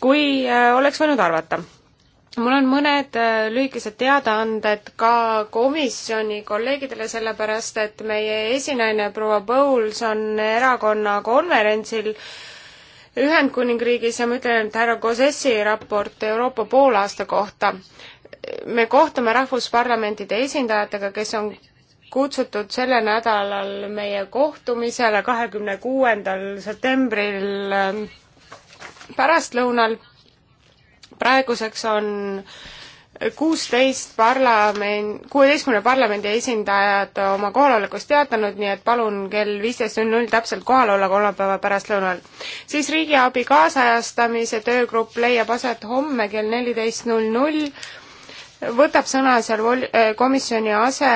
kui äh, oleks võinud arvata. mul on mõned äh, lühikesed teadaanded ka komisjoni kolleegidele, sellepärast et meie esinaine proua Bowles on erakonna konverentsil Ühendkuningriigis ja ma ütlen, et härra Gozessi raport Euroopa poolaasta kohta. me kohtume rahvusparlamentide esindajatega, kes on kutsutud sellel nädalal meie kohtumisele kahekümne kuuendal septembril äh, pärastlõunal. praeguseks on kuusteist parlament, kuueteistkümne parlamendi esindajad oma kohalolekust teatanud, nii et palun kell viisteist null null täpselt kohal olla kolmapäeva pärastlõunal. siis riigiabi kaasajastamise töögrupp leiab aset homme kell neliteist null null, võtab sõna seal vol-, komisjoni ase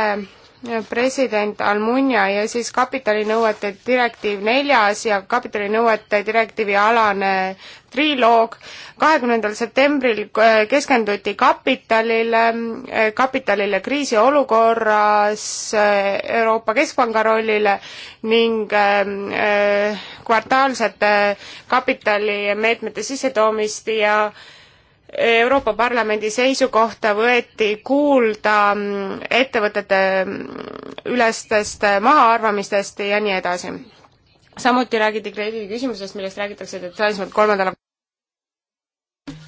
president Almunia ja siis kapitalinõuete direktiiv neljas ja kapitalinõuete direktiivi alane triloog. kahekümnendal septembril äh, keskenduti kapitalile, äh, kapitalile kriisiolukorras, äh, Euroopa Keskpanga rollile ning ähm, kvartaalsete kapitalimeetmete sissetoomist ja äh, Euroopa Parlamendi seisukohta võeti kuulda mm, ettevõtete mm, ülestest mahaarvamistest ja nii edasi. samuti räägiti krediidi küsimusest, millest räägitakse detailsemalt kolmandal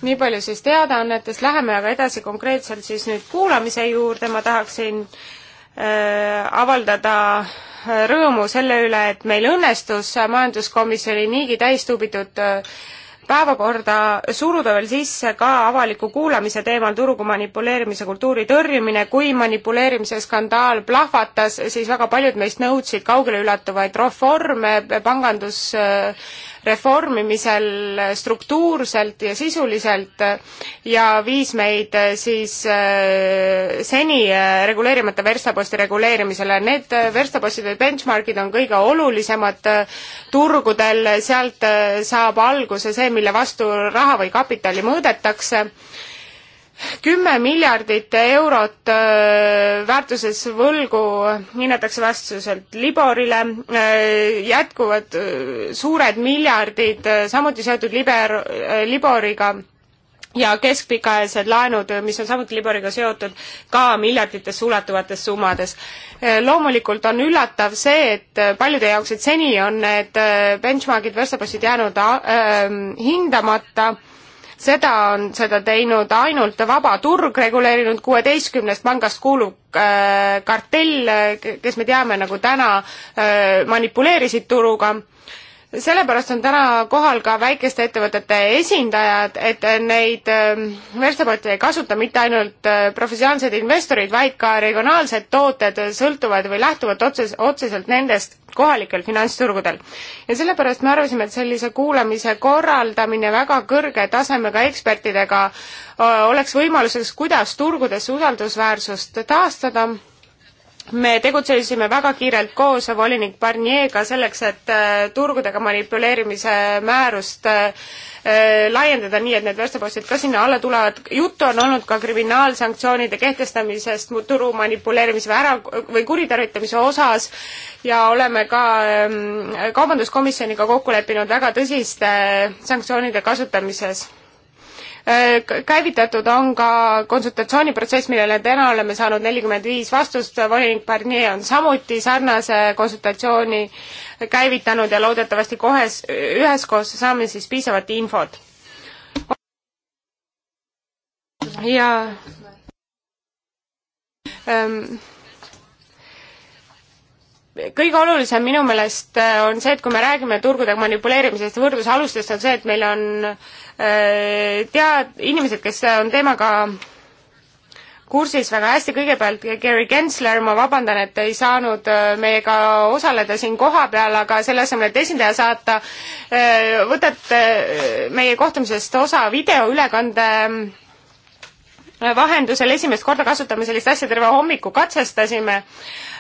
nii palju siis teadaannetest, läheme aga edasi konkreetselt siis nüüd kuulamise juurde, ma tahaksin äh, avaldada rõõmu selle üle, et meil õnnestus majanduskomisjoni niigi täis tuubitud äh, päevakorda suruda veel sisse ka avaliku kuulamise teemal turuga manipuleerimise kultuuri tõrjumine. kui manipuleerimise skandaal plahvatas, siis väga paljud meist nõudsid kaugeleulatuvaid reforme, pangandus reformimisel struktuurselt ja sisuliselt ja viis meid eh, siis eh, seni eh, reguleerimata verstaposti reguleerimisele. Need verstapostid või benchmarkid on kõige olulisemad turgudel, sealt saab alguse see, mille vastu raha või kapitali mõõdetakse kümme miljardit eurot äh, väärtuses võlgu hinnatakse vastuselt Liborile, äh, jätkuvad äh, suured miljardid samuti seotud liber, Liboriga ja keskpikaajalised laenud, mis on samuti Liboriga seotud, ka miljarditesse ulatuvates summades. loomulikult on üllatav see, et paljude jaoks, et seni on need benchmarkid, verstapassid jäänud hindamata äh, seda on seda teinud ainult vaba turg, reguleerinud kuueteistkümnest pangast kuuluv äh, kartell, kes me teame, nagu täna äh, manipuleerisid turuga sellepärast on täna kohal ka väikeste ettevõtete esindajad, et neid ähm, verstapotte ei kasuta mitte ainult äh, professionaalsed investorid, vaid ka regionaalsed tooted sõltuvad või lähtuvad otses, otseselt nendest kohalikel finantsturgudel. ja sellepärast me arvasime, et sellise kuulamise korraldamine väga kõrge tasemega ekspertidega äh, oleks võimaluseks, kuidas turgudes usaldusväärsust taastada me tegutsesime väga kiirelt koos volinik Barnier'ga selleks, et äh, turgudega manipuleerimise määrust äh, äh, laiendada nii, et need verstapostid ka sinna alla tulevad. juttu on olnud ka kriminaalsanktsioonide kehtestamisest turu manipuleerimise või ära- või kuritarvitamise osas ja oleme ka ähm, Kaubanduskomisjoniga kokku leppinud väga tõsiste sanktsioonide kasutamises Äh, käivitatud on ka konsultatsiooniprotsess, millele täna oleme saanud nelikümmend viis vastust, volinik Barnier on samuti sarnase konsultatsiooni käivitanud ja loodetavasti kohes, üheskoos saame siis piisavat infot. ja ähm, kõige olulisem minu meelest äh, on see, et kui me räägime turgude manipuleerimisest ja võrdlusalustest, on see, et meil on äh, tead-, inimesed, kes on teemaga kursis väga hästi, kõigepealt Gary Gensler, ma vabandan, et ei saanud äh, meiega osaleda siin kohapeal, aga selle asemel, et esindaja saata, võtate meie kohtumisest osa videoülekande vahendusel, esimest korda kasutame sellist asja, terve hommiku katsestasime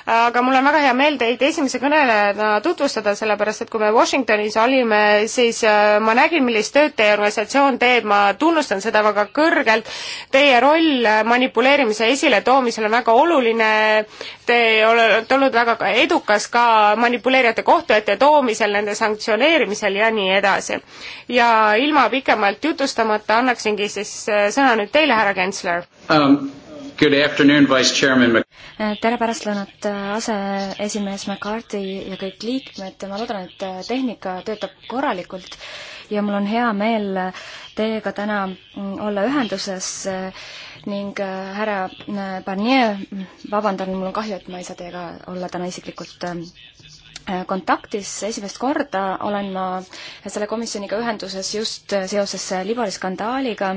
aga mul on väga hea meel teid esimese kõnelejana tutvustada, sellepärast et kui me Washingtonis olime, siis äh, ma nägin, millist tööd teie organisatsioon teeb, ma tunnustan seda väga kõrgelt. Teie roll äh, manipuleerimise esiletoomisel on väga oluline, te olete olnud väga edukas ka manipuleerijate kohtu ette toomisel, nende sanktsioneerimisel ja nii edasi. ja ilma pikemalt jutustamata annaksingi siis äh, sõna nüüd teile, härra Gensler um Good afternoon, Vice Chairman Mc... Äh, tere pärastlõunat, äh, aseesimees McCarthy ja kõik liikmed, ma loodan, et äh, tehnika töötab korralikult ja mul on hea meel teiega täna mm, olla ühenduses ning härra Barnier, mm, vabandan, mul on kahju, et ma ei saa teiega olla täna isiklikult Äh, kontaktis esimest korda, olen ma selle komisjoniga ühenduses just äh, seoses äh, Libori skandaaliga.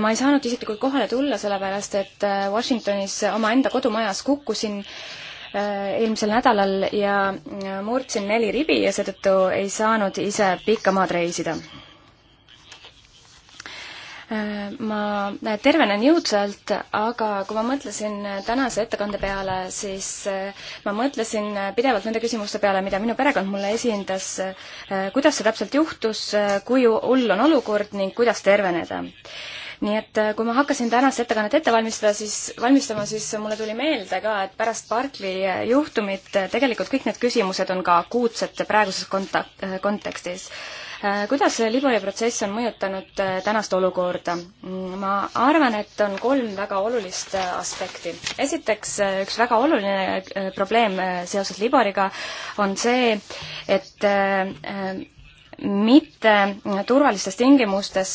ma ei saanud isiklikult kohale tulla, sellepärast et Washingtonis omaenda kodumajas kukkusin eelmisel nädalal ja murdsin neli ribi ja seetõttu ei saanud ise pikka maad reisida ma tervenen jõudsalt, aga kui ma mõtlesin tänase ettekande peale, siis äh, ma mõtlesin äh, pidevalt nende küsimuste peale, mida minu perekond mulle esindas, äh, kuidas see täpselt juhtus, kui hull on olukord ning kuidas terveneda. nii et kui ma hakkasin tänast ettekannet ette valmistada, siis, valmistama, siis mulle tuli meelde ka, et pärast Barkli juhtumit tegelikult kõik need küsimused on ka akuutsed praeguses kontak-, kontekstis Äh, kuidas Libori protsess on mõjutanud äh, tänast olukorda? Mm, ma arvan, et on kolm väga olulist äh, aspekti. esiteks, üks väga oluline probleem seoses Liboriga on see, et mitte turvalistes tingimustes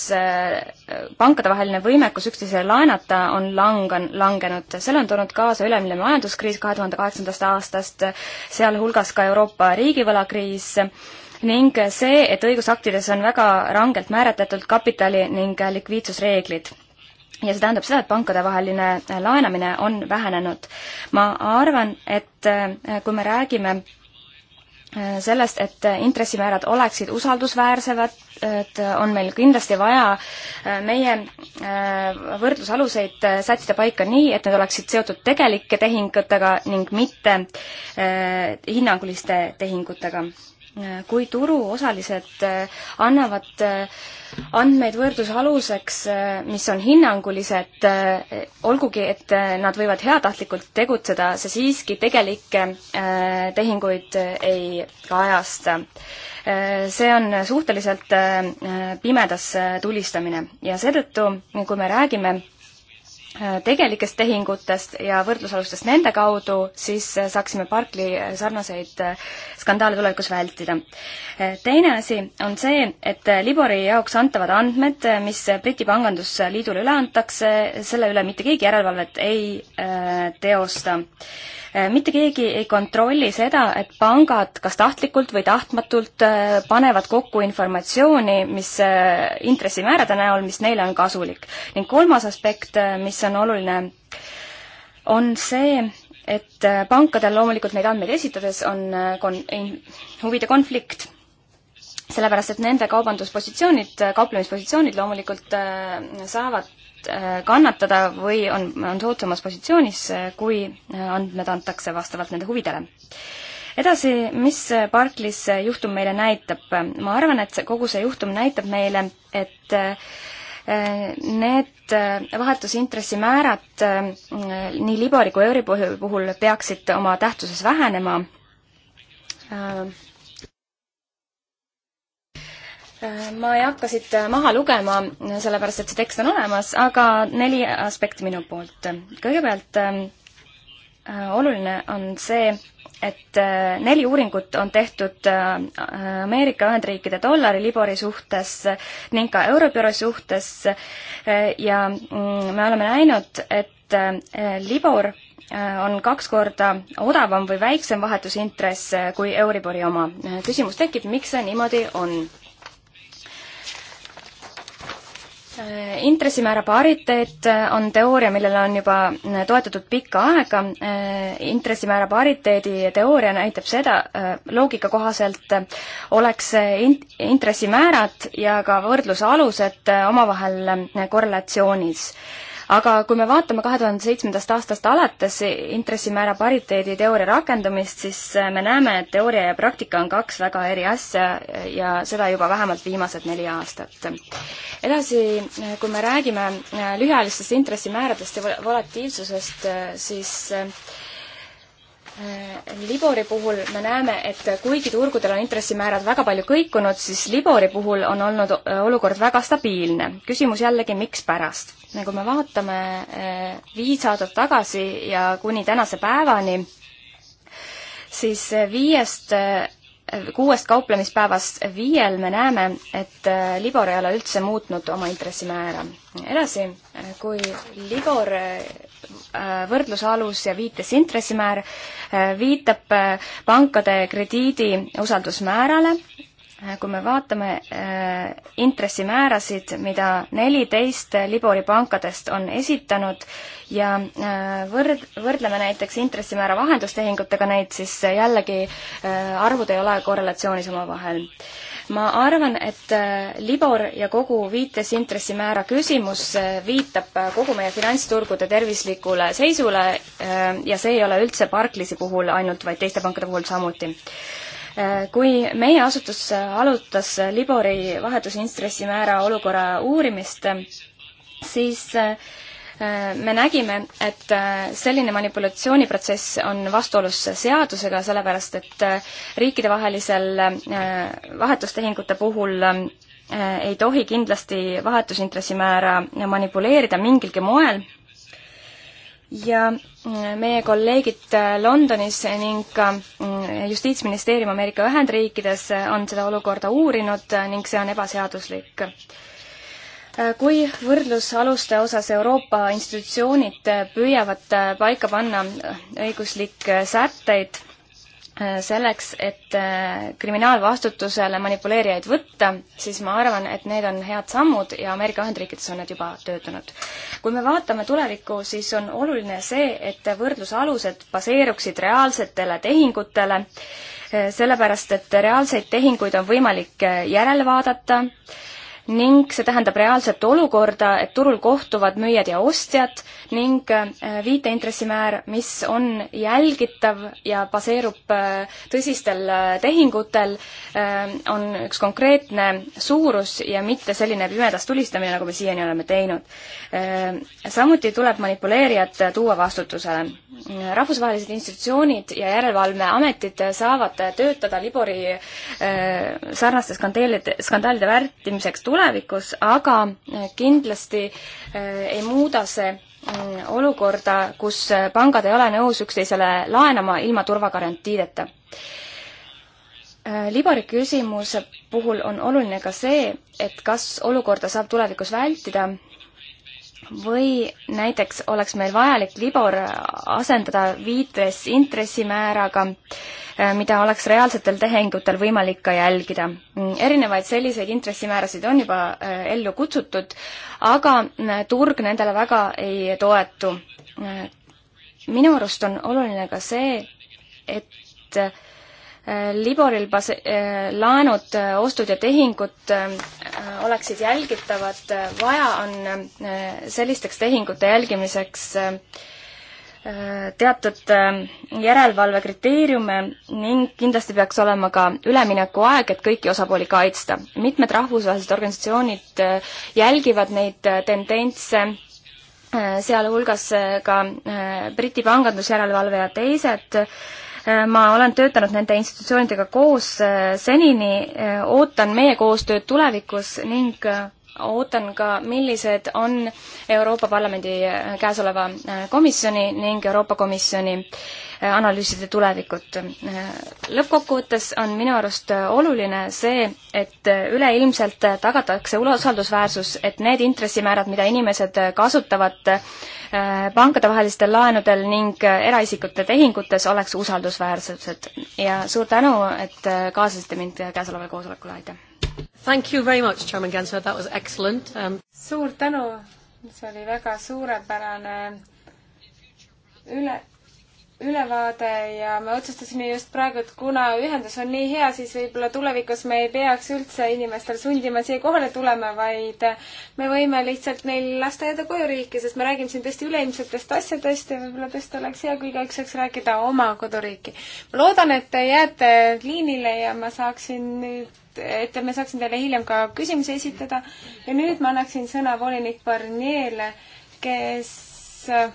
pankadevaheline võimekus üksteisele laenata on langen-, langenud. selle on toonud kaasa ülemine majanduskriis kahe tuhande kaheksandast aastast, sealhulgas ka Euroopa riigivõlakriis ning see, et õigusaktides on väga rangelt määratletud kapitali ning likviidsusreeglid ja see tähendab seda, et pankadevaheline laenamine on vähenenud. ma arvan, et äh, kui me räägime äh, sellest, et intressimäärad oleksid usaldusväärsemad, et on meil kindlasti vaja äh, meie võrdlusaluseid sättida paika nii, et need oleksid seotud tegelike tehingutega ning mitte hinnanguliste tehingutega kui turuosalised eh, annavad eh, andmeid võrdluse aluseks, eh, mis on hinnangulised, olgugi et nad võivad heatahtlikult tegutseda, see siiski tegelikke tehinguid ei kajasta. see on suhteliselt pimedas tulistamine ja seetõttu, kui me räägime tegelikest tehingutest ja võrdlusalustest nende kaudu, siis saaksime Barkli sarnaseid skandaale tulevikus vältida. teine asi on see, et Libori jaoks antavad andmed, mis Briti Pangandusliidule üle antakse, selle üle mitte keegi järelevalvet ei äh, teosta Äh, mitte keegi ei kontrolli seda, et pangad kas tahtlikult või tahtmatult äh, panevad kokku informatsiooni, mis äh, intressimäärade näol, mis neile on kasulik. ning kolmas aspekt, mis on oluline, on see, et pankadel loomulikult neid andmeid esitades on kon-, huvide konflikt sellepärast, et nende kaubanduspositsioonid, kauplemispositsioonid loomulikult saavad võivad äh, kannatada või on, on soodsamas positsioonis, äh, kui äh, andmed antakse vastavalt nende huvidele. edasi, mis Barclays juhtum meile näitab? ma arvan, et see, kogu see juhtum näitab meile, et Need vahetusintressimäärad nii Libori kui Euribori puhul peaksid oma tähtsuses vähenema ma ei hakka siit maha lugema, sellepärast et see tekst on olemas, aga neli aspekti minu poolt. kõigepealt äh, oluline on see, et äh, neli uuringut on tehtud äh, Ameerika Ühendriikide dollari libori suhtes ning ka Euribori suhtes ja mm, me oleme näinud, et libor on kaks korda odavam või väiksem vahetusintress kui Euribori oma. küsimus tekib, miks see niimoodi on? Äh, intressimäära pariteet äh, on teooria, millele on juba äh, toetatud pikka aega. intressimäära pariteedi teooria näitab seda, loogika kohaselt oleks int-, intressimäärad ja ka võrdluse alused omavahel korrelatsioonis aga kui me vaatame kahe tuhande seitsmendast aastast alates intressimäära pariteedi teooria rakendamist, siis äh, me näeme, et teooria ja praktika on kaks väga eri asja ja seda juba vähemalt viimased neli aastat. edasi, äh, kui me räägime äh, lühiajalistest intressimääradest ja volatiivsusest, siis Äh, Libori puhul me näeme, et kuigi turgudel on intressimäärad väga palju kõikunud, siis Libori puhul on olnud äh, olukord väga stabiilne. küsimus jällegi, mikspärast? kui nagu me vaatame äh, viis aastat tagasi ja kuni tänase päevani, siis viiest kuuest kauplemispäevast viiel me näeme, et äh, Libor ei ole üldse muutnud oma intressimäära. edasi, äh, kui Libor äh, võrdlusalus ja viites intressimäär viitab pankade krediidi usaldusmäärale Äh, kui me vaatame äh, intressimäärasid, mida neliteist Libori pankadest on esitanud ja äh, võrd-, võrdleme näiteks intressimäära vahendustehingutega neid, siis jällegi arvud ei ole korrelatsioonis omavahel. ma arvan, et Libor ja kogu viitesintressimäära küsimus viitab kogu meie finantsturgude tervislikule seisule ja see ei ole üldse Barclaysi puhul ainult, vaid teiste pankade puhul samuti Äh, kui meie asutus alutas Libori vahetusintressimäära olukorra uurimist, siis äh, me nägime, et äh, selline manipulatsiooniprotsess on vastuolus seadusega, sellepärast et riikidevahelisel vahetustehingute puhul ei tohi kindlasti vahetusintressimäära manipuleerida mingilgi moel ja äh, meie kolleegid äh, Londonis ning ka äh, Justiitsministeerium Ameerika Ühendriikides on seda olukorda uurinud ning see on ebaseaduslik. kui võrdlusaluste osas Euroopa institutsioonid püüavad paika panna õiguslikke sätteid, Äh, selleks, et äh, kriminaalvastutusele manipuleerijaid võtta, siis ma arvan, et need on head sammud ja Ameerika Ühendriikides on need juba töötanud. kui me vaatame tulevikku, siis on oluline see, et võrdlusalused baseeruksid reaalsetele tehingutele, äh, sellepärast et reaalseid tehinguid on võimalik järele vaadata, ning see tähendab reaalset olukorda, et turul kohtuvad müüjad ja ostjad ning äh, viiteintressimäär, mis on jälgitav ja baseerub äh, tõsistel äh, tehingutel, on üks konkreetne suurus ja mitte selline pimedas tulistamine, nagu me siiani oleme teinud. samuti tuleb manipuleerijad tuua vastutusele. rahvusvahelised institutsioonid ja järelevalveametid saavad töötada Libori sarnaste skandaalide, skandaalide vältimiseks tulevikus, tulevikus, aga äh, kindlasti äh, ei muuda see mm, olukorda, kus äh, pangad ei ole nõus üksteisele laenama ilma turvagarantiideta. Libori küsimuse puhul on oluline ka see, et kas olukorda saab tulevikus vältida või näiteks oleks meil vajalik Libor asendada viites intressimääraga, äh, mida oleks reaalsetel tehingutel võimalik ka jälgida. Mm, erinevaid selliseid intressimäärasid on juba äh, ellu kutsutud, aga äh, turg nendele väga ei toetu. minu arust on oluline ka see, et Liboril base-, laenud, ostud ja tehingud äh, oleksid jälgitavad, vaja on äh, sellisteks tehingute jälgimiseks äh, teatud järelevalve kriteeriume ning kindlasti peaks olema ka üleminekuaeg, et kõiki osapooli kaitsta. mitmed rahvusvahelised organisatsioonid jälgivad neid tendentse, sealhulgas ka Briti pangandusjärelevalve ja teised, ma olen töötanud nende institutsioonidega koos eh, senini, eh, ootan meie koostööd tulevikus ning eh, ootan ka, millised on Euroopa Parlamendi äh, käesoleva äh, komisjoni ning Euroopa Komisjoni äh, analüüside tulevikut. lõppkokkuvõttes on minu arust oluline see, et üleilmselt tagatakse usaldusväärsus, et need intressimäärad, mida inimesed kasutavad pankadevahelistel laenudel ning eraisikute tehingutes, oleks usaldusväärsed. ja suur tänu, et kaasasite mind käesolevale koosolekule, aitäh! Thank you very much, Chairman Gensler, that was excellent um.... suur tänu, see oli väga suurepärane üle, ülevaade ja me otsustasime just praegu, et kuna ühendus on nii hea, siis võib-olla tulevikus me ei peaks üldse inimestel sundima siia kohale tulema, vaid me võime lihtsalt neil lasta jääda koju riiki, sest me räägime siin tõesti üleilmsetest asjadest ja võib-olla tõesti oleks hea, kui igaüks saaks rääkida oma koduriiki. ma loodan, et te jääte liinile ja ma saaksin nüüd et me saaksime teile hiljem ka küsimusi esitada. ja nüüd ma annaksin sõna volinik Barnierile, kes äh,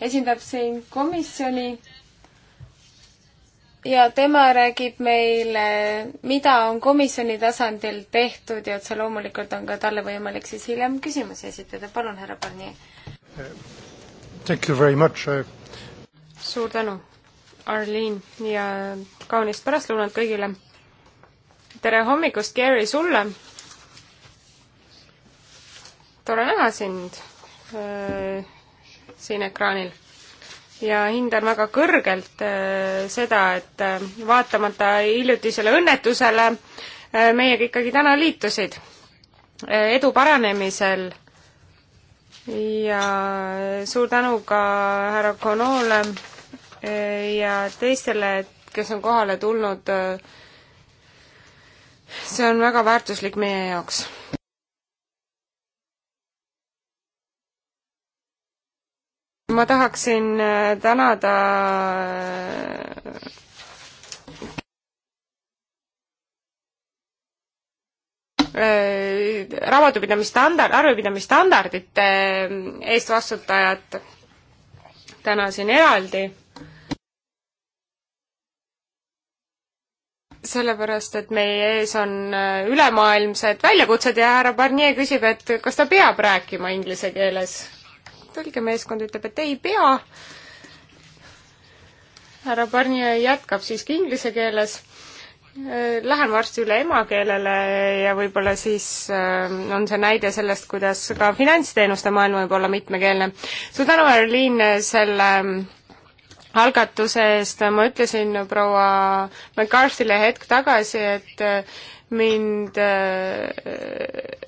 esindab siin komisjoni ja tema räägib meile, mida on komisjoni tasandil tehtud ja otse loomulikult on ka talle võimalik siis hiljem küsimusi esitada. palun, härra Barnier. Thank you very much. suur tänu, Arliin ja kaunist pärastlõunat kõigile tere hommikust, Gary, sulle! tore näha sind öö, äh, siin ekraanil. ja hindan väga kõrgelt öö, äh, seda, et öö, äh, vaatamata hiljutisele õnnetusele öö, meiega ikkagi täna liitusid. edu paranemisel ja suur tänu ka härra Konole ja teistele, kes on kohale tulnud öö, see on väga väärtuslik meie jaoks. ma tahaksin äh, tänada äh, raamatupidamisstandard, arvepidamisstandardite äh, eest vastutajat täna siin eraldi sellepärast, et meie ees on äh, ülemaailmsed väljakutsed ja härra Barnier küsib, et kas ta peab rääkima inglise keeles. tõlgemeeskond ütleb, et ei pea. härra Barnier jätkab siiski inglise keeles. Äh, lähen varsti üle emakeelele ja võib-olla siis äh, on see näide sellest, kuidas ka finantsteenuste maailm võib olla mitmekeelne. suur tänu, Erliin, selle algatuse eest, ma ütlesin proua McCarthy'le hetk tagasi, et äh, mind äh,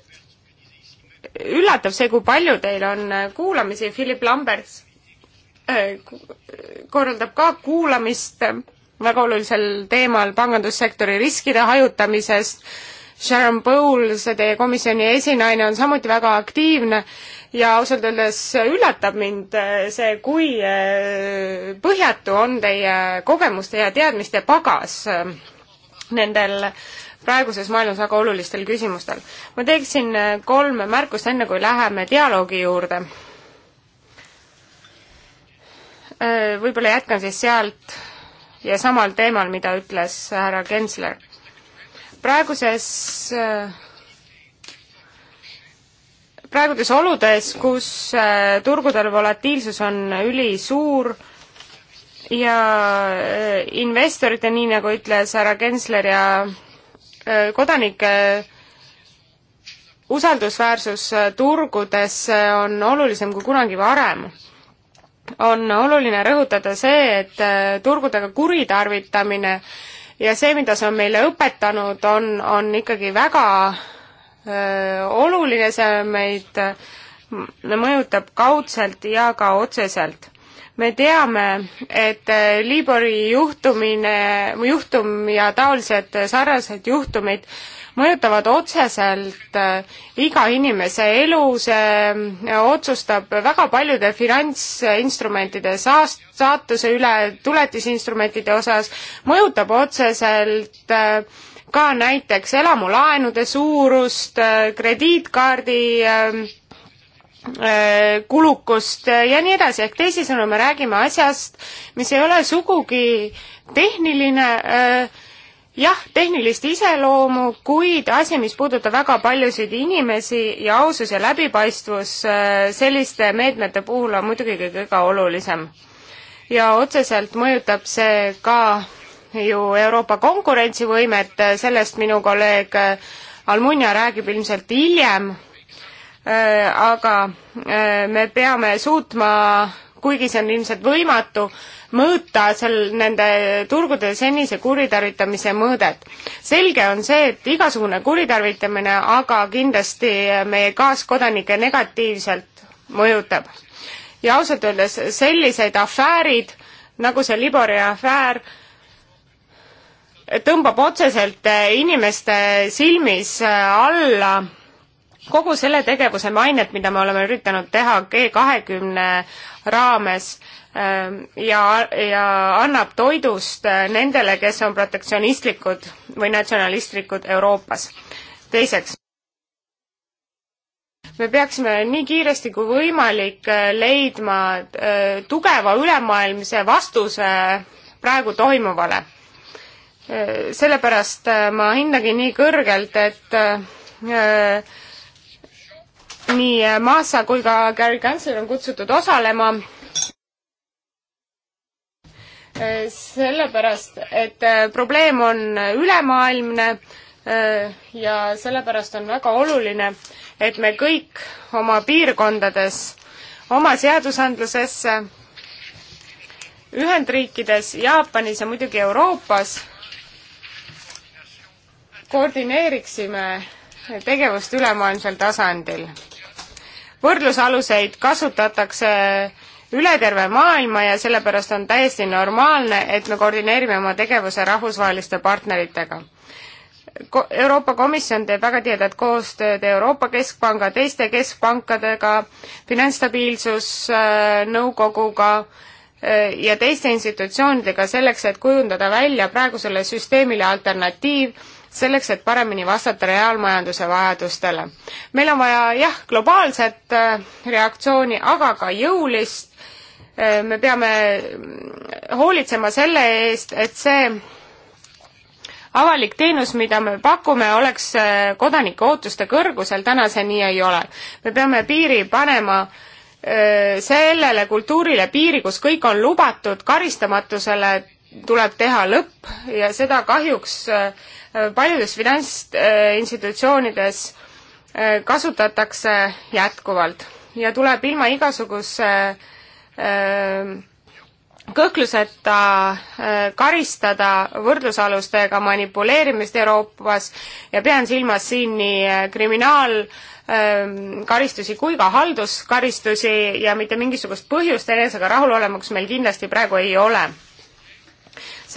üllatab see, kui palju teil on äh, kuulamisi, Philip Lamberts korraldab ka kuulamist väga olulisel teemal pangandussektori riskide hajutamisest. Sharon Bowles, teie komisjoni esinaine, on samuti väga aktiivne ja ausalt öeldes üllatab mind äh, see, kui äh, põhjatu on teie kogemuste ja teadmiste pagas äh, nendel praeguses maailmas väga olulistel küsimustel. ma teeksin kolm märkust, enne kui läheme dialoogi juurde. võib-olla jätkan siis sealt ja samal teemal, mida ütles härra Gensler. praeguses praegudes oludes, kus äh, turgudel volatiilsus on ülisuur ja äh, investorite, nii nagu ütles härra Kensler ja äh, kodanike usaldusväärsus turgudes on olulisem kui kunagi varem. on oluline rõhutada see, et turgudega kuritarvitamine ja see, mida see on meile õpetanud, on, on ikkagi väga oluline, see meid mõjutab kaudselt ja ka otseselt. me teame, et äh, Libori juhtumine, juhtum ja taolised sarnased juhtumid mõjutavad otseselt äh, iga inimese elu, see äh, otsustab väga paljude finantsinstrumentide saast-, saatuse üle, tuletisinstrumentide osas, mõjutab otseselt äh, ka näiteks elamulaenude suurust, äh, krediitkaardi ähm, äh, kulukust äh, ja nii edasi, ehk teisisõnu me räägime asjast, mis ei ole sugugi tehniline äh, jah, tehnilist iseloomu, kuid asi, mis puudutab väga paljusid inimesi ja ausus ja läbipaistvus selliste meetmete puhul on muidugi kõige olulisem. ja otseselt mõjutab see ka ju Euroopa konkurentsivõimet, sellest minu kolleeg Almunia räägib ilmselt hiljem, äh, aga äh, me peame suutma, kuigi see on ilmselt võimatu, mõõta seal nende turgude senise kuritarvitamise mõõdet. selge on see, et igasugune kuritarvitamine aga kindlasti meie kaaskodanikke negatiivselt mõjutab. ja ausalt öeldes selliseid afäärid, nagu see Libori afäär, tõmbab otseselt eh, inimeste silmis eh, alla kogu selle tegevuse mainet, mida me oleme üritanud teha G kahekümne raames eh, ja, ja annab toidust nendele, kes on protektsionistlikud või natsionalistlikud Euroopas. teiseks, me peaksime nii kiiresti kui võimalik leidma tugeva ülemaailmse vastuse praegu toimuvale sellepärast äh, ma hindagi nii kõrgelt, et äh, nii Maasa kui ka Gary Kantsler on kutsutud osalema äh, sellepärast, et probleem on ülemaailmne ja sellepärast on väga oluline, et me kõik oma piirkondades, oma seadusandlusesse, Ühendriikides, Jaapanis ja muidugi Euroopas koordineeriksime tegevust ülemaailmsel tasandil. võrdlusaluseid kasutatakse üle terve maailma ja sellepärast on täiesti normaalne, et me koordineerime oma tegevuse rahvusvaheliste partneritega Ko. Euroopa Komisjon teeb väga tihedat koostööd Euroopa Keskpanga, teiste keskpankadega, Finantsstabiilsusnõukoguga äh, äh, ja teiste institutsioonidega selleks, et kujundada välja praegusele süsteemile alternatiiv selleks, et paremini vastata reaalmajanduse vajadustele. meil on vaja jah, globaalset äh, reaktsiooni, aga ka jõulist. Äh, me peame mm, hoolitsema selle eest, et see avalik teenus, mida me pakume, oleks äh, kodanike ootuste kõrgusel, täna see nii ei ole. me peame piiri panema sellele kultuurile piiri, kus kõik on lubatud, karistamatusele tuleb teha lõpp ja seda kahjuks paljudes finantsinstitutsioonides äh, kasutatakse jätkuvalt ja tuleb ilma igasuguse äh, kõhkluseta äh, karistada võrdlusalustega manipuleerimist Euroopas ja pean silmas siin nii kriminaalkaristusi kui ka halduskaristusi ja mitte mingisugust põhjust enesega rahul olema, kus meil kindlasti praegu ei ole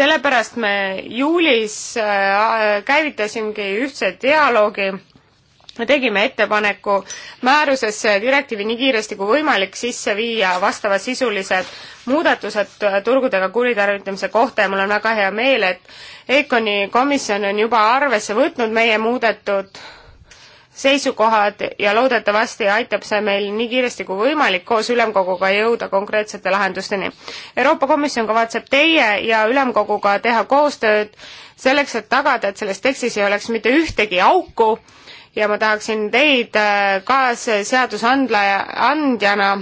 sellepärast me juulis äh, käivitasimegi ühtse dialoogi me tegime ettepaneku määrusesse direktiivi nii kiiresti kui võimalik sisse viia vastavasisulised muudatused turgudega kuritarvitamise kohta ja mul on väga hea meel, et EKONi komisjon on juba arvesse võtnud meie muudetud seisukohad ja loodetavasti aitab see meil nii kiiresti kui võimalik koos ülemkoguga jõuda konkreetsete lahendusteni. Euroopa Komisjon kavatseb teie ja ülemkoguga teha koostööd selleks, et tagada, et selles tekstis ei oleks mitte ühtegi auku ja ma tahaksin teid äh, kaasseadusandla, andjana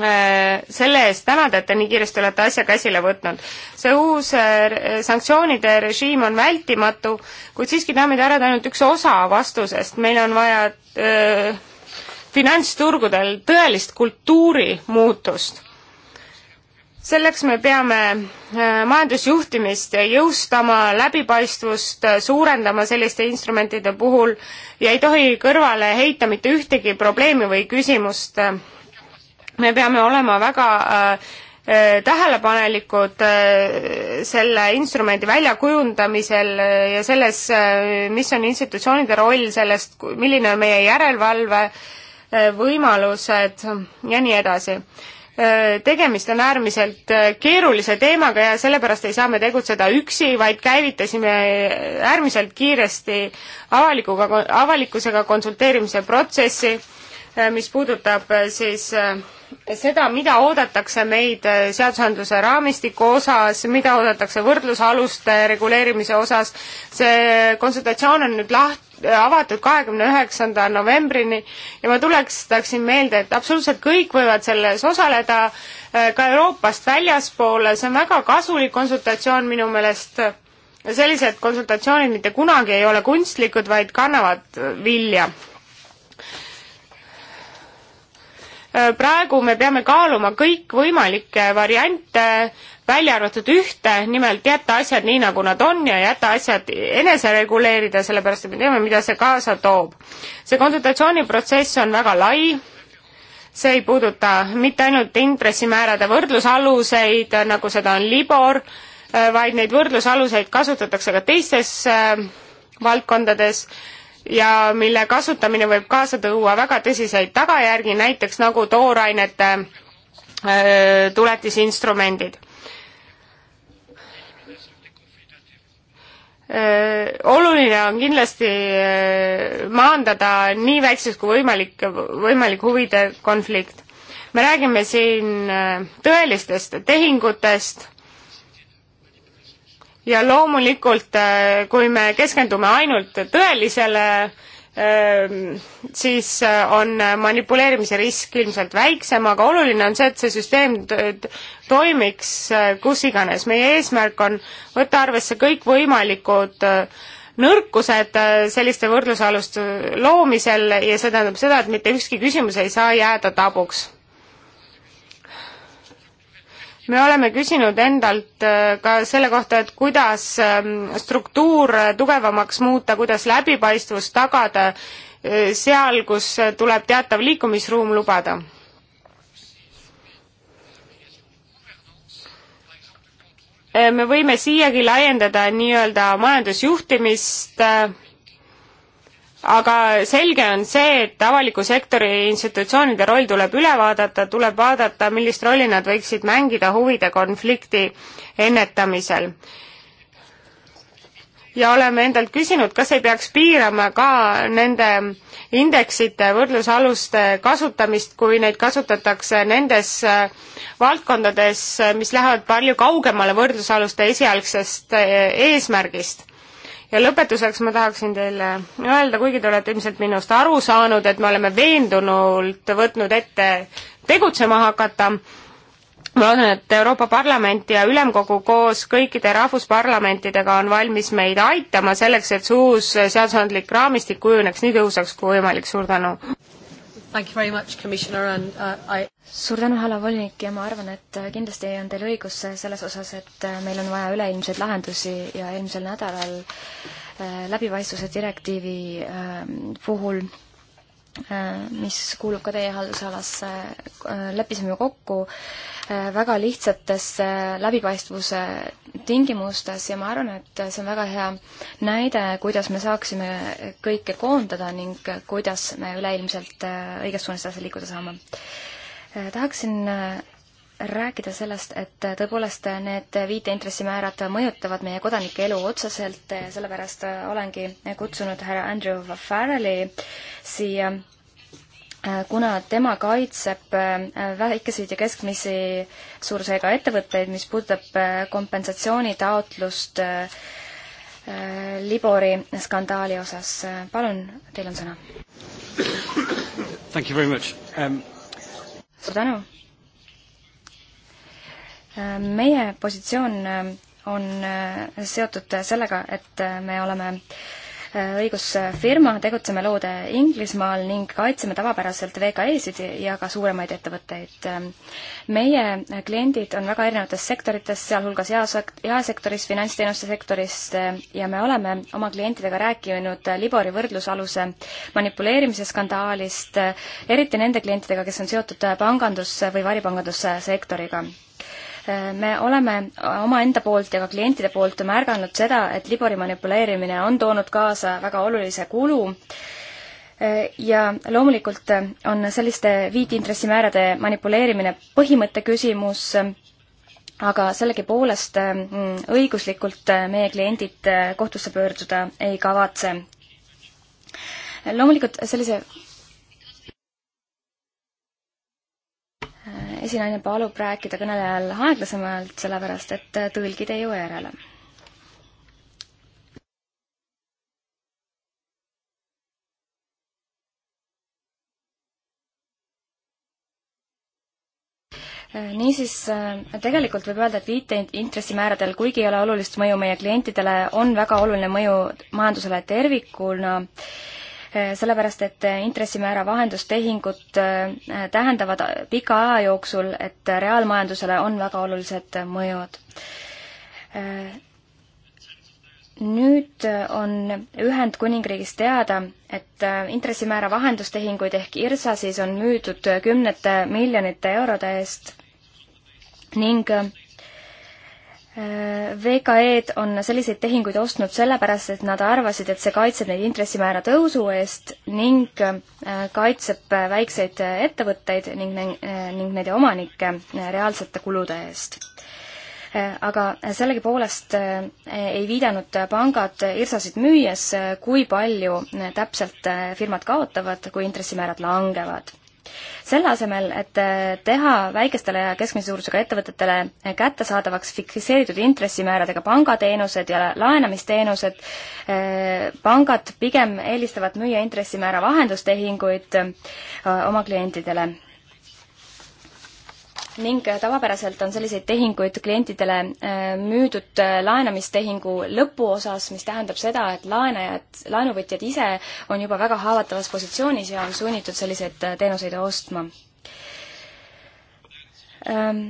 Äh, selle eest tänada, et te nii kiiresti olete asja käsile võtnud. see uus äh, sanktsioonide režiim on vältimatu, kuid siiski, daamid ja härrad, ainult üks osa vastusest, meil on vaja öö, äh, finantsturgudel tõelist kultuurimuutust. selleks me peame majandusjuhtimist jõustama, läbipaistvust suurendama selliste instrumentide puhul ja ei tohi kõrvale heita mitte ühtegi probleemi või küsimust me peame olema väga äh, äh tähelepanelikud äh, selle instrumendi väljakujundamisel äh, ja selles, mis on institutsioonide roll sellest, milline on meie järelevalve võimalused ja nii edasi. tegemist on äärmiselt keerulise teemaga ja sellepärast ei saa me tegutseda üksi, vaid käivitasime äärmiselt kiiresti avalikuga, avalikkusega konsulteerimise protsessi Äh, mis puudutab äh, siis äh, seda, mida oodatakse meid seadusandluse raamistiku osas, mida oodatakse võrdlusaluste reguleerimise osas, see konsultatsioon on nüüd laht-, avatud kahekümne üheksanda novembrini ja ma tuletaksin meelde, et absoluutselt kõik võivad selles osaleda, ka Euroopast väljaspoole, see on väga kasulik konsultatsioon minu meelest, sellised konsultatsioonid mitte kunagi ei ole kunstlikud, vaid kannavad vilja Äh, praegu me peame kaaluma kõikvõimalikke variante, välja arvatud ühte, nimelt jätta asjad nii, nagu nad on ja jätta asjad enese reguleerida, sellepärast et me teame, mida see kaasa toob. see konsultatsiooniprotsess on väga lai, see ei puuduta mitte ainult intressimäärade võrdlusaluseid, nagu seda on Libor, äh, vaid neid võrdlusaluseid kasutatakse ka teistes äh, valdkondades äh, ja mille kasutamine võib kaasa tuua väga tõsiseid tagajärgi, näiteks nagu toorainete äh, tuletisinstrumendid. Äh, oluline on kindlasti äh, maandada nii väikses kui võimalik, võimalik huvide konflikt. me räägime siin tõelistest tehingutest ja loomulikult, äh, kui me keskendume ainult tõelisele, ähm, siis äh, on manipuleerimise risk ilmselt väiksem, aga oluline on see, et see süsteem toimiks äh, kus iganes. meie eesmärk on võtta arvesse kõikvõimalikud nõrkused selliste võrdlusaluste loomisel ja see tähendab seda, et mitte ükski küsimus ei saa jääda tabuks me oleme küsinud endalt äh, ka selle kohta, et kuidas ähm, struktuur äh, tugevamaks muuta, kuidas läbipaistvust tagada äh, seal, kus tuleb teatav liikumisruum lubada. me võime siiagi laiendada nii-öelda majandusjuhtimist äh, aga selge on see, et avaliku sektori institutsioonide roll tuleb üle vaadata, tuleb vaadata, millist rolli nad võiksid mängida huvide konflikti ennetamisel. ja oleme endalt küsinud, kas ei peaks piirama ka nende indeksite, võrdlusaluste kasutamist, kui neid kasutatakse nendes äh, valdkondades, äh, mis lähevad palju kaugemale võrdlusaluste esialgsest äh, eesmärgist ja lõpetuseks ma tahaksin teile öelda, kuigi te olete ilmselt minust aru saanud, et me oleme veendunult võtnud ette tegutsema hakata, ma loodan, et Euroopa Parlament ja Ülemkogu koos kõikide rahvusparlamentidega on valmis meid aitama selleks, et see uus seadusandlik raamistik kujuneks nii tõhusaks kui võimalik, suur tänu! Thank you very much, Commissioner, and uh, I suur tänu, härra volinik, ja ma arvan, et äh, kindlasti on teil õigus äh, selles osas, et äh, meil on vaja üleilmseid lahendusi ja eelmisel nädalal läbipaistvuse direktiivi ähm, puhul äh, Äh, mis kuulub ka teie haldusalasse, äh, leppisime kokku äh, väga lihtsates läbipaistvuse tingimustes ja ma arvan, et see on väga hea näide, kuidas me saaksime kõike koondada ning kuidas me üleilmselt õiges suunas edasi liikuda saame. tahaksin rääkida sellest, et tõepoolest need viiteintressimäärad mõjutavad meie kodanike elu otseselt, sellepärast olengi kutsunud härra Andrew Farrelli siia, kuna tema kaitseb äh, väikeseid ja keskmisi suurusega ettevõtteid, mis puudutab äh, kompensatsioonitaotlust äh, Libori skandaali osas. palun, teil on sõna. Um, suur tänu meie positsioon äh, on äh, seotud sellega, et äh, me oleme õigusfirma, tegutseme loode Inglismaal ning kaitseme tavapäraselt VKE-sid ja ka suuremaid ettevõtteid. meie kliendid on väga erinevates sektorites, sealhulgas jaesektoris, finantsteenuste sektoris ja me oleme oma klientidega rääkinud Libori võrdlusaluse manipuleerimise skandaalist, eriti nende klientidega, kes on seotud pangandus- või varipangandussektoriga Äh, me oleme omaenda poolt ja ka klientide poolt märganud seda, et libori manipuleerimine on toonud kaasa väga olulise kulu äh, ja loomulikult on selliste viitintressimäärade manipuleerimine põhimõtte küsimus, aga sellegipoolest mm, õiguslikult meie kliendid kohtusse pöörduda ei kavatse. loomulikult sellise esinaine palub rääkida kõnelejal aeglasemalt, sellepärast et tõlgid ei jõua järele. niisiis, tegelikult võib öelda, et viiteintressimääradel, kuigi ei ole olulist mõju meie klientidele, on väga oluline mõju majandusele tervikuna no, Eh, sellepärast et eh, intressimäära vahendustehingud eh, tähendavad pika aja jooksul, et reaalmajandusele on väga olulised mõjud. nüüd on Ühendkuningriigis teada, et intressimäära vahendustehinguid ehk IRSA siis on müüdud kümnete miljonite eurode eest ning VKE-d on selliseid tehinguid ostnud sellepärast, et nad arvasid, et see kaitseb neid intressimäära tõusu eest ning äh, kaitseb väikseid ettevõtteid ning, äh, ning nende omanikke äh, reaalsete kulude eest. aga sellegipoolest ei viidanud pangad hirsasid müües, kui palju täpselt firmad kaotavad, kui intressimäärad langevad selle asemel, et äh, teha väikestele ja keskmise suurusega ettevõtetele äh, kättesaadavaks fikseeritud intressimääradega pangateenused ja laenamisteenused, äh, pangad pigem eelistavad müüa intressimäära vahendustehinguid oma klientidele ning tavapäraselt on selliseid tehinguid klientidele äh, müüdud äh, laenamistehingu lõpuosas, mis tähendab seda, et laenajad, laenuvõtjad ise on juba väga haavatavas positsioonis ja on sunnitud selliseid äh, teenuseid ostma ähm..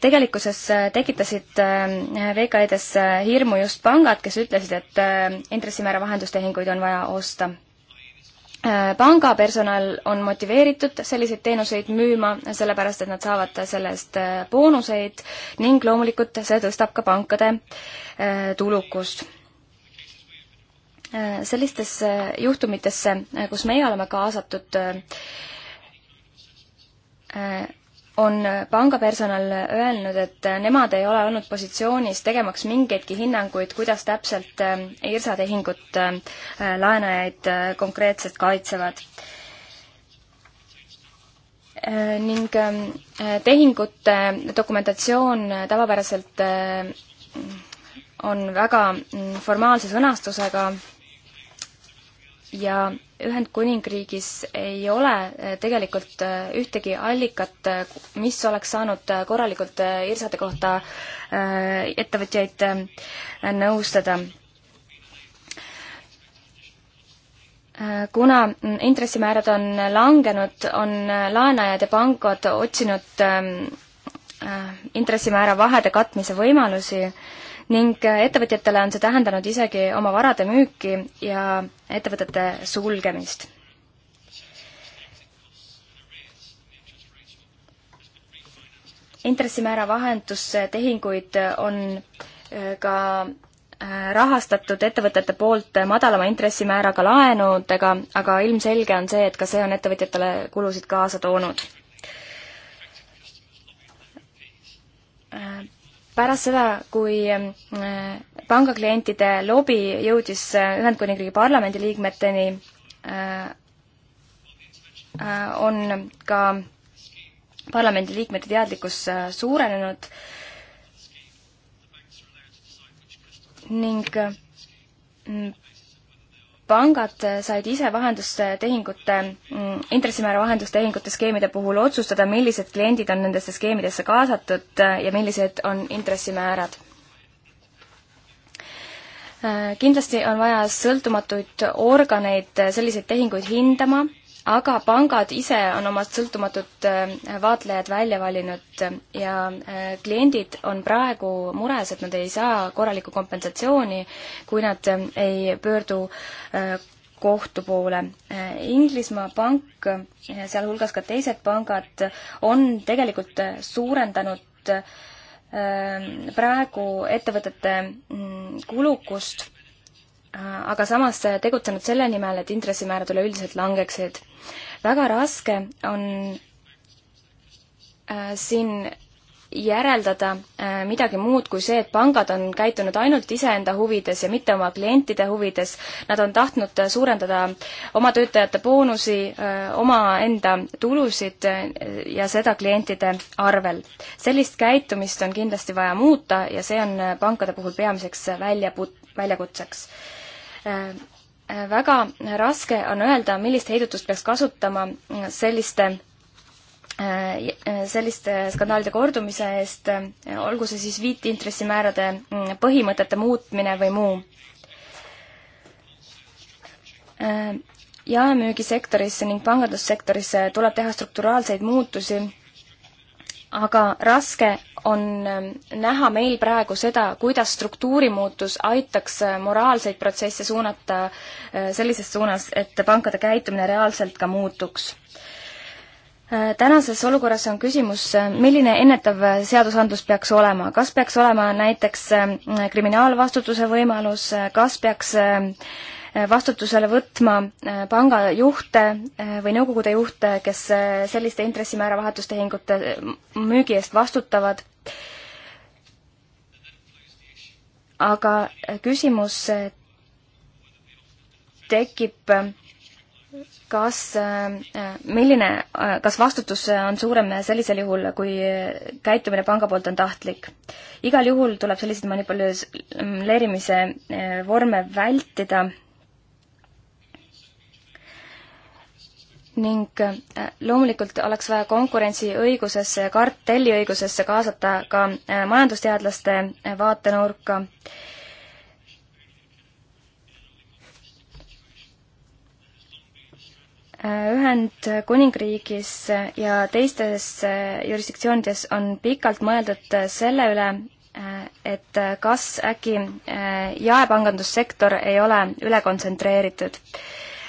Tegelikkuses tekitasid VKE-des hirmu just pangad, kes ütlesid, et intressimäära vahendustehinguid on vaja osta Äh, pangapersonal on motiveeritud selliseid teenuseid müüma, sellepärast et nad saavad selle eest äh, boonuseid ning loomulikult see tõstab ka pankade äh, tulukust. sellistesse juhtumitesse, kus meie oleme kaasatud, on pangapersonal öelnud, et nemad ei ole olnud positsioonis tegemaks mingeidki hinnanguid, kuidas täpselt ähm, IRSA tehingut ähm, laenajaid äh, konkreetselt kaitsevad. Äh, ning ähm, tehingute dokumentatsioon tavapäraselt äh, on väga mm, formaalse sõnastusega ja Ühendkuningriigis ei ole eh, tegelikult eh, ühtegi allikat, eh, mis oleks saanud korralikult irsade kohta ettevõtjaid nõustada. kuna intressimäärad on langenud, on laenajad ja pangad otsinud intressimäära vahede katmise võimalusi äh, ning ettevõtjatele on see tähendanud isegi oma varade müüki ja ettevõtete sulgemist. intressimäära vahendustehinguid on äh, ka äh, rahastatud ettevõtete poolt madalama intressimääraga laenudega, aga ilmselge on see, et ka see on ettevõtjatele kulusid kaasa toonud äh, pärast seda, kui äh, pangaklientide lobi jõudis äh, Ühendkuningriigi parlamendi liikmeteni, äh, on ka parlamendi liikmete teadlikkus suurenenud ning pangad said ise vahendustehingute, mm, intressimäära vahendustehingute skeemide puhul otsustada, millised kliendid on nendesse skeemidesse kaasatud äh, ja millised on intressimäärad. Äh, kindlasti on vaja sõltumatuid organeid äh, selliseid tehinguid hindama aga pangad ise on oma sõltumatud äh, vaatlejad välja valinud ja äh, kliendid on praegu mures, et nad ei saa korralikku kompensatsiooni, kui nad äh, ei pöördu kohtu poole. Inglismaa pank, sealhulgas ka teised pangad, on tegelikult suurendanud praegu ettevõtete mm, kulukust aga samas tegutsenud selle nimel, et intressimäärad üleüldiselt langeksid. väga raske on äh, siin järeldada äh, midagi muud kui see, et pangad on käitunud ainult iseenda huvides ja mitte oma klientide huvides. Nad on tahtnud suurendada oma töötajate boonusi, äh, omaenda tulusid ja seda klientide arvel. sellist käitumist on kindlasti vaja muuta ja see on pankade puhul peamiseks välja put-, väljakutseks väga raske on öelda, millist heidutust peaks kasutama selliste selliste skandaalide kordumise eest, olgu see siis viitintressimäärade põhimõtete muutmine või muu. jaemüügisektorisse ning pangandussektorisse tuleb teha strukturaalseid muutusi aga raske on ähm, näha meil praegu seda, kuidas struktuurimuutus aitaks äh, moraalseid protsesse suunata äh, sellises suunas, et pankade käitumine reaalselt ka muutuks. Äh, tänases olukorras on küsimus, milline ennetav seadusandlus peaks olema, kas peaks olema näiteks kriminaalvastutuse võimalus, kas peaks Äh, vastutusele võtma äh, panga juhte äh, või nõukogude juhte, kes selliste intressimäära vahetustehingute müügi eest vastutavad. aga küsimus tekib, kas, milline, kas vastutus on suurem sellisel juhul, kui käitumine panga poolt on tahtlik? igal juhul tuleb selliseid manipuleerimise vorme vältida ning äh, loomulikult oleks vaja konkurentsiõigusesse ja kartelliõigusesse kaasata ka äh, majandusteadlaste äh, vaatenurka. Ühendkuningriigis ja teistes jurisdiktsioonides on pikalt mõeldud selle üle, et kas äkki jaepangandussektor ei ole üle kontsentreeritud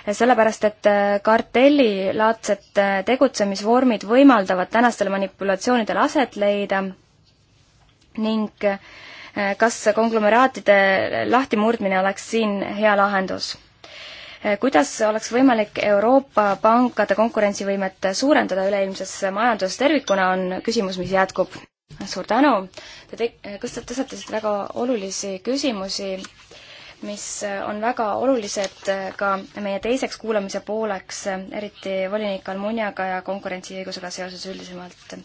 sellepärast et äh, kartellilaadsed äh, tegutsemisvormid võimaldavad tänastel manipulatsioonidel aset leida ning äh, kas konglomeraatide lahtimurdmine oleks siin hea lahendus? kuidas oleks võimalik Euroopa pankade konkurentsivõimet suurendada üleilmses majanduses tervikuna, on küsimus, mis jätkub. suur tänu, te te-, tõstatasite väga olulisi küsimusi mis on väga olulised ka meie teiseks kuulamise pooleks, eriti volinik Almuniaga ja konkurentsiõigusega seoses üldisemalt.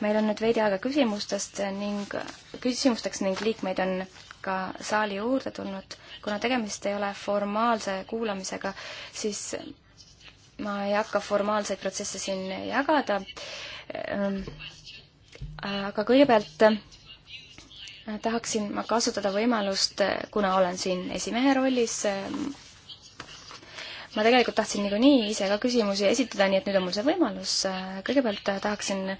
meil on nüüd veidi aega küsimustest ning, küsimusteks ning liikmeid on ka saali juurde tulnud. kuna tegemist ei ole formaalse kuulamisega, siis ma ei hakka formaalseid protsesse siin jagada. aga kõigepealt tahaksin ma kasutada võimalust, kuna olen siin esimehe rollis, ma tegelikult tahtsin niikuinii ise ka küsimusi esitada, nii et nüüd on mul see võimalus. kõigepealt tahaksin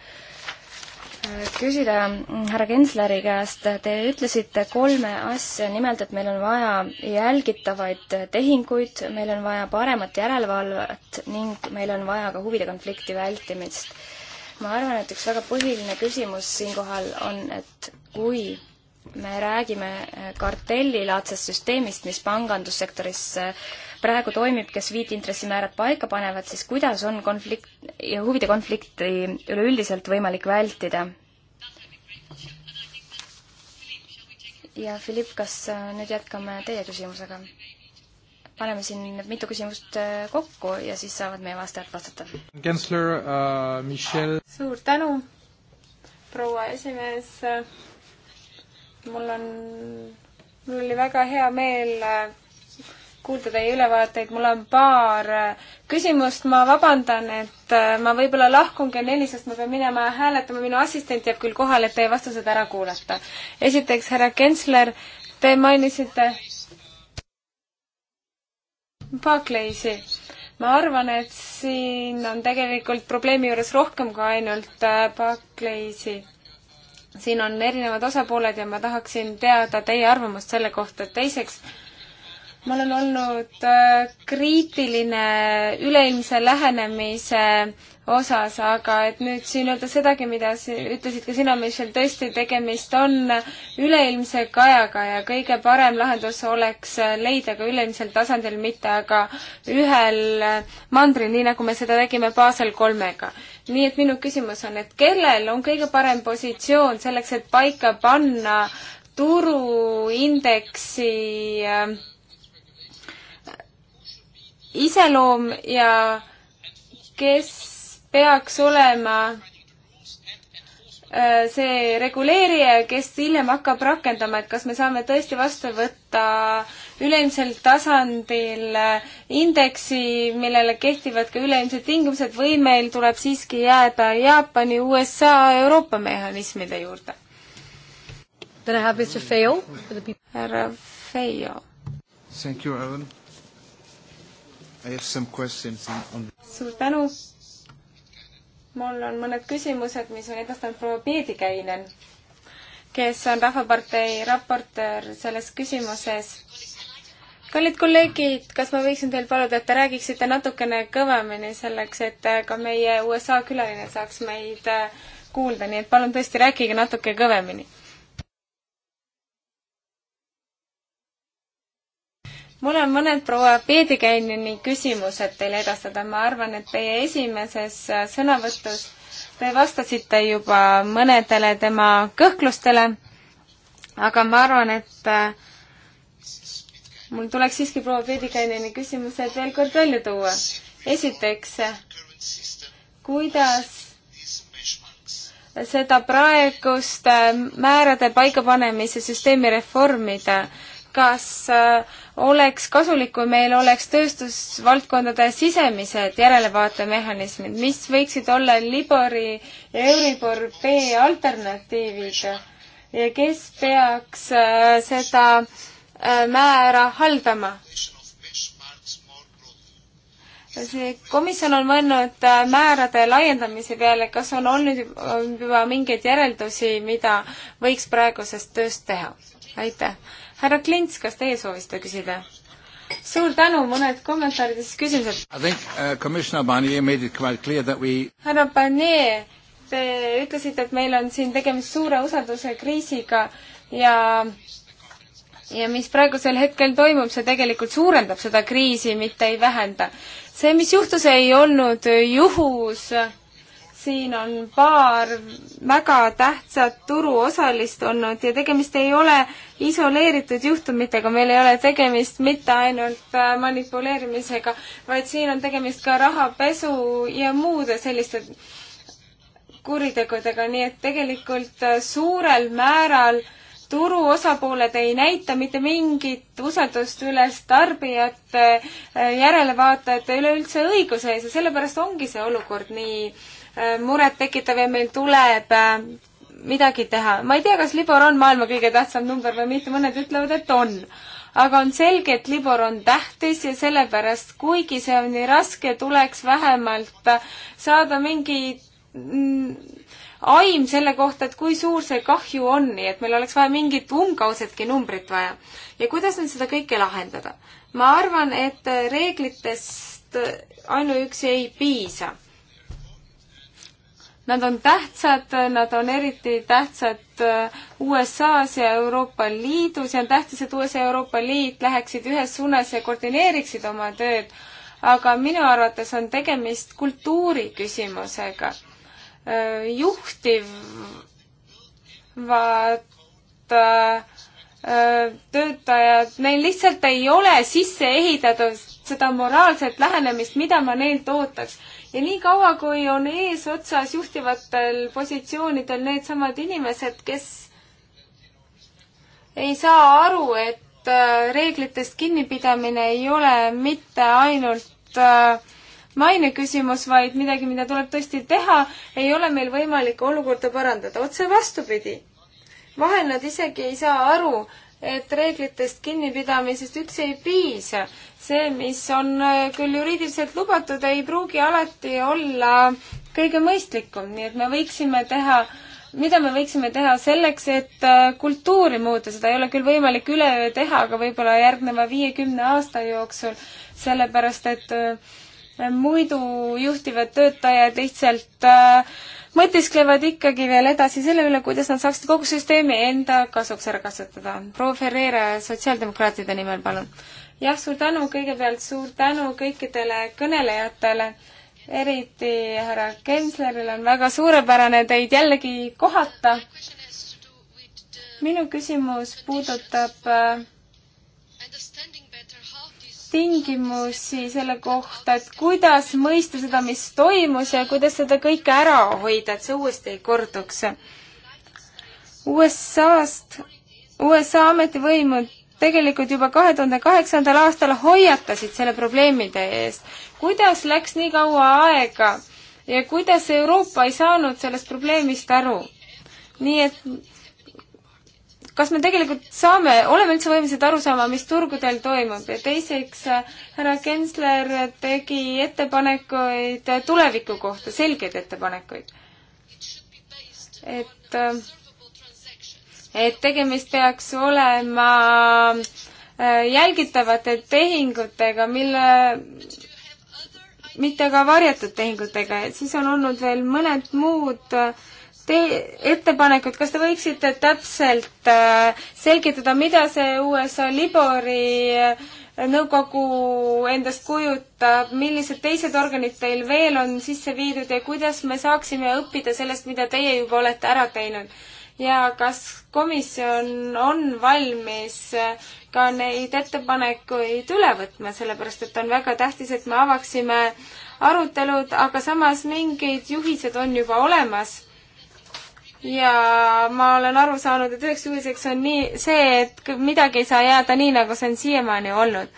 küsida härra Kensleri käest, te ütlesite kolme asja, nimelt et meil on vaja jälgitavaid tehinguid, meil on vaja paremat järelevalvet ning meil on vaja ka huvide konflikti vältimist. ma arvan, et üks väga põhiline küsimus siinkohal on, et kui me räägime eh, kartellilaadsest süsteemist, mis pangandussektoris eh, praegu toimib, kes viitintressimäärad paika panevad, siis kuidas on konflikt ja huvide konflikti üleüldiselt võimalik vältida? ja Philipp, kas eh, nüüd jätkame teie küsimusega? paneme siin mitu küsimust kokku ja siis saavad meie vastajad vastata. Gensler uh,, Michel. suur tänu, proua esimees mul on, mul oli väga hea meel äh, kuulda teie ülevaateid, mul on paar äh, küsimust, ma vabandan, et äh, ma võib-olla lahkun kell neli, sest ma pean minema hääletama, minu assistent jääb küll kohale, et teie vastused ära kuulata. esiteks, härra Kentsler, te mainisite Barclaysi. ma arvan, et siin on tegelikult probleemi juures rohkem kui ainult Barclaysi siin on erinevad osapooled ja ma tahaksin teada teie arvamust selle kohta, et teiseks ma olen olnud äh, kriitiline üleilmse lähenemise osas, aga et nüüd siin öelda sedagi, mida ütlesid ka sina, Michel, tõesti tegemist on üleilmse kajaga ja kõige parem lahendus oleks leida ka üleilmsel tasandil, mitte aga ühel mandril, nii nagu me seda tegime Basel kolmega nii et minu küsimus on, et kellel on kõige parem positsioon selleks, et paika panna turuindeksi äh, iseloom ja kes peaks olema äh, see reguleerija, kes hiljem hakkab rakendama, et kas me saame tõesti vastu võtta äh, üleilmsel tasandil indeksi, millele kehtivad ka üleilmsed tingimused või meil tuleb siiski jääda Jaapani, USA, Euroopa mehhanismide juurde? härra Feio. Thank you, Alan. I have some questions on suur tänu. mul on mõned küsimused, mis on edastanud proua Peedikäinen, kes on Rahvapartei raportöör selles küsimuses kallid kolleegid, kas ma võiksin teil paluda, et te räägiksite natukene kõvemini selleks, et äh, ka meie USA külaline saaks meid äh, kuulda, nii et palun tõesti rääkige natuke kõvemini. mul on mõned proua Peedikäinini küsimused teile edastada, ma arvan, et teie esimeses äh, sõnavõtus te vastasite juba mõnedele tema kõhklustele, aga ma arvan, et mul tuleks siiski proua Peedikaineni küsimused veel kord välja tuua. esiteks, kuidas seda praegust äh, määrade paikapanemise süsteemi reformida? kas äh, oleks kasulik, kui meil oleks tööstusvaldkondade sisemised järelevaatemehhanismid, mis võiksid olla Libori ja Euribor B alternatiivid ja kes peaks äh, seda äh, Äh, määra haldama. see komisjon on mõelnud äh, määrade laiendamise peale, kas on olnud juba mingeid järeldusi, mida võiks praegusest tööst teha? aitäh. härra Klints, kas teie soovisite küsida? suur tänu, mõned kommentaarid ja siis küsimused. Uh, härra Barnier, te ütlesite, et meil on siin tegemist suure usalduse kriisiga ja ja mis praegusel hetkel toimub, see tegelikult suurendab seda kriisi, mitte ei vähenda. see, mis juhtus, ei olnud juhus. siin on paar väga tähtsat turuosalist olnud ja tegemist ei ole isoleeritud juhtumitega, meil ei ole tegemist mitte ainult äh, manipuleerimisega, vaid siin on tegemist ka rahapesu ja muude selliste kuritegudega, nii et tegelikult äh, suurel määral äh, turu osapooled ei näita mitte mingit usaldust üles tarbijate, äh, järelevaatajate, üleüldse õiguse ees ja sellepärast ongi see olukord nii äh, murettekitav ja meil tuleb äh, midagi teha. ma ei tea, kas Libor on maailma kõige tähtsam number või mitte, mõned ütlevad, et on. aga on selge, et Libor on tähtis ja sellepärast, kuigi see on nii raske, tuleks vähemalt saada mingi mm, aim selle kohta, et kui suur see kahju on, nii et meil oleks vaja mingit umbkaudsetki numbrit vaja. ja kuidas nüüd seda kõike lahendada? ma arvan, et reeglitest ainuüksi ei piisa. Nad on tähtsad, nad on eriti tähtsad USA-s ja Euroopa Liidus ja on tähtis, et USA ja Euroopa Liit läheksid ühes suunas ja koordineeriksid oma tööd aga minu arvates on tegemist kultuuri küsimusega. Äh, juhtivad äh, töötajad, neil lihtsalt ei ole sisse ehitatud seda moraalset lähenemist, mida ma neilt ootaks. ja niikaua, kui on eesotsas juhtivatel positsioonidel needsamad inimesed, kes ei saa aru, et äh, reeglitest kinnipidamine ei ole mitte ainult äh, maineküsimus, vaid midagi, mida tuleb tõesti teha, ei ole meil võimalik olukorda parandada, otse vastupidi. vahel nad isegi ei saa aru, et reeglitest kinnipidamisest üldse ei piisa. see, mis on äh, küll juriidiliselt lubatud, ei pruugi alati olla kõige mõistlikum, nii et me võiksime teha mida me võiksime teha selleks, et äh, kultuuri muuta, seda ei ole küll võimalik üleöö teha, aga võib-olla järgneva viiekümne aasta jooksul, sellepärast et äh, muidu juhtivad töötajad lihtsalt äh, mõtisklevad ikkagi veel edasi selle üle, kuidas nad saaksid kogu süsteemi enda kasuks ära kasutada. proua Ferreira sotsiaaldemokraatide nimel, palun. jah, suur tänu, kõigepealt suur tänu kõikidele kõnelejatele, eriti härra Kensleril on väga suurepärane teid jällegi kohata. minu küsimus puudutab äh, tingimusi selle kohta, et kuidas mõista seda, mis toimus ja kuidas seda kõike ära hoida, et see uuesti ei korduks. USA-st, USA ametivõimud tegelikult juba kahe tuhande kaheksandal aastal hoiatasid selle probleemide eest. kuidas läks nii kaua aega ja kuidas Euroopa ei saanud sellest probleemist aru? nii et kas me tegelikult saame, oleme üldse võimelised aru saama, mis turgudel toimub ja teiseks härra Kensler tegi ettepanekuid tuleviku kohta, selgeid ettepanekuid. et, et tegemist peaks olema äh, jälgitavate tehingutega, mille, mitte ka varjatud tehingutega, et siis on olnud veel mõned muud äh, te-, ettepanekut, kas te võiksite täpselt äh, selgitada, mida see USA Libori äh, nõukogu endast kujutab, millised teised organid teil veel on sisse viidud ja kuidas me saaksime õppida sellest, mida teie juba olete ära teinud? ja kas komisjon on valmis äh, ka neid ettepanekuid üle võtma, sellepärast et on väga tähtis, et me avaksime arutelud, aga samas mingid juhised on juba olemas ja ma olen aru saanud, et üheks juhiseks on nii see, et midagi ei saa jääda nii, nagu see on siiamaani olnud.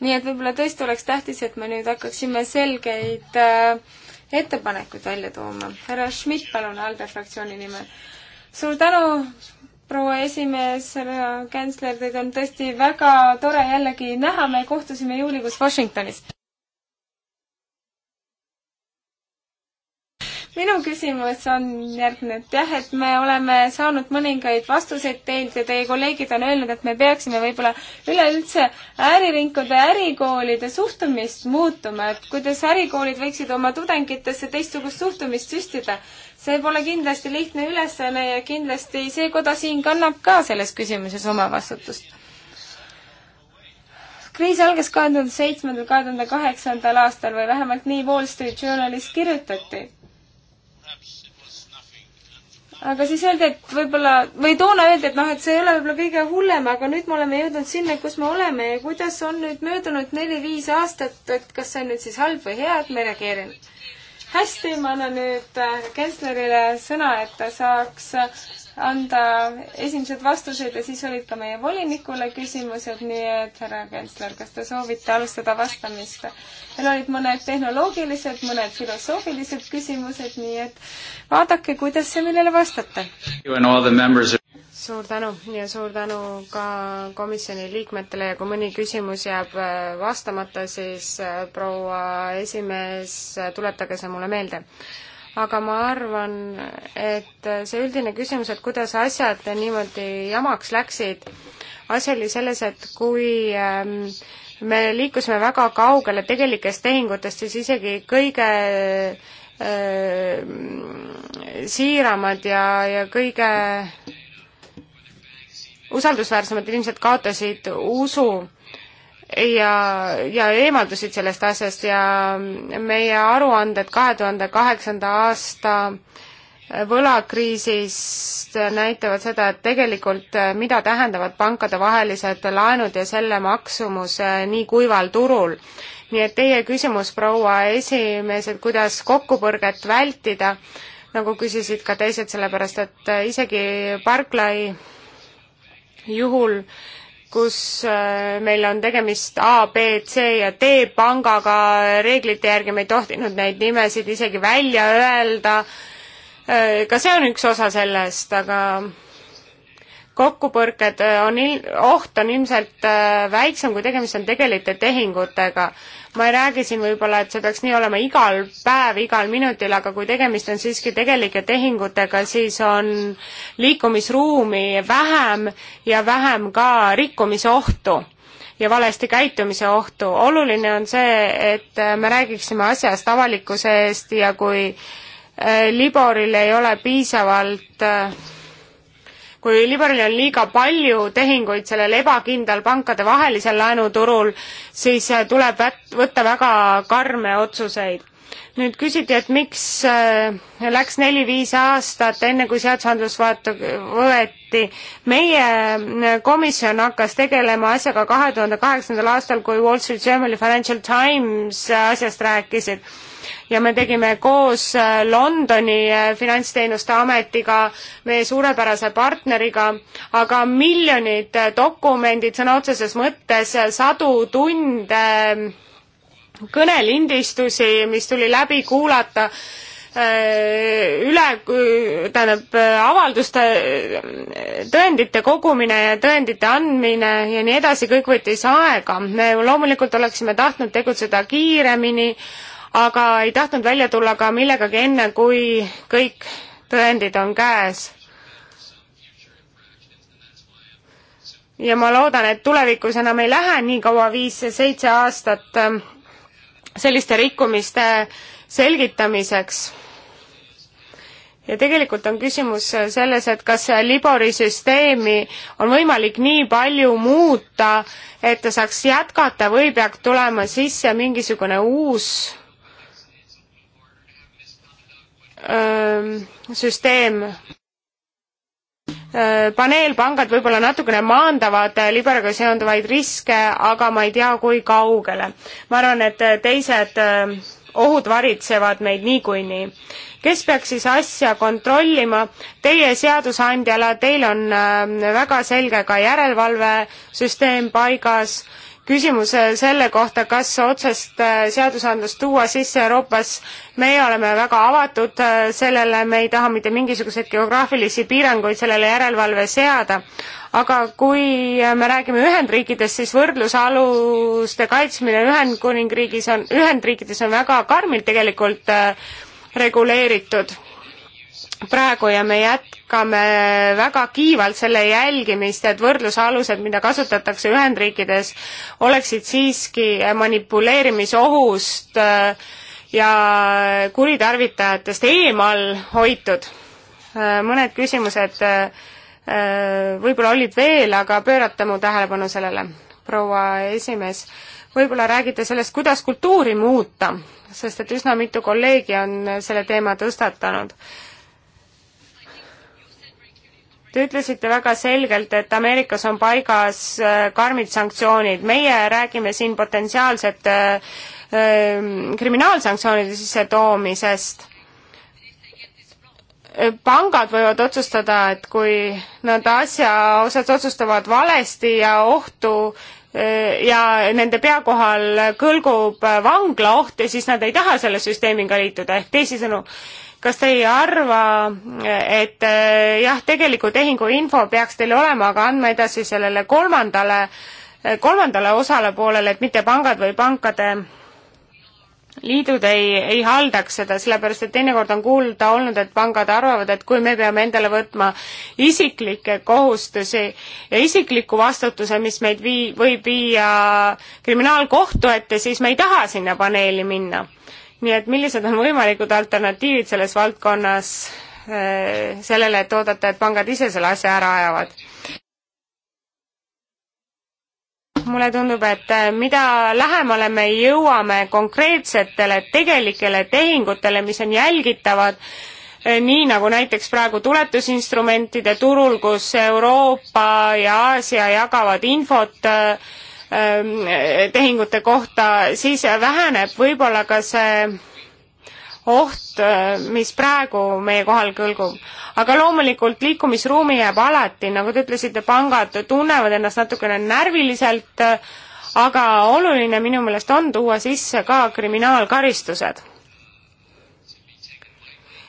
nii et võib-olla tõesti oleks tähtis, et me nüüd hakkaksime selgeid äh, ettepanekuid välja tooma. härra Schmidt, palun, ALDE fraktsiooni nimel. suur tänu, proua esimees, härra kantsler, teid on tõesti väga tore jällegi näha, me kohtusime juulikuus Washingtonis minu küsimus on järgmine, et jah, et me oleme saanud mõningaid vastuseid teilt ja teie kolleegid on öelnud, et me peaksime võib-olla üleüldse äriringkondade, ärikoolide suhtumist muutuma, et kuidas ärikoolid võiksid oma tudengitesse teistsugust suhtumist süstida. see pole kindlasti lihtne ülesanne ja kindlasti see koda siin kannab ka selles küsimuses oma vastutust kriis algas kahe tuhande seitsmendal, kahe tuhande kaheksandal aastal või vähemalt nii Wall Street Journalis kirjutati aga siis öeldi, et võib-olla, või toona öeldi, et noh, et see ei ole võib-olla kõige hullem, aga nüüd me oleme jõudnud sinna, kus me oleme ja kuidas on nüüd möödunud neli-viis aastat, et kas see on nüüd siis halb või hea, et me reageerime. hästi, ma annan nüüd äh, Kesslerile sõna, et ta saaks anda esimesed vastused ja siis olid ka meie volinikule küsimused, nii et härra kantsler, kas te soovite alustada vastamist? meil olid mõned tehnoloogilised, mõned filosoofilised küsimused, nii et vaadake, kuidas ja millele vastate. suur tänu ja suur tänu ka komisjoni liikmetele ja kui mõni küsimus jääb äh, vastamata, siis äh, proua esimees, äh, tuletage see mulle meelde aga ma arvan, et see üldine küsimus, et kuidas asjad niimoodi jamaks läksid, asi oli selles, et kui ähm, me liikusime väga kaugele tegelikest tehingutest, siis isegi kõige äh, siiramad ja, ja kõige usaldusväärsemad inimesed kaotasid usu ja, ja eemaldusid sellest asjast ja meie aruanded kahe tuhande kaheksanda aasta võlakriisist näitavad seda, et tegelikult äh, mida tähendavad pankadevahelised laenud ja selle maksumus äh, nii kuival turul. nii et teie küsimus, proua esimees, et kuidas kokkupõrget vältida, nagu küsisid ka teised, sellepärast et äh, isegi Barclay juhul äh, kus äh, meil on tegemist A, B, C ja D pangaga, reeglite järgi me ei tohtinud neid nimesid isegi välja öelda. Äh, ka see on üks osa sellest, aga kokkupõrked äh, on il-, oht on ilmselt äh, väiksem, kui tegemist on tegelike tehingutega. ma ei räägi siin võib-olla, et see peaks nii olema igal päev, igal minutil, aga kui tegemist on siiski tegelike tehingutega, siis on liikumisruumi vähem ja vähem ka rikkumise ohtu ja valesti käitumise ohtu. oluline on see, et äh, me räägiksime asjast avalikkuse eest ja kui Liboril ei ole piisavalt äh, kui Liberalil on liiga palju tehinguid sellel ebakindlal pankade vahelisel laenuturul, siis äh, tuleb võtta väga karme otsuseid nüüd küsiti, et miks äh, läks neli-viis aastat, enne kui seadusandlus vaata-, võeti. meie äh, komisjon hakkas tegelema asjaga kahe tuhande kaheksandal aastal, kui Wall Street Journal ja Financial Times asjast rääkisid ja me tegime koos äh, Londoni äh, finantsteenuste ametiga, meie suurepärase partneriga, aga miljonid äh, dokumendid sõna otseses mõttes, sadu tunde kõnelindistusi, mis tuli läbi kuulata, üle, tähendab avalduste, tõendite kogumine ja tõendite andmine ja nii edasi, kõik võttis aega. me loomulikult oleksime tahtnud tegutseda kiiremini, aga ei tahtnud välja tulla ka millegagi enne, kui kõik tõendid on käes. ja ma loodan, et tulevikus enam ei lähe nii kaua, viis-seitse aastat ähm, selliste rikkumiste selgitamiseks ja tegelikult on küsimus selles, et kas Libori süsteemi on võimalik nii palju muuta, et ta saaks jätkata või peaks tulema sisse mingisugune uus Ähm, süsteem äh, paneelpangad võib-olla natukene maandavad äh, liberaga seonduvaid riske, aga ma ei tea, kui kaugele. ma arvan, et äh, teised ohud varitsevad meid niikuinii. kes peaks siis asja kontrollima? Teie seadusandjala, teil on väga selge ka järelevalvesüsteem paigas küsimus selle kohta, kas otsest äh, seadusandlust tuua sisse Euroopas, meie oleme väga avatud äh, sellele, me ei taha mitte mingisuguseid geograafilisi piiranguid sellele järelevalve seada, aga kui äh, me räägime Ühendriikidest, siis võrdlusaluste kaitsmine Ühendkuningriigis on, Ühendriikides on väga karmilt tegelikult reguleeritud praegu ja me jätkame väga kiivalt selle jälgimist, et võrdlusalused, mida kasutatakse Ühendriikides, oleksid siiski manipuleerimisohust äh, ja kuritarvitajatest eemal hoitud. Äh, mõned küsimused äh, võib-olla olid veel, aga pöörata mu tähelepanu sellele, proua esimees võib-olla räägite sellest, kuidas kultuuri muuta, sest et üsna mitu kolleegi on selle teema tõstatanud. Te ütlesite väga selgelt, et Ameerikas on paigas äh, karmid sanktsioonid, meie räägime siin potentsiaalset äh, ähm, kriminaalsanktsioonide sissetoomisest. Äh, pangad võivad otsustada, et kui nad asja osas otsustavad valesti ja ohtu ja nende pea kohal kõlgub vanglaoht ja siis nad ei taha selle süsteemiga liituda, ehk teisisõnu, kas te ei arva, et eh, jah, tegeliku tehingu info peaks teil olema, aga andma edasi sellele kolmandale, eh, kolmandale osale poolele, et mitte pangad või pankade liidud ei, ei haldaks seda, sellepärast et teinekord on kuulda olnud, et pangad arvavad, et kui me peame endale võtma isiklikke kohustusi ja isikliku vastutuse, mis meid vii-, võib viia kriminaalkohtu ette, siis me ei taha sinna paneeli minna nii et millised on võimalikud alternatiivid selles valdkonnas äh, sellele, et oodata, et pangad ise selle asja ära ajavad? mulle tundub, et äh, mida lähemale me jõuame konkreetsetele tegelikele tehingutele, mis on jälgitavad, äh, nii nagu näiteks praegu tuletusinstrumentide turul, kus Euroopa ja Aasia jagavad infot äh, Ähm, tehingute kohta, siis väheneb võib-olla ka see oht, äh, mis praegu meie kohal kõlgub. aga loomulikult liikumisruumi jääb alati, nagu te ütlesite, pangad tunnevad ennast natukene närviliselt, äh, aga oluline minu meelest on tuua sisse ka kriminaalkaristused.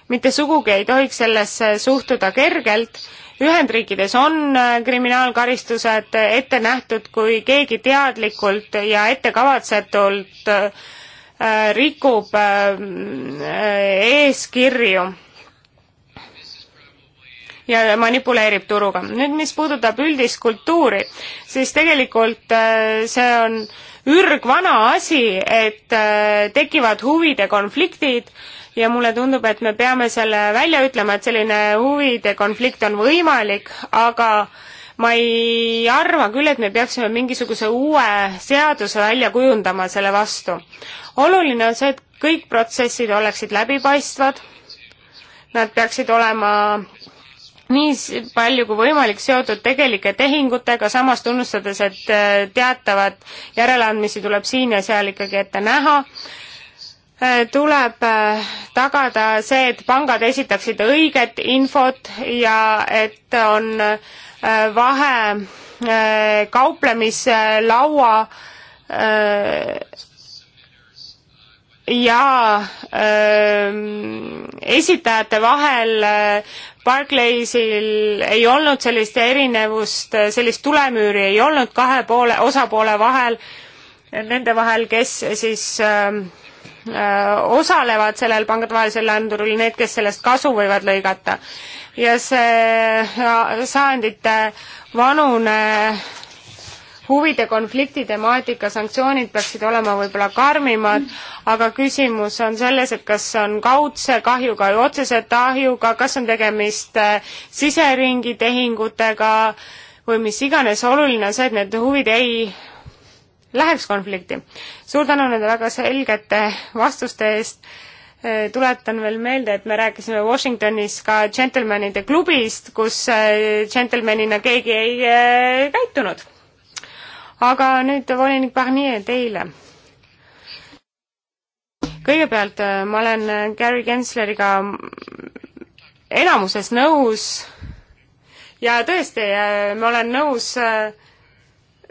mitte sugugi ei tohiks sellesse suhtuda kergelt Ühendriikides on äh, kriminaalkaristused äh, ette nähtud, kui keegi teadlikult ja ettekavatsetult äh, rikub eeskirju ja manipuleerib turuga. nüüd, mis puudutab üldist kultuuri, siis tegelikult see on ürgvana asi, et tekivad huvide konfliktid ja mulle tundub, et me peame selle välja ütlema, et selline huvide konflikt on võimalik, aga ma ei arva küll, et me peaksime mingisuguse uue seaduse välja kujundama selle vastu. oluline on see, et kõik protsessid oleksid läbipaistvad, nad peaksid olema nii palju kui võimalik seotud tegelike tehingutega, samas tunnustades, et äh, teatavad järeleandmisi tuleb siin ja seal ikkagi ette näha Äh, tuleb äh, tagada see, et pangad esitaksid õiget infot ja et on äh, vahe kauplemislaua ja öö, esitajate vahel Barclaysil ei olnud sellist erinevust, sellist tulemüüri ei olnud kahe poole, osapoole vahel, nende vahel, kes siis öö, Äh, osalevad sellel pangadevahelisel anduril, need, kes sellest kasu võivad lõigata. ja see äh, sajandite vanune huvide konflikti temaatika, sanktsioonid peaksid olema võib-olla karmimad, aga küsimus on selles, et kas on kaudse kahjuga või otsese kahjuga, kas on tegemist äh, siseringi tehingutega või mis iganes, oluline on see, et need huvid ei läheks konflikti. suur tänu nende väga selgete vastuste eest tuletan veel meelde, et me rääkisime Washingtonis ka džentelmenide klubist, kus äh, džentelmenina keegi ei äh, käitunud. aga nüüd volinik Barnier teile. kõigepealt äh, ma olen Gary Gensleriga enamuses nõus ja tõesti, ma olen nõus äh,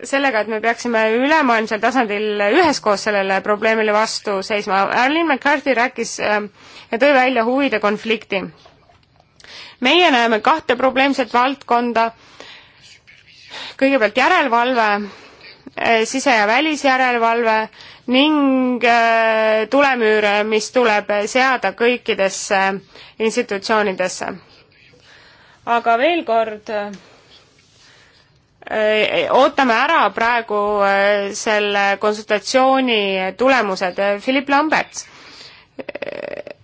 sellega, et me peaksime ülemaailmsel tasandil üheskoos sellele probleemile vastu seisma. Arlene McCarthy rääkis ähm, ja tõi välja huvide konflikti. meie näeme kahte probleemset valdkonda. kõigepealt järelevalve, äh, sise- ja välisjärelevalve ning äh, tulemüüre, mis tuleb seada kõikidesse institutsioonidesse. aga veel kord äh, Äh, ootame ära praegu äh, selle konsultatsiooni tulemused. Philip Lamberts. Äh,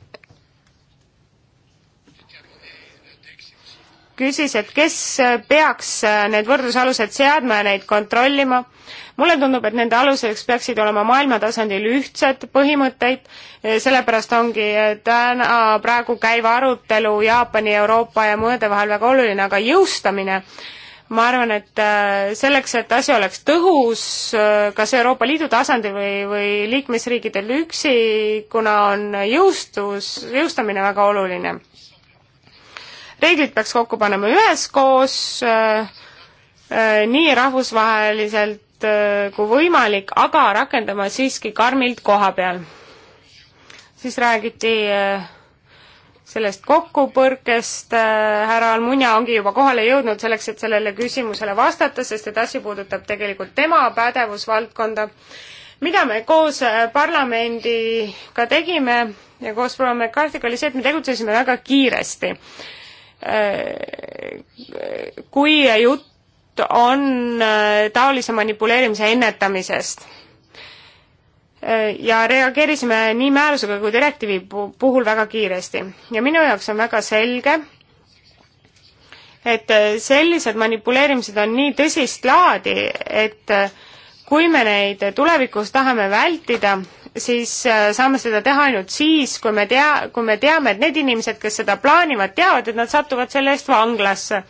küsis, et kes peaks need võrdlusalused seadma ja neid kontrollima. mulle tundub, et nende aluseks peaksid olema maailmatasandil ühtsed põhimõtteid, sellepärast ongi täna praegu käiva arutelu Jaapani, Euroopa ja mõõde vahel väga oluline, aga jõustamine äh, ma arvan, et äh, selleks, et asi oleks tõhus, äh, kas Euroopa Liidu tasandil või, või liikmesriikidel üksi, kuna on jõustus, jõustamine väga oluline. reeglid peaks kokku panema üheskoos, äh, nii rahvusvaheliselt kui võimalik, aga rakendama siiski karmilt koha peal. siis räägiti äh, sellest kokkupõrkest äh, härra Almunia ongi juba kohale jõudnud selleks, et sellele küsimusele vastata, sest et asi puudutab tegelikult tema pädevusvaldkonda. mida me koos äh, parlamendiga tegime ja koos proua McCarthy'ga oli see, et me tegutsesime väga kiiresti. Äh, kui jutt on taolise manipuleerimise ennetamisest ja reageerisime nii määrusega kui direktiivi puhul väga kiiresti. ja minu jaoks on väga selge, et sellised manipuleerimised on nii tõsist laadi, et kui me neid tulevikus tahame vältida, siis äh, saame seda teha ainult siis, kui me tea, kui me teame, et need inimesed, kes seda plaanivad, teavad, et nad satuvad selle eest vanglasse.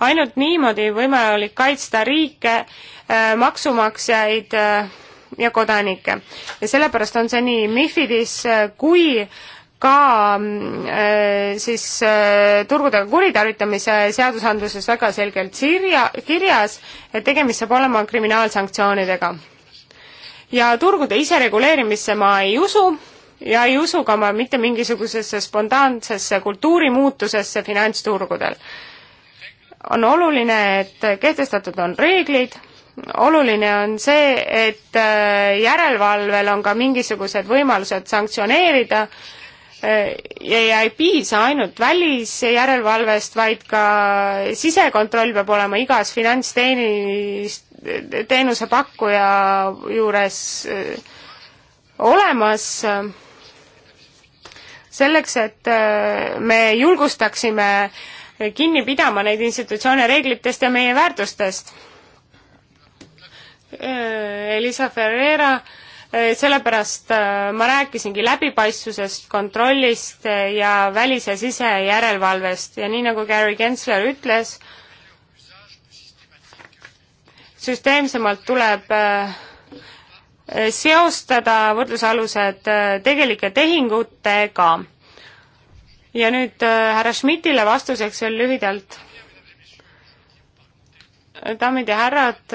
ainult niimoodi võimalik kaitsta riike, äh, maksumaksjaid äh, ja kodanikke. ja sellepärast on see nii MIFIDis äh, kui ka mm, äh, siis äh, turgudega kuritarvitamise seadusandluses väga selgelt sirja, kirjas, et tegemist saab olema kriminaalsanktsioonidega. ja turgude isereguleerimisse ma ei usu ja ei usu ka ma mitte mingisugusesse spontaansesse kultuurimuutusesse finantsturgudel. on oluline, et kehtestatud on reeglid oluline on see, et äh, järelevalvel on ka mingisugused võimalused sanktsioneerida äh, ja ei piisa ainult välisjärelevalvest, vaid ka sisekontroll peab olema igas finantsteenis, teenusepakkuja juures äh, olemas selleks, et me julgustaksime kinni pidama neid institutsioone reeglitest ja meie väärtustest Äh, Elisa Ferreira, äh, sellepärast äh, ma rääkisingi läbipaistvusest, kontrollist ja välis- ja sisejärelevalvest ja nii, nagu Gary Gensler ütles, süsteemsemalt tuleb seostada võrdlusalused tegelike tehingutega. ja nüüd härra Schmidtile vastuseks veel lühidalt. daamid ja härrad,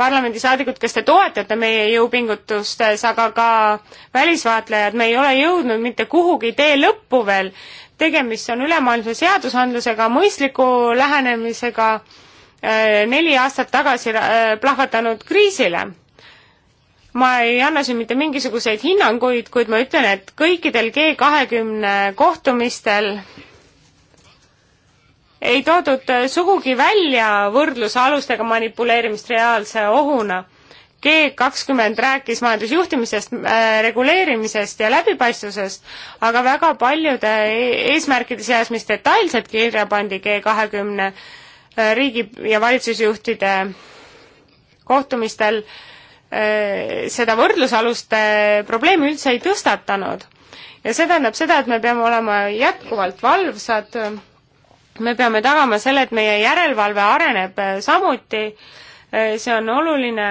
parlamendisaadikud, kes te toetate meie jõupingutustes, aga ka välisvaatlejad, me ei ole jõudnud mitte kuhugi tee lõppu veel. tegemist on ülemaailmse seadusandlusega, mõistliku lähenemisega äh, neli aastat tagasi äh, plahvatanud kriisile. ma ei anna siin mitte mingisuguseid hinnanguid, kuid ma ütlen, et kõikidel G kahekümne kohtumistel ei toodud sugugi välja võrdlusalustega manipuleerimist reaalse ohuna. G kakskümmend rääkis majandusjuhtimisest äh,, reguleerimisest ja läbipaistvusest, aga väga paljude e-, eesmärkide seas, mis detailselt kirja pandi G kahekümne äh, riigi ja valitsusjuhtide kohtumistel äh,, seda võrdlusaluste probleemi üldse ei tõstatanud. ja see tähendab seda, et me peame olema jätkuvalt valvsad äh, me peame tagama selle, et meie järelevalve areneb äh, samuti, äh, see on oluline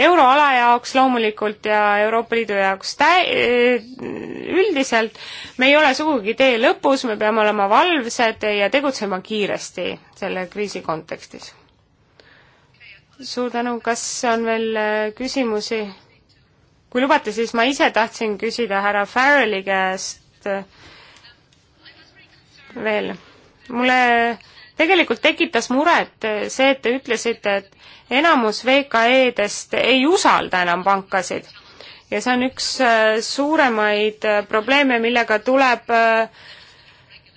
euroala jaoks loomulikult ja Euroopa Liidu jaoks tä-, äh, üldiselt, me ei ole sugugi tee lõpus, me peame olema valvsad ja tegutsema kiiresti selle kriisi kontekstis. suur tänu, kas on veel küsimusi? kui lubate, siis ma ise tahtsin küsida härra Farrelli käest äh, veel. mulle tegelikult tekitas muret see, et te ütlesite, et enamus VKE-dest ei usalda enam pankasid. ja see on üks äh, suuremaid äh, probleeme, millega tuleb äh,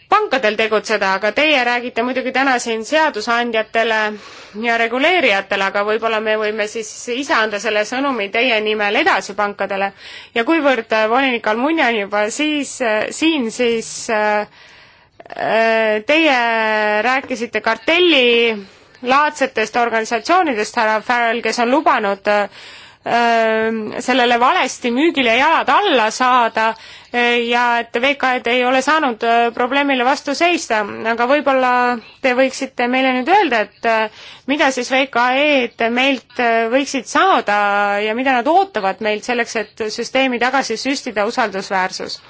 pankadel tegutseda, aga teie räägite muidugi täna siin seadusandjatele ja reguleerijatele, aga võib-olla me võime siis ise anda selle sõnumi teie nimel edasi pankadele. ja kuivõrd volinik Almunian juba siis, siin siis äh, Äh, teie rääkisite kartelli laadsetest organisatsioonidest, härra Farrel, kes on lubanud äh, sellele valesti müügile jalad alla saada äh, ja et VKD ei ole saanud probleemile vastu seista, aga võib-olla te võiksite meile nüüd öelda, et mida siis VKE-d meilt võiksid saada ja mida nad ootavad meilt selleks, et süsteemi tagasi süstida usaldusväärsus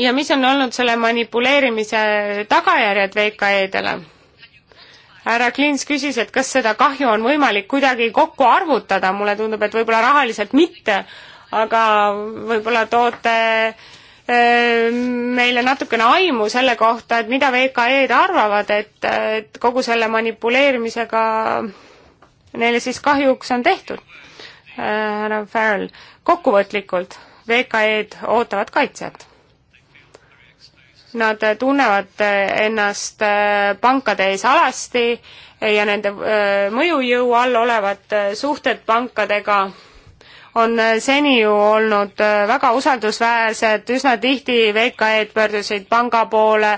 ja mis on olnud selle manipuleerimise tagajärjed VKE-dele? härra Klints küsis, et kas seda kahju on võimalik kuidagi kokku arvutada, mulle tundub, et võib-olla rahaliselt mitte, aga võib-olla toote äh, meile natukene aimu selle kohta, et mida VKE-d arvavad, et, et kogu selle manipuleerimisega neile siis kahjuks on tehtud. Äh, härra Farrel, kokkuvõtlikult, VKE-d ootavad kaitset Nad tunnevad eh, ennast eh, pankade ees alasti ja nende eh, mõjujõu all olevad suhted pankadega on seni ju olnud väga usaldusväärsed, üsna tihti VKE-d pöördusid panga poole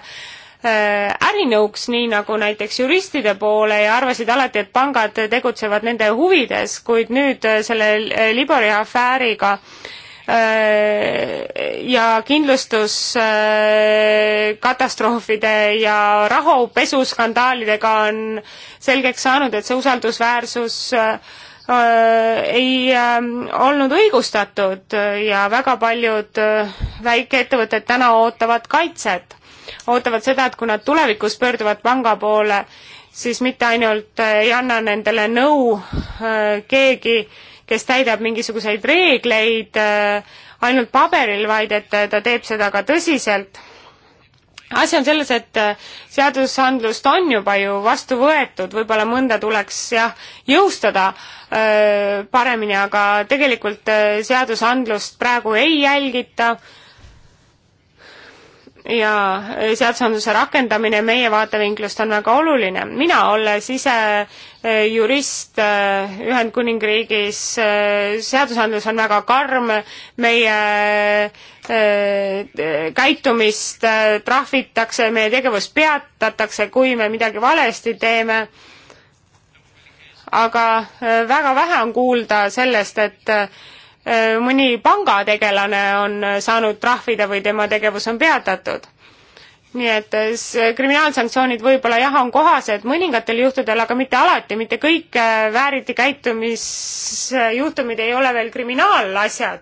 ärinõuks, nii nagu näiteks juristide poole ja arvasid alati, et pangad tegutsevad nende huvides, kuid nüüd selle Libori afääriga äh, Äh, ja kindlustuskatastroofide äh, ja rahapesuskandaalidega on selgeks saanud, et see usaldusväärsus äh, ei olnud õigustatud ja väga paljud väikeettevõtted täna ootavad kaitset. ootavad seda, et kui nad tulevikus pöörduvad panga poole, siis mitte ainult ei anna nendele nõu keegi, kes täidab mingisuguseid reegleid äh, ainult paberil, vaid et äh, ta teeb seda ka tõsiselt. asi on selles, et äh, seadusandlust on juba ju vastu võetud, võib-olla mõnda tuleks jah, jõustada öö, paremini, aga tegelikult öö, seadusandlust praegu ei jälgita ja seadusandluse rakendamine meie vaatevinklust on väga oluline. mina, olles ise jurist äh, Ühendkuningriigis, äh, seadusandlus on väga karm, meie äh, käitumist trahvitakse, meie tegevus peatatakse, kui me midagi valesti teeme, aga väga vähe on kuulda sellest, et mõni pangategelane on saanud trahvida või tema tegevus on peatatud nii et eh, kriminaalsanktsioonid võib-olla jah, on kohased mõningatel juhtudel, aga mitte alati, mitte kõik eh, vääriti käitumisjuhtumid ei ole veel kriminaalasjad.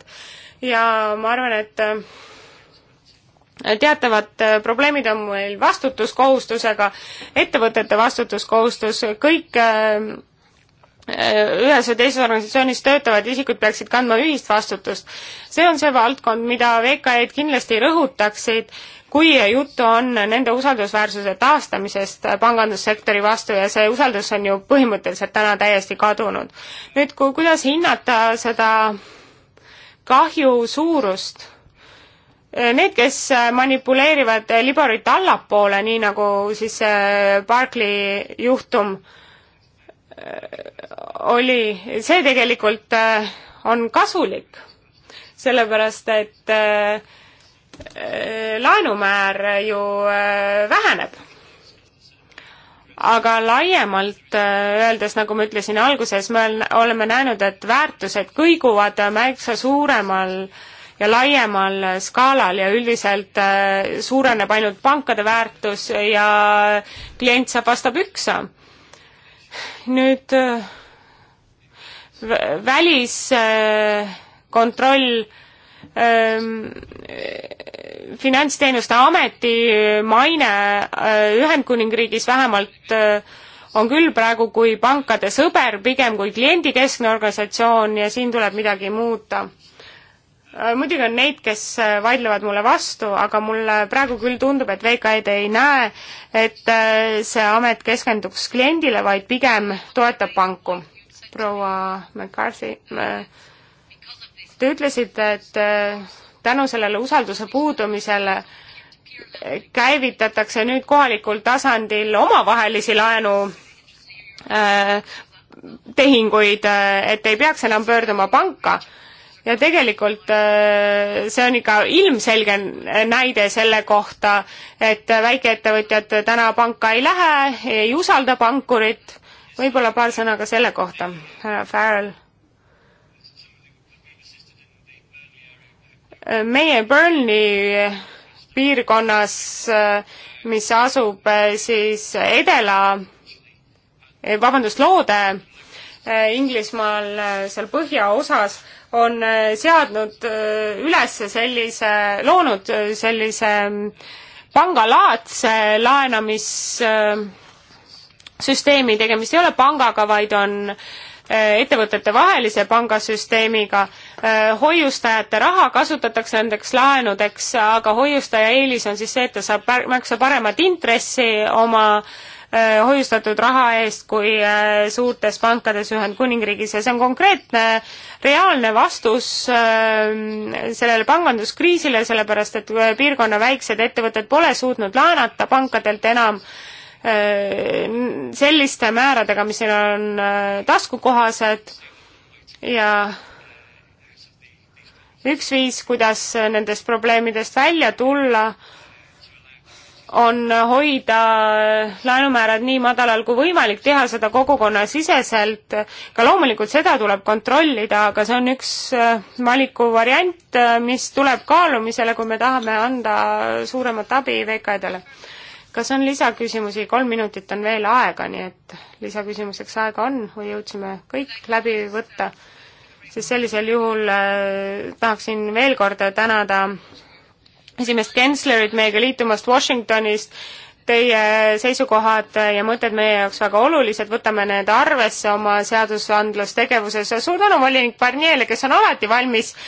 ja ma arvan, et eh, teatavad probleemid on meil vastutuskohustusega, ettevõtete vastutuskohustus, kõik ühes või teises organisatsioonis töötavad isikud peaksid kandma ühist vastutust. see on see valdkond, mida VKE-d kindlasti rõhutaksid kui juttu on nende usaldusväärsuse taastamisest pangandussektori vastu ja see usaldus on ju põhimõtteliselt täna täiesti kadunud. nüüd, kui, kuidas hinnata seda kahju suurust? Need, kes manipuleerivad liborit allapoole, nii nagu siis Barclay juhtum oli, see tegelikult äh, on kasulik, sellepärast et äh, Äh, laenumäär ju äh, väheneb. aga laiemalt äh, öeldes, nagu ma ütlesin alguses, me oleme näinud, et väärtused kõiguvad märksa suuremal ja laiemal skaalal ja üldiselt suureneb ainult pankade väärtus ja klient saab vastu püksa. nüüd väliskontroll ähm, finantsteenuste ameti maine äh, Ühendkuningriigis vähemalt äh, on küll praegu kui pankade sõber, pigem kui kliendikeskne organisatsioon ja siin tuleb midagi muuta. Äh, muidugi on neid, kes vaidlevad mulle vastu, aga mulle praegu küll tundub, et VKD e ei näe, et see amet keskenduks kliendile, vaid pigem toetab panku. proua McCarthy, te ütlesite, et tänu sellele usalduse puudumisele käivitatakse nüüd kohalikul tasandil omavahelisi laenu äh, tehinguid, äh, et ei peaks enam pöörduma panka. ja tegelikult äh, see on ikka ilmselge näide selle kohta, et väikeettevõtjad täna panka ei lähe, ei usalda pankurit, võib-olla paar sõna ka selle kohta, härra Farrel meie Burnley piirkonnas, mis asub eh, siis edela, eh, vabandust, loode eh, Inglismaal seal põhjaosas, on seadnud üles sellise, loonud sellise mm, pangalaadse laenamissüsteemi, tegemist ei ole pangaga, vaid on ettevõtete vahelise pangasüsteemiga Äh, hoiustajate raha kasutatakse nendeks laenudeks, aga hoiustaja eelis on siis see, et ta saab märksa paremat intressi oma äh, hoiustatud raha eest kui äh, suurtes pankades Ühendkuningriigis ja see on konkreetne reaalne vastus sellele panganduskriisile, sellepärast et piirkonna väiksed ettevõtted pole suutnud laenata pankadelt enam selliste määradega, mis neil on taskukohased ja üks viis, kuidas nendest probleemidest välja tulla, on hoida laenumäärad nii madalal kui võimalik, teha seda kogukonnasiseselt, ka loomulikult seda tuleb kontrollida, aga see on üks äh, valikuvariant, äh, mis tuleb kaalumisele, kui me tahame anda suuremat abi VKD-le. kas on lisaküsimusi, kolm minutit on veel aega, nii et lisaküsimuseks aega on või jõudsime kõik läbi võtta? siis sellisel juhul äh, tahaksin veel kord tänada esimest kantslerit meiega liitumast Washingtonist, teie seisukohad ja mõtted meie jaoks väga olulised, võtame need arvesse oma seadusandlustegevuses. suur tänu volinik Barnierile, kes on alati valmis äh,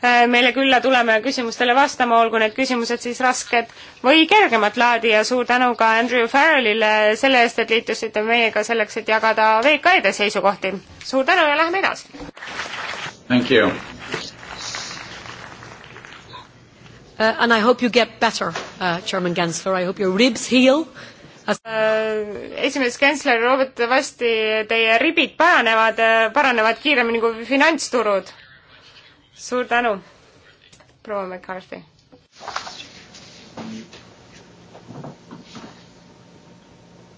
Äh, meile külla tulema ja küsimustele vastama, olgu need küsimused siis rasked või kergemat laadi ja suur tänu ka Andrew Farrellile selle eest, et liitusite meiega selleks, et jagada VKE-de seisukohti. suur tänu ja läheme edasi! Thank you! Uh, and I hope you get better, uh, Chairman Gensler. I hope your ribs heal äh, esimees kantsler, loodetavasti teie ribid paranevad, äh, paranevad kiiremini kui finantsturud suur tänu, proua McCarthy.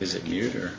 Is it mute or?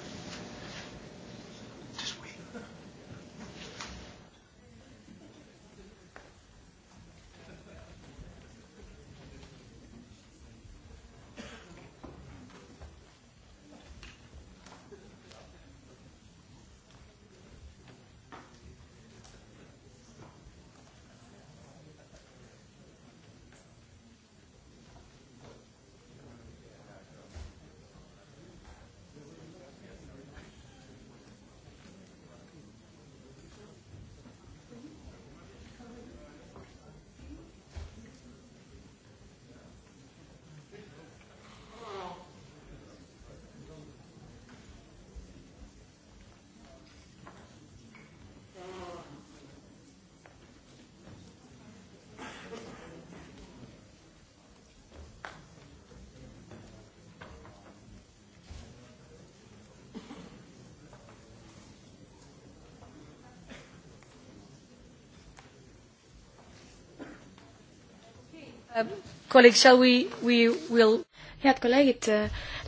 kolleeg, shall we, we will head kolleegid,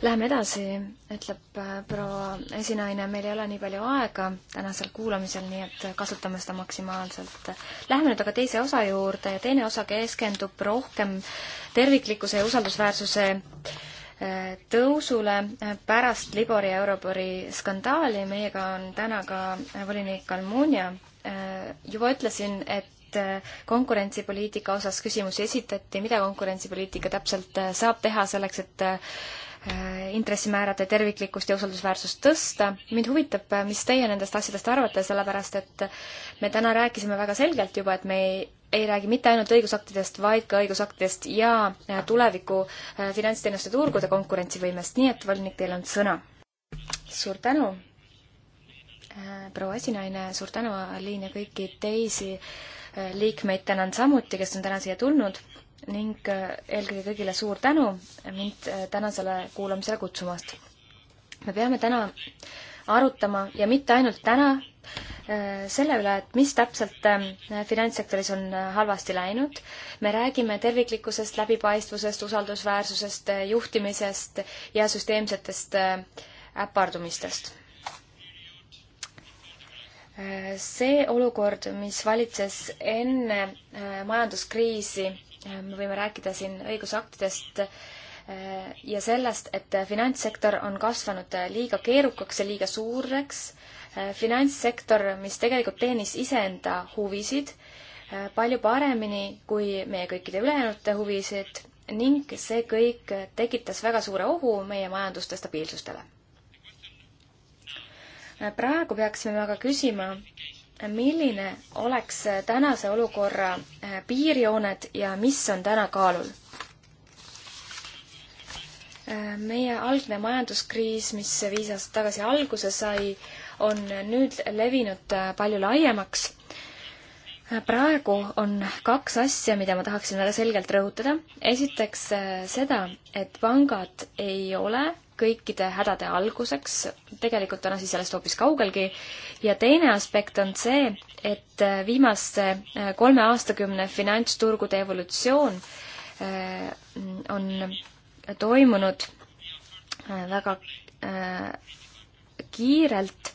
läheme edasi, ütleb äh, proua esinaine, meil ei ole nii palju aega tänasel kuulamisel, nii et kasutame seda maksimaalselt. Läheme nüüd aga teise osa juurde ja teine osa keskendub rohkem terviklikkuse ja usaldusväärsuse äh, tõusule pärast Libori ja Eurobori skandaali. meiega on täna ka äh, volinik Almunia. juba ütlesin, et et äh, konkurentsipoliitika osas küsimusi esitati, mida konkurentsipoliitika täpselt äh, saab teha selleks, et äh, intressimäärade terviklikkust ja usaldusväärsust tõsta. mind huvitab, mis teie nendest asjadest arvate, sellepärast et me täna rääkisime väga selgelt juba, et me ei, ei räägi mitte ainult õigusaktidest, vaid ka õigusaktidest ja tuleviku finantsteenuste turgude konkurentsivõimest, nii et volinik, teil on sõna. suur tänu proua esinaine, suur tänu, Aliin ja kõiki teisi liikmeid tänan samuti, kes on täna siia tulnud ning äh, eelkõige kõigile suur tänu mind äh, tänasele kuulamisele kutsumast. me peame täna arutama ja mitte ainult täna, äh, selle üle, et mis täpselt finantssektoris on halvasti läinud. me räägime terviklikkusest, läbipaistvusest, usaldusväärsusest, juhtimisest ja süsteemsetest äpardumistest see olukord, mis valitses enne äh, majanduskriisi, äh, me võime rääkida siin õigusaktidest äh, ja sellest, et finantssektor on kasvanud liiga keerukaks ja liiga suureks. finantssektor, mis tegelikult teenis iseenda huvisid palju paremini kui meie kõikide ülejäänute huvisid ning see kõik tekitas väga suure ohu meie majanduste stabiilsustele praegu peaksime aga küsima, milline oleks tänase olukorra eh, piirjooned ja mis on täna kaalul? Eh, meie algne majanduskriis, mis viis aastat tagasi alguse sai, on nüüd levinud eh, palju laiemaks. praegu on kaks asja, mida ma tahaksin väga selgelt rõhutada. esiteks seda, et pangad ei ole kõikide hädade alguseks, tegelikult on asi sellest hoopis kaugelgi, ja teine aspekt on see, et viimase äh, kolme aastakümne finantsturgude evolutsioon äh, on toimunud äh, väga kiirelt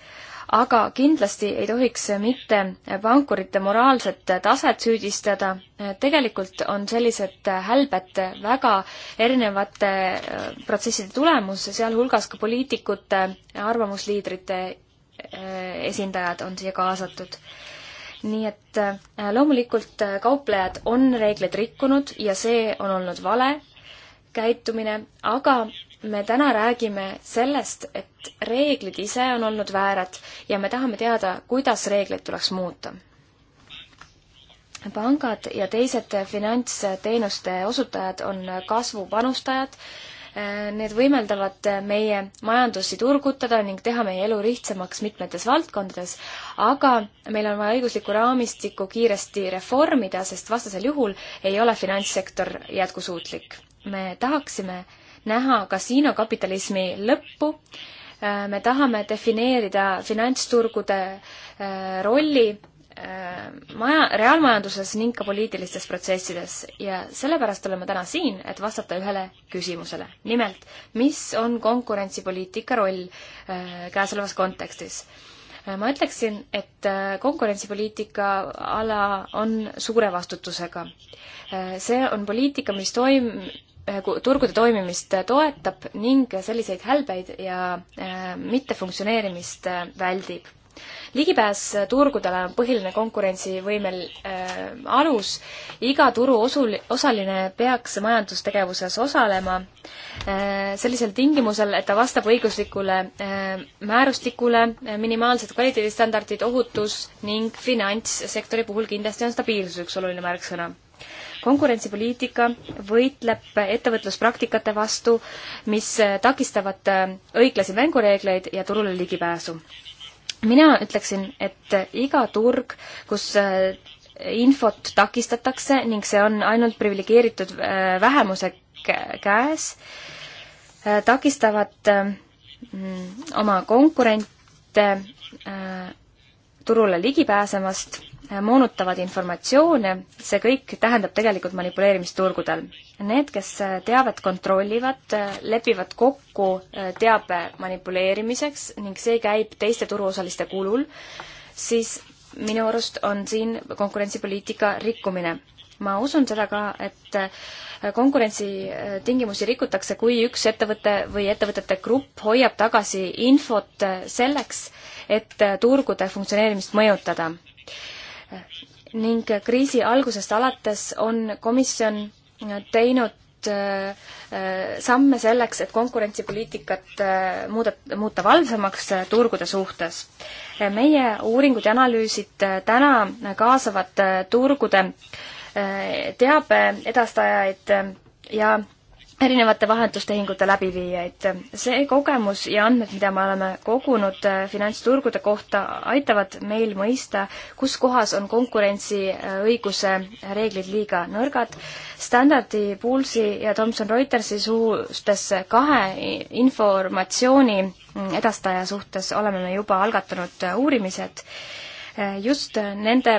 aga kindlasti ei tohiks mitte pankurite moraalset taset süüdistada. tegelikult on sellised hälbed väga erinevate äh, protsesside tulemus, sealhulgas ka poliitikute, arvamusliidrite äh, esindajad on siia kaasatud nii et äh, loomulikult kauplejad on reegleid rikkunud ja see on olnud vale käitumine, aga me täna räägime sellest, et reeglid ise on olnud väärad ja me tahame teada, kuidas reegleid tuleks muuta. pangad ja teised finantsteenuste osutajad on kasvupanustajad, need võimeldavad meie majandusi turgutada ning teha meie elu lihtsamaks mitmetes valdkondades, aga meil on vaja õiguslikku raamistikku kiiresti reformida, sest vastasel juhul ei ole finantssektor jätkusuutlik. me tahaksime äh, näha kasiinokapitalismi lõppu. Äh, me tahame defineerida finantsturgude äh, rolli äh, maja, reaalmajanduses ning ka poliitilistes protsessides ja sellepärast oleme täna siin, et vastata ühele küsimusele. nimelt, mis on konkurentsipoliitika roll käesolevas kontekstis? ma ütleksin, et konkurentsipoliitika ala on suure vastutusega. see on poliitika, mis toim-, Eh, turgude toimimist toetab ning selliseid hälbeid ja eh, mittefunktsioneerimist eh, väldib ligipääs turgudele on põhiline konkurentsivõimel äh, alus, iga turu osul-, osaline peaks majandustegevuses osalema äh, sellisel tingimusel, et ta vastab õiguslikule äh, määrustikule äh,, minimaalsed kvaliteedistandardid, ohutus ning finantssektori puhul kindlasti on stabiilsus üks oluline märksõna konkurentsipoliitika võitleb ettevõtluspraktikate vastu, mis takistavad õiglasi mängureegleid ja turule ligipääsu. mina ütleksin, et iga turg, kus äh, infot takistatakse ning see on ainult priviligeeritud äh, vähemuse käes, äh, takistavad oma konkurente turule ligipääsemast moonutavad informatsioone, see kõik tähendab tegelikult manipuleerimist turgudel. Need, kes teavet kontrollivad, lepivad kokku teabe manipuleerimiseks ning see käib teiste turuosaliste kulul, siis minu arust on siin konkurentsipoliitika rikkumine ma usun seda ka, et konkurentsitingimusi rikutakse, kui üks ettevõte või ettevõtete grupp hoiab tagasi infot selleks, et turgude funktsioneerimist mõjutada ning kriisi algusest alates on komisjon teinud äh, äh, samme selleks, et konkurentsipoliitikat äh, muuda, muuta valvsamaks turgude suhtes. meie uuringud ja analüüsid täna kaasavad turgude teabe edastajaid ja erinevate vahendustehingute läbiviijaid. see kogemus ja andmed, mida me oleme kogunud äh, finantsturgude kohta, aitavad meil mõista, kus kohas on konkurentsiõiguse äh, reeglid liiga nõrgad. Standardi, Poolsi ja Thomson Reutersi suhtes kahe informatsiooni mm, edastaja suhtes oleme me juba algatanud äh, uurimised just nende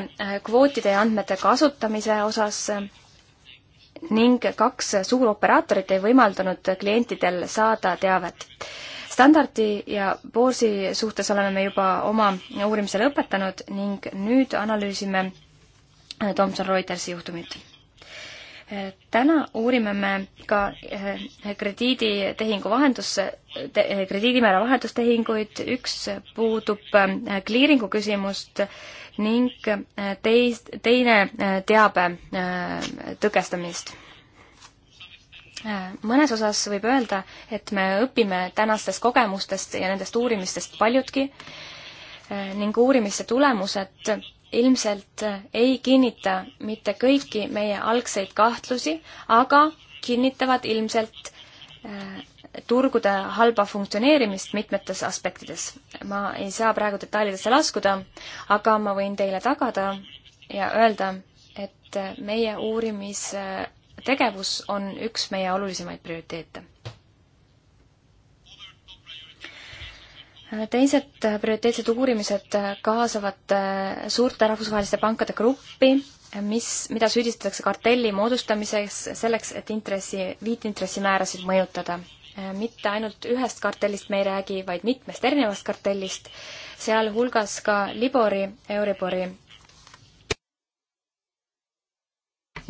kvootide ja andmete kasutamise osas ning kaks suuroperaatorit ei võimaldanud klientidel saada teavet. standardi ja Boorsi suhtes oleme me juba oma uurimise lõpetanud ning nüüd analüüsime äh, Thomson Reutersi juhtumit äh, täna uurime me ka äh, krediiditehingu vahendusse, krediidimäära vahendustehinguid, üks puudub kliiringu küsimust ning äh, teist, teine äh, teabe äh, tõkestamist. mõnes osas võib öelda, et me õpime tänastest kogemustest ja nendest uurimistest paljutki ning uurimiste tulemused ilmselt ei kinnita mitte kõiki meie algseid kahtlusi, aga kinnitavad ilmselt turgude halba funktsioneerimist mitmetes aspektides. ma ei saa praegu detailidesse laskuda, aga ma võin teile tagada ja öelda, et meie uurimistegevus on üks meie olulisemaid prioriteete. teised prioriteetsed uurimised kaasavad suurte rahvusvaheliste pankade gruppi, mis, mida süüdistatakse kartelli moodustamises selleks, et intressi, liitintressimäärasid mõjutada. Äh, mitte ainult ühest kartellist me ei räägi, vaid mitmest erinevast kartellist, sealhulgas ka Libori, Euribori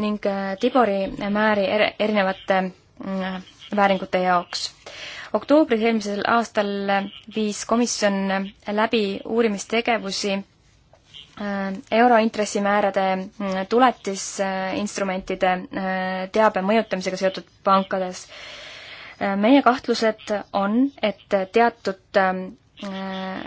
ning äh, Tibori määri erinevate mm, vääringute jaoks. oktoobris eelmisel aastal viis komisjon läbi uurimistegevusi äh, eurointressimäärade mm, tuletisinstrumentide teabe mõjutamisega seotud pankades meie kahtlused on, et teatud äh,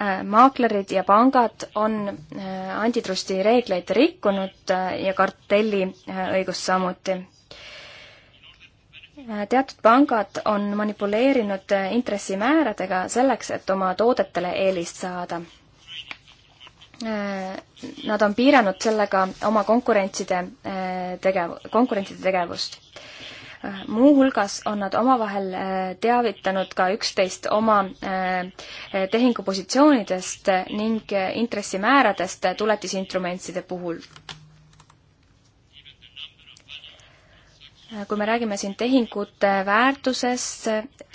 äh, maaklerid ja pangad on äh, antitrusti reegleid rikkunud ja kartelli õigust samuti. teatud pangad on manipuleerinud intressimääradega selleks, et oma toodetele eelist saada. Nad on piiranud sellega oma konkurentside tegev-, konkurentside tegevust muuhulgas on nad omavahel äh, teavitanud ka üksteist oma äh, tehingupositsioonidest ning äh, intressimääradest tuletisinstrumentide puhul kui me räägime siin tehingute väärtusest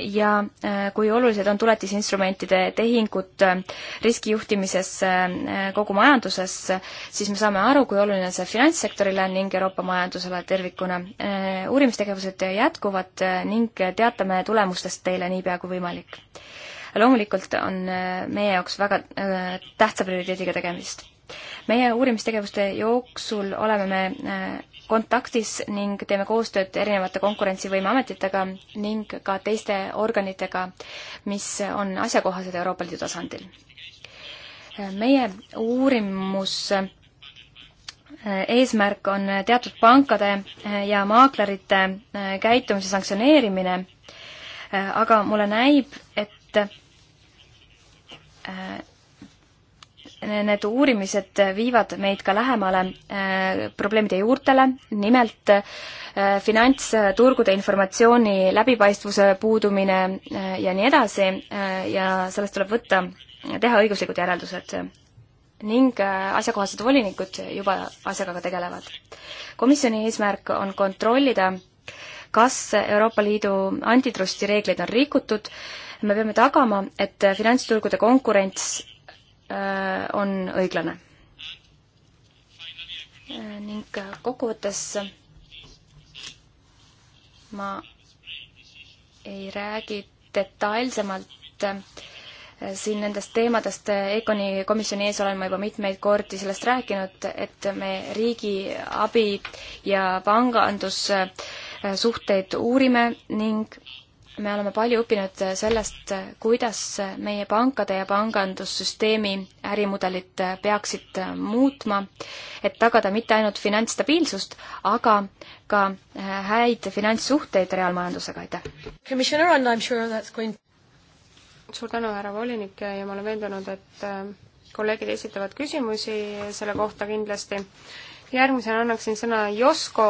ja äh, kui olulised on tuletisinstrumentide tehingud äh, riskijuhtimises äh, kogu majanduses, siis me saame aru, kui oluline see finantssektorile ning Euroopa majandusele tervikuna. uurimistegevused jätkuvad ning teatame tulemustest teile niipea kui võimalik. loomulikult on meie jaoks väga tähtsa prioriteediga tegemist meie uurimistegevuste jooksul oleme me äh, kontaktis ning teeme koostööd erinevate konkurentsivõime ametitega ning ka teiste organitega, mis on asjakohased Euroopa Liidu tasandil. Äh, meie uurimus äh, eesmärk on teatud pankade ja maaklerite käitumise sanktsioneerimine, aga mulle näib, et need uurimised viivad meid ka lähemale äh, probleemide juurtele, nimelt äh, finantsturgude informatsiooni läbipaistvuse puudumine äh, ja nii edasi ja sellest tuleb võtta, teha õiguslikud järeldused ning asjakohased volinikud juba asjaga ka tegelevad. komisjoni eesmärk on kontrollida, kas Euroopa Liidu antitrusti reegleid on rikutud, me peame tagama, et finantsturgude konkurents Äh, on õiglane. Äh, ning kokkuvõttes ma ei räägi detailsemalt äh, siin nendest teemadest EKONi komisjoni ees olen ma juba mitmeid kordi sellest rääkinud, et me riigiabi ja pangandussuhteid uurime ning me oleme palju õppinud sellest, kuidas meie pankade ja pangandussüsteemi ärimudelid peaksid muutma, et tagada mitte ainult finantsstabiilsust, aga ka häid finantssuhteid reaalmajandusega, aitäh! Sure suur tänu, härra volinik, ja ma olen veendunud, et äh, kolleegid esitavad küsimusi selle kohta kindlasti. järgmisena annaksin sõna Josko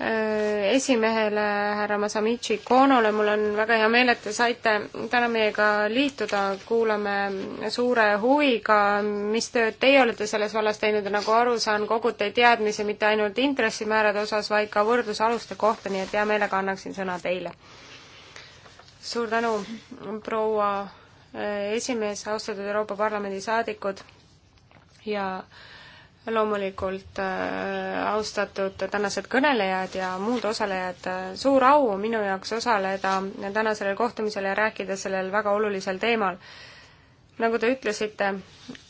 Äh, esimehele, härra Masamichi Konole, mul on väga hea meel, et te saite täna meiega liituda, kuulame suure huviga, mis tööd teie olete selles vallas teinud ja nagu aru saan, kogute teadmisi mitte ainult intressimäärade osas, vaid ka võrdlusaluste kohta, nii et hea meelega annaksin sõna teile. suur tänu, proua äh, esimees, austatud Euroopa Parlamendi saadikud ja äh, loomulikult äh, austatud tänased kõnelejad ja muud osalejad, äh, suur au minu jaoks osaleda tänasel kohtumisel ja rääkida sellel väga olulisel teemal. nagu te ütlesite,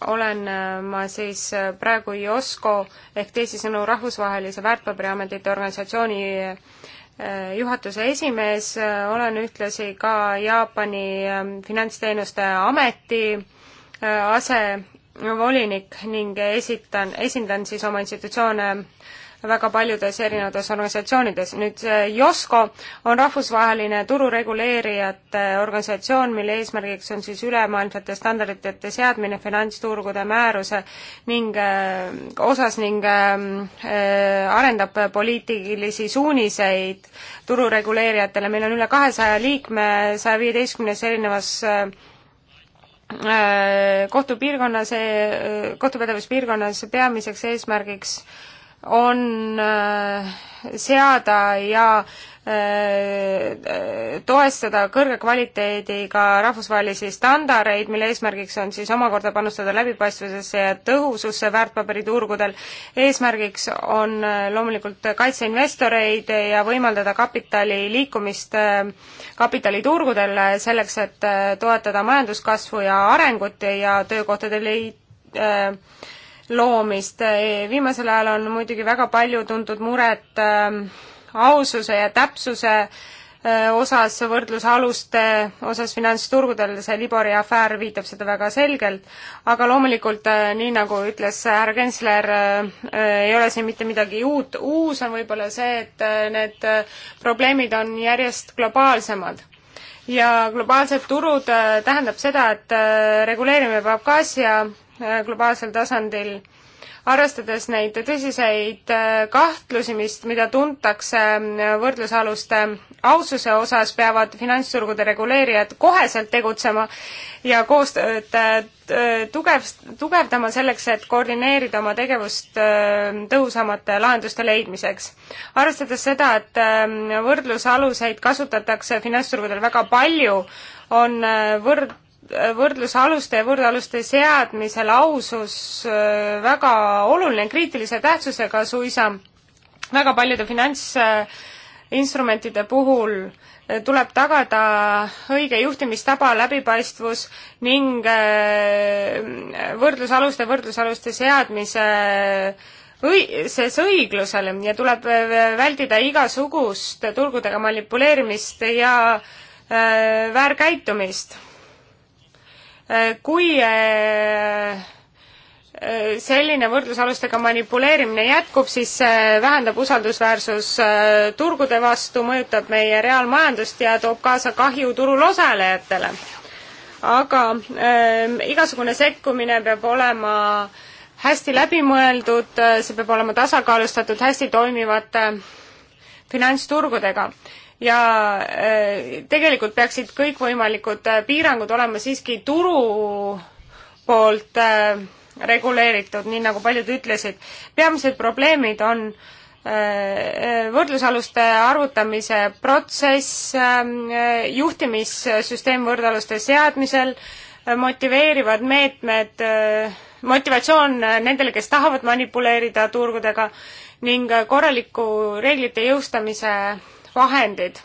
olen äh, ma siis praegu IOSCO ehk teisisõnu Rahvusvahelise Väärtpaberiametite Organisatsiooni juhatuse esimees, olen ühtlasi ka Jaapani Finantsteenuste Ameti aseesimees volinik ning esitan, esindan siis oma institutsioone väga paljudes erinevates organisatsioonides. nüüd eh, JOSKO on rahvusvaheline turureguleerijate organisatsioon, mille eesmärgiks on siis ülemaailmsete standardite seadmine finantsturgude määruse ning eh, osas ning eh, arendab poliitilisi suuniseid turureguleerijatele. meil on üle kahesaja liikme saja viieteistkümnes erinevas Äh, kohtupiirkonnas, äh, kohtupädevuspiirkonnas peamiseks eesmärgiks on äh, seada ja Äh, toestada kõrge kvaliteediga rahvusvahelisi standardeid, mille eesmärgiks on siis omakorda panustada läbipaistvusesse ja tõhususse väärtpaberiturgudel. eesmärgiks on äh, loomulikult kaitse investoreid ja võimaldada kapitali liikumist äh, kapitaliturgudel selleks, et toetada majanduskasvu ja arengut ja töökohtade leid- äh,, loomist. viimasel ajal on muidugi väga palju tuntud muret äh, aususe ja täpsuse äh, osas, võrdlusaluste osas finantsturgudel, see Libori afäär viitab seda väga selgelt, aga loomulikult äh, nii, nagu ütles härra Kensler, äh, ei ole siin mitte midagi uut, uus on võib-olla see, et need probleemid on järjest globaalsemad ja globaalsed turud tähendab seda, et reguleerimine peab ka asja globaalsel tasandil arvestades neid tõsiseid äh, kahtlusi, mis, mida tuntakse ähm, võrdlusaluste äh, aususe osas, peavad finantsturgude reguleerijad koheselt tegutsema ja koostööd äh, tugev, tugevdama selleks, et koordineerida oma tegevust tõhusamate lahenduste leidmiseks. arvestades seda, et ähm, võrdlusaluseid kasutatakse finantsturgudel väga palju, on võrd-, võrdlusaluste ja võrdaluste seadmisel ausus äh, väga oluline, kriitilise tähtsusega suisa. väga paljude finantsinstrumentide puhul äh, tuleb tagada õige juhtimistaba, läbipaistvus ning äh, võrdlusaluste, võrdlusaluste seadmise õi-, ses õiglusel ja tuleb väldida igasugust turgudega manipuleerimist ja väärkäitumist Äh, kui äh, äh, selline võrdlusalustega manipuleerimine jätkub, siis see vähendab usaldusväärsus turgude vastu, mõjutab meie reaalmajandust ja toob kaasa kahju turul osalejatele. aga äh, igasugune sekkumine peab olema hästi läbimõeldud, see peab olema tasakaalustatud hästi toimivate finantsturgudega ja äh, tegelikult peaksid kõikvõimalikud äh, piirangud olema siiski turu poolt äh, reguleeritud, nii nagu paljud ütlesid. peamised probleemid on võrdlusaluste arvutamise protsess, ähm, juhtimissüsteem võrdlusaluste seadmisel, motiveerivad meetmed, motivatsioon nendele, kes tahavad manipuleerida turgudega ning korraliku reeglite jõustamise vahendid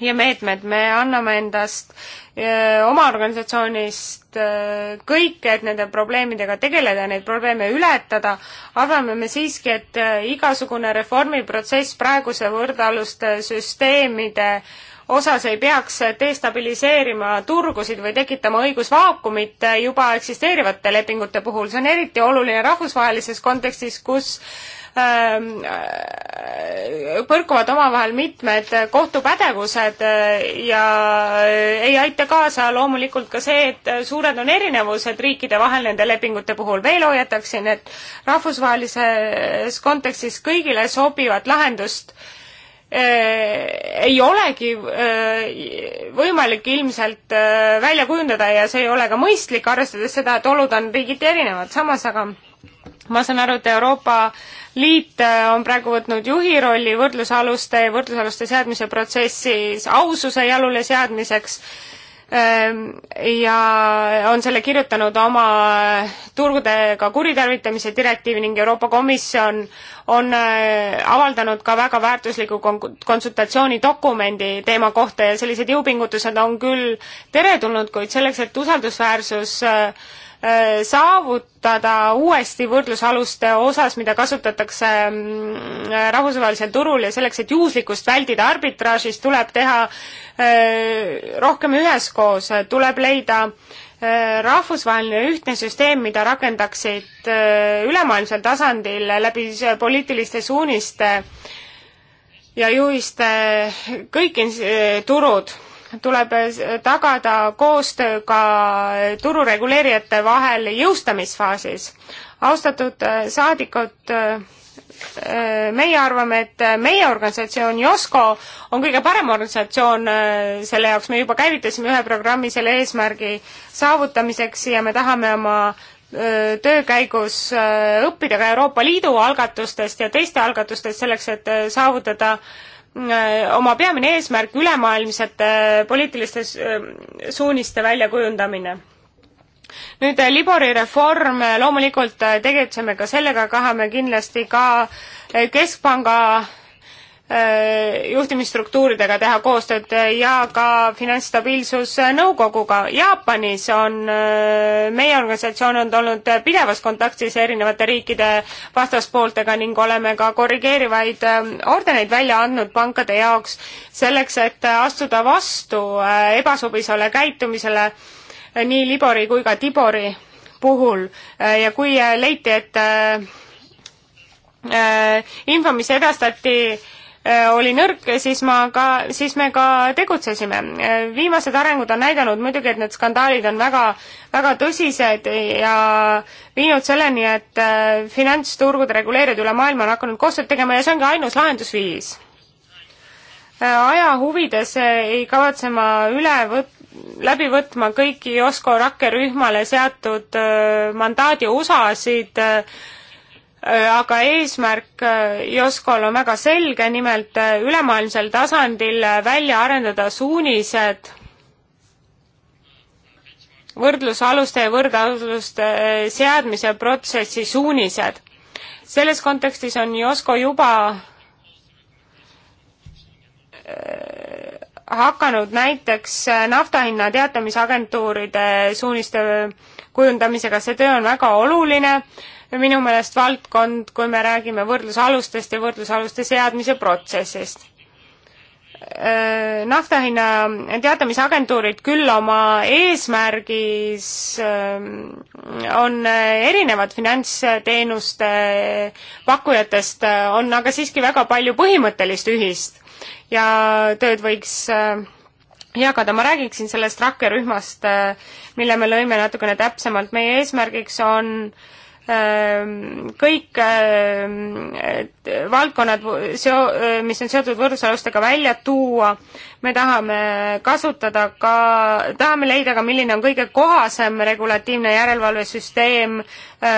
ja meetmed, me anname endast öö, oma organisatsioonist kõik, et nende probleemidega tegeleda, neid probleeme ületada, arvame me siiski, et öö, igasugune reformiprotsess praeguse võrdluste süsteemide osas ei peaks destabiliseerima turgusid või tekitama õigusvaakumit juba eksisteerivate lepingute puhul, see on eriti oluline rahvusvahelises kontekstis, kus Ähm, äh, põrkuvad omavahel mitmed kohtupädevused äh, ja äh, ei aita kaasa loomulikult ka see, et suured on erinevused riikide vahel nende lepingute puhul. veel hoiataksin, et rahvusvahelises kontekstis kõigile sobivat lahendust ei olegi võimalik ilmselt välja kujundada ja see ei ole ka mõistlik, arvestades seda, et olud on riigiti erinevad. samas aga ma saan aru, et Euroopa äh, liit äh, on praegu võtnud juhi rolli võrdlusaluste ja võrdlusaluste seadmise protsessis aususe jalule seadmiseks ähm, ja on selle kirjutanud oma turgudega kuritarvitamise direktiivi ning Euroopa Komisjon on äh, avaldanud ka väga väärtusliku konsultatsioonidokumendi teema kohta ja sellised jõupingutused on küll teretulnud, kuid selleks, et usaldusväärsus äh, Äh, saavutada uuesti võrdlusaluste osas, mida kasutatakse mm, rahvusvahelisel turul ja selleks, et juhuslikkust vältida arbitraažis, tuleb teha äh, rohkem üheskoos, tuleb leida äh, rahvusvaheline ühtne süsteem, mida rakendaksid ülemaailmsel tasandil läbi poliitiliste suuniste ja juhiste kõik turud tuleb tagada koostöö ka turureguleerijate vahel jõustamisfaasis. austatud äh, saadikud, äh, äh, meie arvame, et meie organisatsioon Josko on kõige parem organisatsioon selle jaoks, me juba käivitasime ühe programmi selle eesmärgi saavutamiseks ja me tahame oma töö käigus õppida ka Euroopa Liidu algatustest ja teiste algatustest selleks, et saavutada äh, Äh, oma peamine eesmärk ülemaailmsete äh, poliitiliste äh, suuniste väljakujundamine. nüüd Libori reform, loomulikult tegutseme ka sellega, tahame kindlasti ka Keskpanga Äh, juhtimisstruktuuridega teha koostööd ja ka Finantsstabiilsusnõukoguga. Jaapanis on äh, meie organisatsioon on olnud pidevas kontaktis erinevate riikide vastaspooltega ning oleme ka korrigeerivaid äh, ordeneid välja andnud pankade jaoks selleks, et astuda vastu ebasobisele käitumisele nii Libori kui ka Tibori puhul ja kui leiti, et info, mis edastati äh, Äh, oli nõrk, siis ma ka, siis me ka tegutsesime. Äh, viimased arengud on näidanud muidugi, et need skandaalid on väga, väga tõsised ja viinud selleni, et äh, finantsturgude reguleerijad üle maailma on hakanud koostööd tegema ja see ongi ainus lahendusviis. aja huvides ei kavatse ma üle võt-, läbi võtma kõiki Osko rakkerühmale seatud mandaadi osasid äh, Äh, aga eesmärk äh, Joskol on väga selge, nimelt äh, ülemaailmsel tasandil välja arendada suunised võrdlusaluste ja võrdaluste seadmise protsessi suunised. selles kontekstis on Josko juba hakanud näiteks naftahinna teatamisagentuuride suuniste kujundamisega, see töö on väga oluline minu meelest valdkond, kui me räägime võrdlusalustest ja võrdlusaluste seadmise protsessist äh, nafta hinna teatamisagentuurid küll oma eesmärgis ähm, on äh, erinevad finantsteenuste pakkujatest, äh, on aga siiski väga palju põhimõttelist ühist ja tööd võiks jagada, ma räägiksin sellest rakkerühmast, mille me lõime natukene täpsemalt, meie eesmärgiks on äh, Ehm, kõik ehm, valdkonnad, seo-, ehm, mis on seotud võrdlusalustega, välja tuua. me tahame kasutada ka, tahame leida ka, milline on kõige kohasem regulatiivne järelevalvesüsteem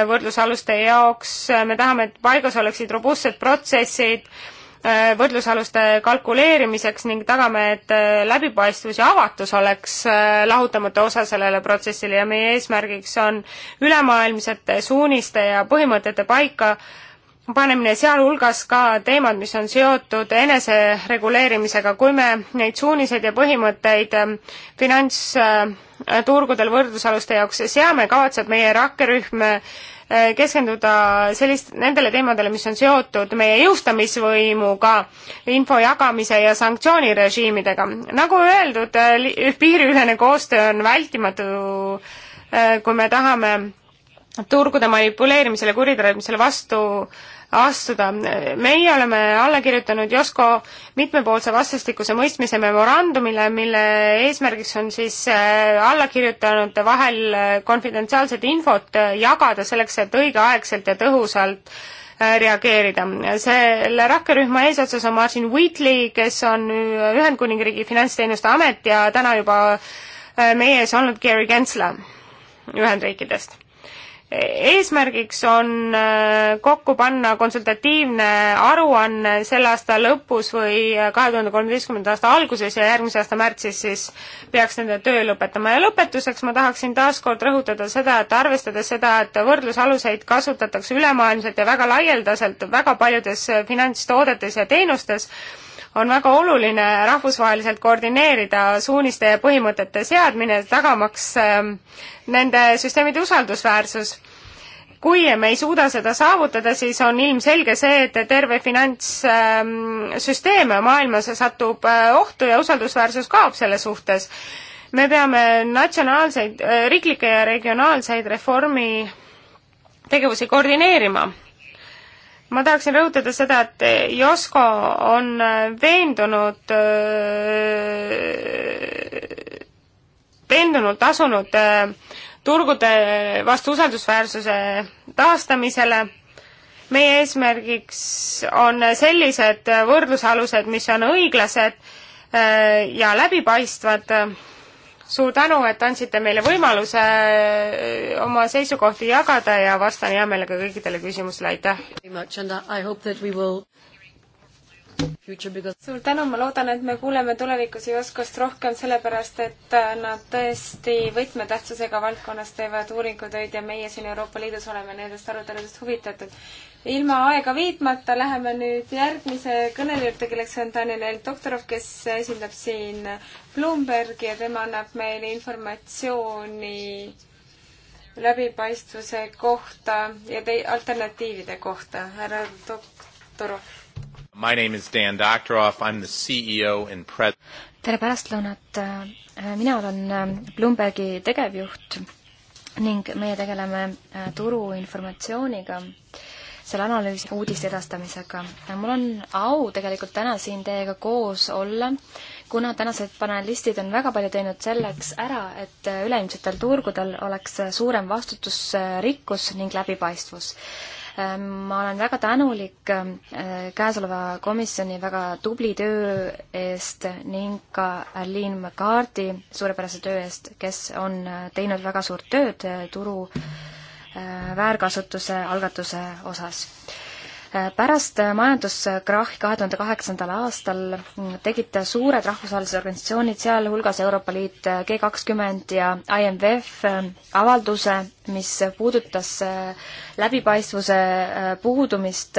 võrdlusaluste jaoks, me tahame, et paigas oleksid robustsed protsessid, Äh, võrdlusaluste kalkuleerimiseks ning tagame, et äh, läbipaistvus ja avatus oleks äh, lahutamatu osa sellele protsessile ja meie eesmärgiks on ülemaailmsete suuniste ja põhimõtete paika panemine, sealhulgas ka teemad, mis on seotud enesereguleerimisega, kui me neid suuniseid ja põhimõtteid ähm, finantsturgudel võrdlusaluste jaoks seame, kavatseb meie rakkerühm Äh, keskenduda sellist, nendele teemadele, mis on seotud meie jõustamisvõimuga, info jagamise ja sanktsioonirežiimidega. nagu öeldud, äh, piiriülene koostöö on vältimatu, äh, kui me tahame turgude manipuleerimisele, kuritarvimisele vastu astuda. meie oleme alla kirjutanud Josko mitmepoolse vastastikuse mõistmise memorandumile, mille eesmärgiks on siis äh, allakirjutanute vahel äh, konfidentsiaalset infot äh, jagada selleks, et õigeaegselt ja tõhusalt reageerida. selle rakkerühma eesotsas on Martin Wheatley, kes on Ühendkuningriigi finantsteenuste amet ja täna juba meie ees olnud Gary Gensler Ühendriikidest eesmärgiks on äh, kokku panna konsultatiivne aruanne selle aasta lõpus või äh, kahe tuhande kolmeteistkümnenda aasta alguses ja järgmise aasta märtsis siis peaks nende töö lõpetama. ja lõpetuseks ma tahaksin taaskord rõhutada seda, et arvestades seda, et võrdlusaluseid kasutatakse ülemaailmselt ja väga laialdaselt väga paljudes finantstoodetes ja teenustes, on väga oluline rahvusvaheliselt koordineerida suuniste ja põhimõtete seadmine, tagamaks ähm, nende süsteemide usaldusväärsus kui me ei suuda seda saavutada, siis on ilmselge see, et terve finantssüsteem ähm, maailmas satub äh, ohtu ja usaldusväärsus kaob selle suhtes. me peame natsionaalseid, äh, riiklikke ja regionaalseid reformi tegevusi koordineerima ma tahaksin rõhutada seda, et Josko on äh, veendunud, äh, veendunult asunud äh, turgude vastu usaldusväärsuse taastamisele. meie eesmärgiks on sellised võrdlusalused, mis on õiglased ja läbipaistvad suur tänu, et andsite meile võimaluse äh, oma seisukohti jagada ja vastan hea meelega kõikidele küsimustele, aitäh! suur tänu, ma loodan, et me kuuleme tulevikus EOSKOst rohkem, sellepärast et äh, nad tõesti võtmetähtsusega valdkonnas teevad uuringutöid ja meie siin Euroopa Liidus oleme nendest aruteludest huvitatud ilma aega viitmata läheme nüüd järgmise kõneleja juurde, kelleks on Daniel Doktorov, kes esindab siin Bloombergi ja tema annab meile informatsiooni läbipaistvuse kohta ja tei-, alternatiivide kohta. härra Doktorov. My name is Dan Doktorov, I am the CEO and pres-. tere pärastlõunat, mina olen äh, Bloombergi tegevjuht ning meie tegeleme äh, turuinformatsiooniga äh, selle analüüsi uudiste edastamisega. mul on au tegelikult täna siin teiega koos olla, kuna tänased panelistid on väga palju teinud selleks ära, et üleilmsetel turgudel oleks suurem vastutusrikkus ning läbipaistvus. ma olen väga tänulik äh, käesoleva komisjoni väga tubli töö eest ning ka Arlene McCarthy suurepärase töö eest, kes on teinud väga suurt tööd äh, turu Äh, väärkasutuse algatuse osas. Äh, pärast majanduskrahhi kahe tuhande kaheksandal aastal mm, tegid suured rahvusvahelised organisatsioonid, sealhulgas Euroopa Liit, äh, G kakskümmend ja IMF avalduse, mis puudutas läbipaistvuse puudumist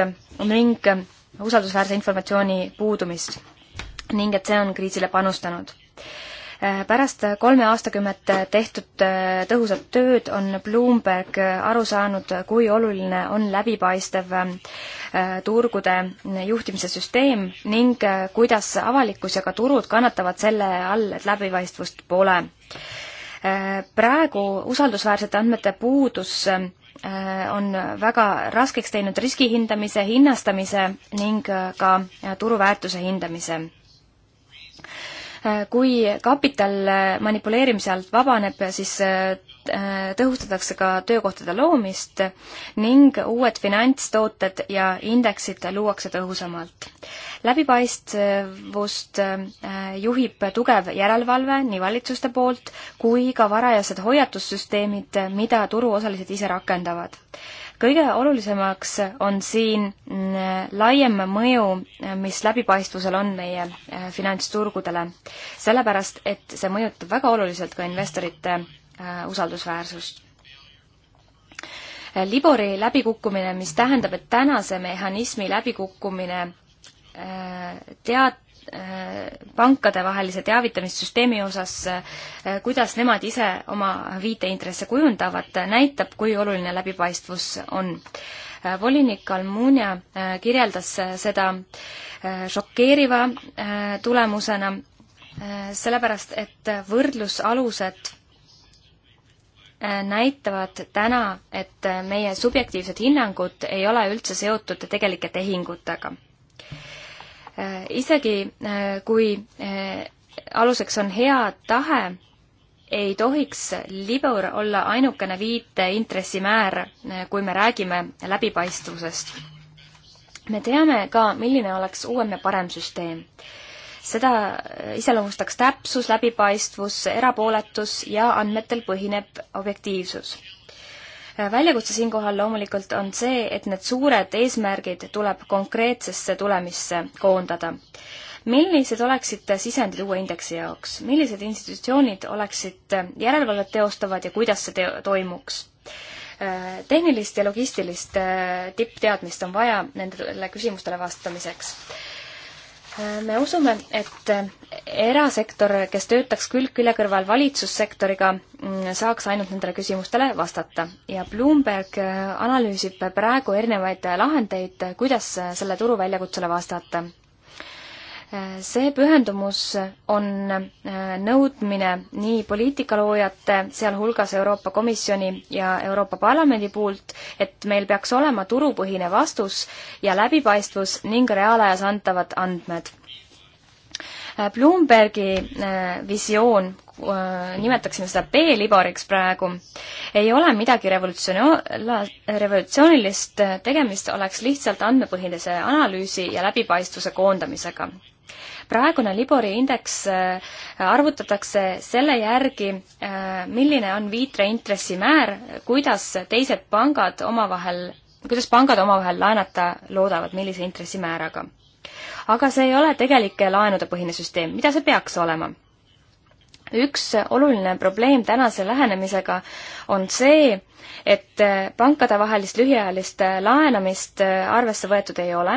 ning usaldusväärse informatsiooni puudumist ning et see on kriisile panustanud Äh, pärast kolme aastakümmet tehtud äh, tõhusat tööd on Bloomberg aru saanud, kui oluline on läbipaistev äh, turgude juhtimise süsteem ning kuidas avalikkus ja ka turud kannatavad selle all, et läbipaistvust pole. Praegu usaldusväärsete andmete puudus on väga raskeks teinud riski hindamise, hinnastamise ning ka turuväärtuse hindamise kui kapital manipuleerimise alt vabaneb, siis äh, tõhustatakse ka töökohtade loomist ning uued finantstooted ja indeksid luuakse tõhusamalt. läbipaistvust äh, juhib tugev järelevalve nii valitsuste poolt kui ka varajased hoiatussüsteemid, mida turuosalised ise rakendavad kõige olulisemaks on siin mm, laiem mõju, mis läbipaistvusel on meie äh, finantsturgudele. sellepärast, et see mõjutab väga oluliselt ka investorite äh, usaldusväärsust. Äh, Libori läbikukkumine, mis tähendab, et tänase mehhanismi läbikukkumine tead-, Äh, pankadevahelise teavitamissüsteemi osas, äh, kuidas nemad ise oma viiteintresse kujundavad, näitab, kui oluline läbipaistvus on äh, volinik Almunia kirjeldas seda šokeeriva tulemusena, sellepärast et võrdlusalused näitavad täna, et meie subjektiivsed hinnangud ei ole üldse seotud tegelike tehingutega Äh, isegi äh, kui äh, aluseks on hea tahe, ei tohiks libor olla ainukene viite intressimäär, kui me räägime läbipaistvusest. me teame ka, milline oleks uuem ja parem süsteem. seda iseloomustaks täpsus, läbipaistvus, erapooletus ja andmetel põhineb objektiivsus väljakutse siinkohal loomulikult on see, et need suured eesmärgid tuleb konkreetsesse tulemisse koondada. millised oleksid sisendid uue indeksi jaoks, millised institutsioonid oleksid järelevalvet teostavad ja kuidas see teo-, toimuks? tehnilist ja logistilist äh, tippteadmist on vaja nendele küsimustele vastamiseks me usume, et erasektor, kes töötaks külg külje kõrval valitsussektoriga, mm, saaks ainult nendele küsimustele vastata. ja Bloomberg äh, analüüsib praegu erinevaid lahendeid, kuidas selle turu väljakutsele vastata see pühendumus on äh, nõudmine nii poliitikaloojate, sealhulgas Euroopa Komisjoni ja Euroopa Parlamendi poolt, et meil peaks olema turupõhine vastus ja läbipaistvus ning reaalajas antavad andmed. Äh, Bloombergi äh, visioon, nimetaksime seda B-liboriks praegu, ei ole midagi revolutsiooni-, revolutsioonilist, tegemist oleks lihtsalt andmepõhilise analüüsi ja läbipaistvuse koondamisega praegune Libori indeks äh, arvutatakse selle järgi, äh, milline on viitre intressimäär, kuidas teised pangad omavahel, kuidas pangad omavahel laenata loodavad, millise intressimääraga. aga see ei ole tegelik laenude põhine süsteem, mida see peaks olema üks oluline probleem tänase lähenemisega on see, et pankadevahelist lühiajalist laenamist arvesse võetud ei ole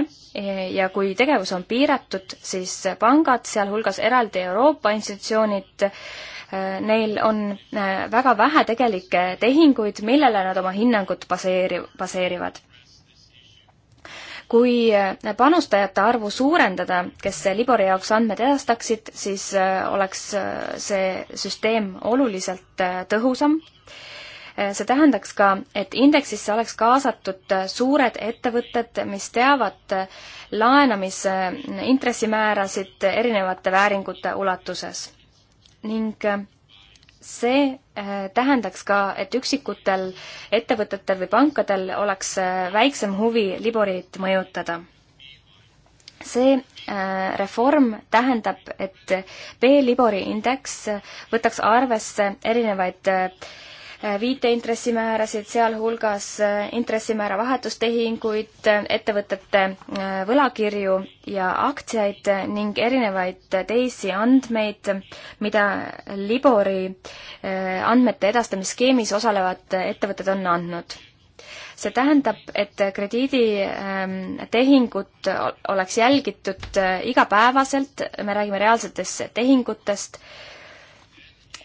ja kui tegevus on piiratud, siis pangad, sealhulgas eraldi Euroopa institutsioonid, neil on väga vähe tegelikke tehinguid, millele nad oma hinnangut baseeri-, baseerivad kui äh, panustajate arvu suurendada, kes Libori jaoks andmed edastaksid, siis äh, oleks äh, see süsteem oluliselt tõhusam. see tähendaks ka, et indeksisse oleks kaasatud suured ettevõtted, mis teavad laenamise intressimäärasid erinevate vääringute ulatuses ning see äh, tähendaks ka, et üksikutel ettevõtetel või pankadel oleks äh, väiksem huvi Liborit mõjutada. see äh, reform tähendab, et B-Libori indeks võtaks arvesse erinevaid Äh, viiteintressimäärasid, sealhulgas äh, intressimäära vahetustehinguid, ettevõtete äh, võlakirju ja aktsiaid ning erinevaid teisi andmeid, mida Libori andmete edastamisskeemis osalevad ettevõtted on andnud see tähendab, et krediiditehingud ähm, oleks jälgitud igapäevaselt, me räägime reaalsetest tehingutest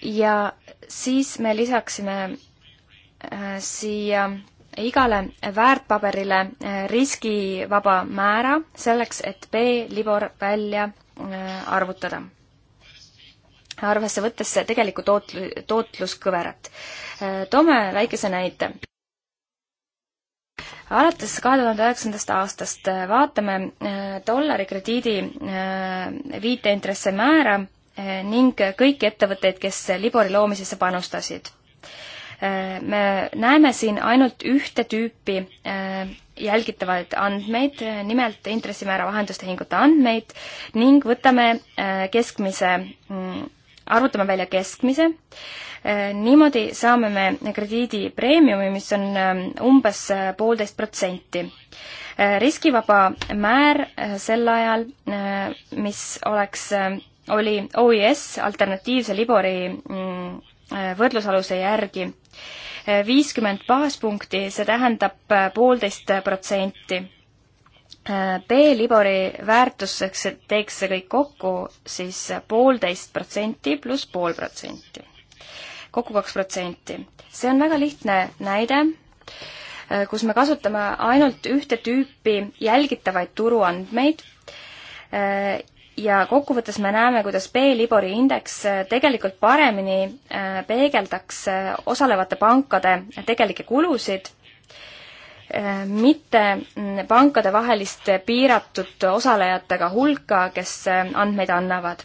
ja siis me lisaksime äh, siia igale väärtpaberile äh, riskivaba määra selleks, et B-libor välja äh, arvutada. arvesse võttes tegelikku tootl-, tootluskõverat. toome väikese näite. alates kahe tuhande üheksandast aastast vaatame dollari krediidi viiteintresse määra Eh, ning kõiki ettevõtteid, kes Libori loomisesse panustasid. Eh, me näeme siin ainult ühte tüüpi eh, jälgitavaid andmeid, nimelt intressimäära vahendustehingute andmeid ning võtame keskmise, mm, arvutame välja keskmise. niimoodi saame me krediidipreemiumi, mis on umbes poolteist protsenti riskivaba määr sel ajal, mis oleks oli OIS e alternatiivse Libori mm, äh, võrdlusaluse järgi äh, viiskümmend baaspunkti, see tähendab äh, poolteist protsenti. B-libori väärtuseks teeks see kõik kokku siis poolteist protsenti pluss pool protsenti. kokku kaks protsenti. see on väga lihtne näide, kus me kasutame ainult ühte tüüpi jälgitavaid turuandmeid ja kokkuvõttes me näeme, kuidas B-Libori indeks äh, tegelikult paremini äh, peegeldaks äh, osalevate pankade tegelikke kulusid, mitte mm, pankadevahelist piiratud osalejatega hulka, kes andmeid annavad.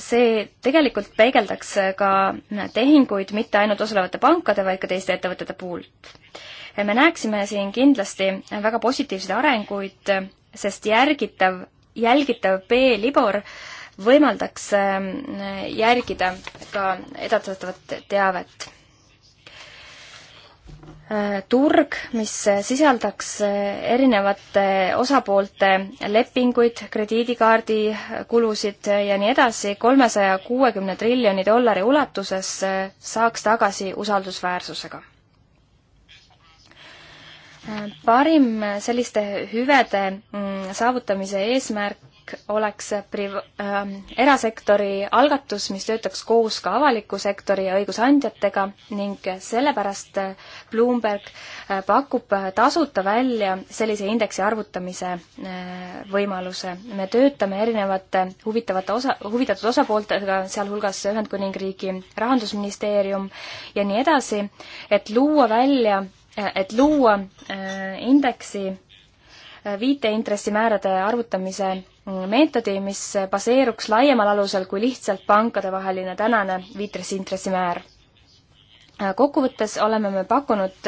See tegelikult peegeldaks ka mm, tehinguid mitte ainult osalevate pankade, vaid ka teiste ettevõtete puhul me näeksime siin kindlasti väga positiivseid arenguid, sest järgitav, jälgitav B-libor võimaldaks ähm, järgida ka edastatavat teavet äh, turg, mis sisaldaks äh, erinevate osapoolte lepinguid, krediidikaardi kulusid ja nii edasi, kolmesaja kuuekümne triljoni dollari ulatuses äh, saaks tagasi usaldusväärsusega parim selliste hüvede mm, saavutamise eesmärk oleks priv-, äh, erasektori algatus, mis töötaks koos ka avaliku sektori ja õigusandjatega ning sellepärast äh, Bloomberg äh, pakub äh, tasuta välja sellise indeksi arvutamise äh, võimaluse. me töötame erinevate huvitavate osa, huvitatud osapooltega, sealhulgas Ühendkuningriigi rahandusministeerium ja nii edasi, et luua välja et luua äh, indeksi äh, viiteintressimäärade arvutamise mm, meetodi, mis baseeruks laiemal alusel kui lihtsalt pankadevaheline tänane viiteintressimäär. Äh, kokkuvõttes oleme me pakkunud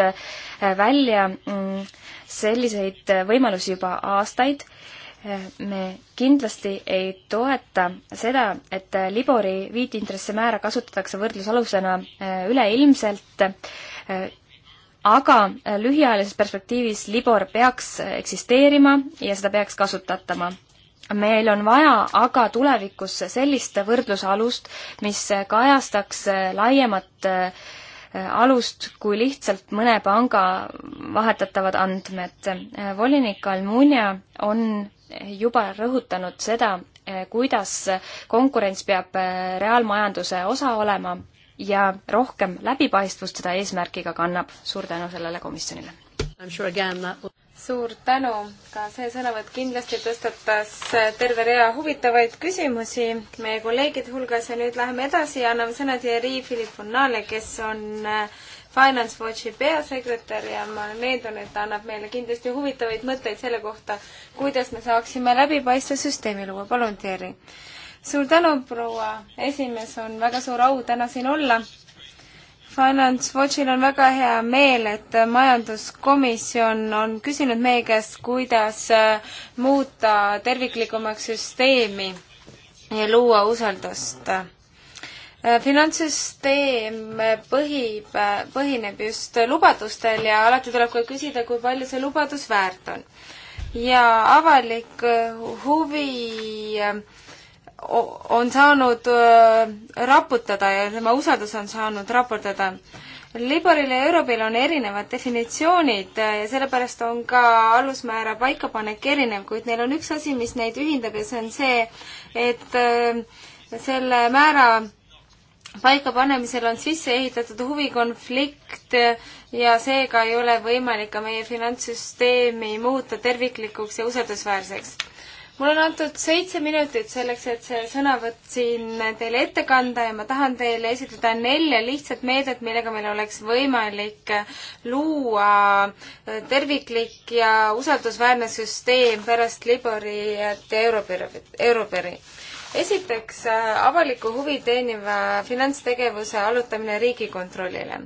välja mm, selliseid võimalusi juba aastaid me kindlasti ei toeta seda, et Libori viitintressimäära kasutatakse võrdlusalusena üleilmselt aga äh, lühiajalises perspektiivis Libor peaks äh, eksisteerima ja seda peaks kasutatama. meil on vaja aga tulevikus sellist võrdlusalust, mis äh, kajastaks laiemat alust kui lihtsalt mõne panga vahetatavad andmed. volinik Almunia on juba rõhutanud seda, kuidas konkurents peab reaalmajanduse osa olema ja rohkem läbipaistvust seda eesmärki ka kannab. suur tänu sellele komisjonile! suur tänu, ka see sõnavõtt kindlasti tõstatas terve rea huvitavaid küsimusi meie kolleegide hulgas ja nüüd läheme edasi ja anname sõna Thierry Philipponale, kes on äh, Finance Watchi peasekretär ja ma olen veendunud, et ta annab meile kindlasti huvitavaid mõtteid selle kohta, kuidas me saaksime läbipaistva süsteemi luua. palun, Thierry! suur tänu, proua esimees, on väga suur au täna siin olla. Finance Watchil on väga hea meel, et majanduskomisjon on küsinud meie käest, kuidas äh, muuta terviklikumaks süsteemi ja luua usaldust äh, finantssüsteem äh, põhib, põhineb just lubadustel ja alati tuleb ka küsida, kui palju see lubadus väärt on. ja avalik huvi on saanud äh, raputada ja tema usaldus on saanud raputada. Liboril ja Eurobil on erinevad definitsioonid äh, ja sellepärast on ka alusmäära paikapanek erinev, kuid neil on üks asi, mis neid ühindab ja see on see, et äh, selle määra paikapanemisel on sisse ehitatud huvikonflikt ja seega ei ole võimalik ka meie finantssüsteemi muuta terviklikuks ja usaldusväärseks mul on antud seitse minutit selleks, et see sõnavõtt siin teile ette kanda ja ma tahan teile esitleda nelja lihtsat meedet, millega meil oleks võimalik luua terviklik ja usaldusväärne süsteem pärast Libori ja Euroberi, Euroberi. esiteks, avaliku huvi teeniva finantstegevuse allutamine Riigikontrollile.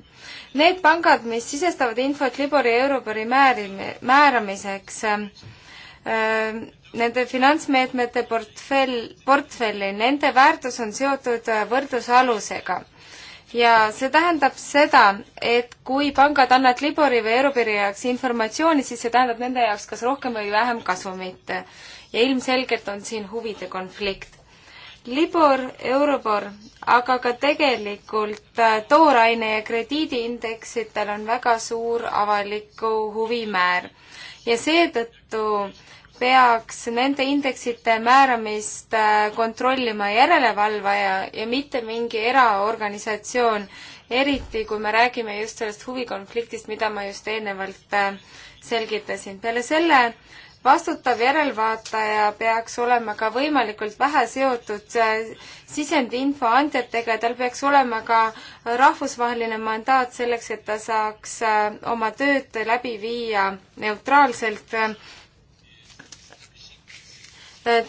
Need pangad, mis sisestavad infot Libori ja Euroberi määrim-, määramiseks äh,, nende finantsmeetmete portfell, portfelli, nende väärtus on seotud äh, võrdlusalusega. ja see tähendab seda, et kui pangad annavad Libori või Euribori jaoks informatsiooni, siis see tähendab nende jaoks kas rohkem või vähem kasumit. ja ilmselgelt on siin huvide konflikt. Libor, Euribor, aga ka tegelikult äh, tooraine ja krediidiindeksitel on väga suur avaliku huvi määr ja seetõttu peaks nende indeksite määramist äh, kontrollima järelevalvaja ja mitte mingi eraorganisatsioon, eriti kui me räägime just sellest huvikonfliktist, mida ma just eelnevalt äh, selgitasin. peale selle vastutav järelvaataja peaks olema ka võimalikult vähe seotud äh, sisendinfo andjatega ja tal peaks olema ka rahvusvaheline mandaat selleks, et ta saaks oma tööd läbi viia neutraalselt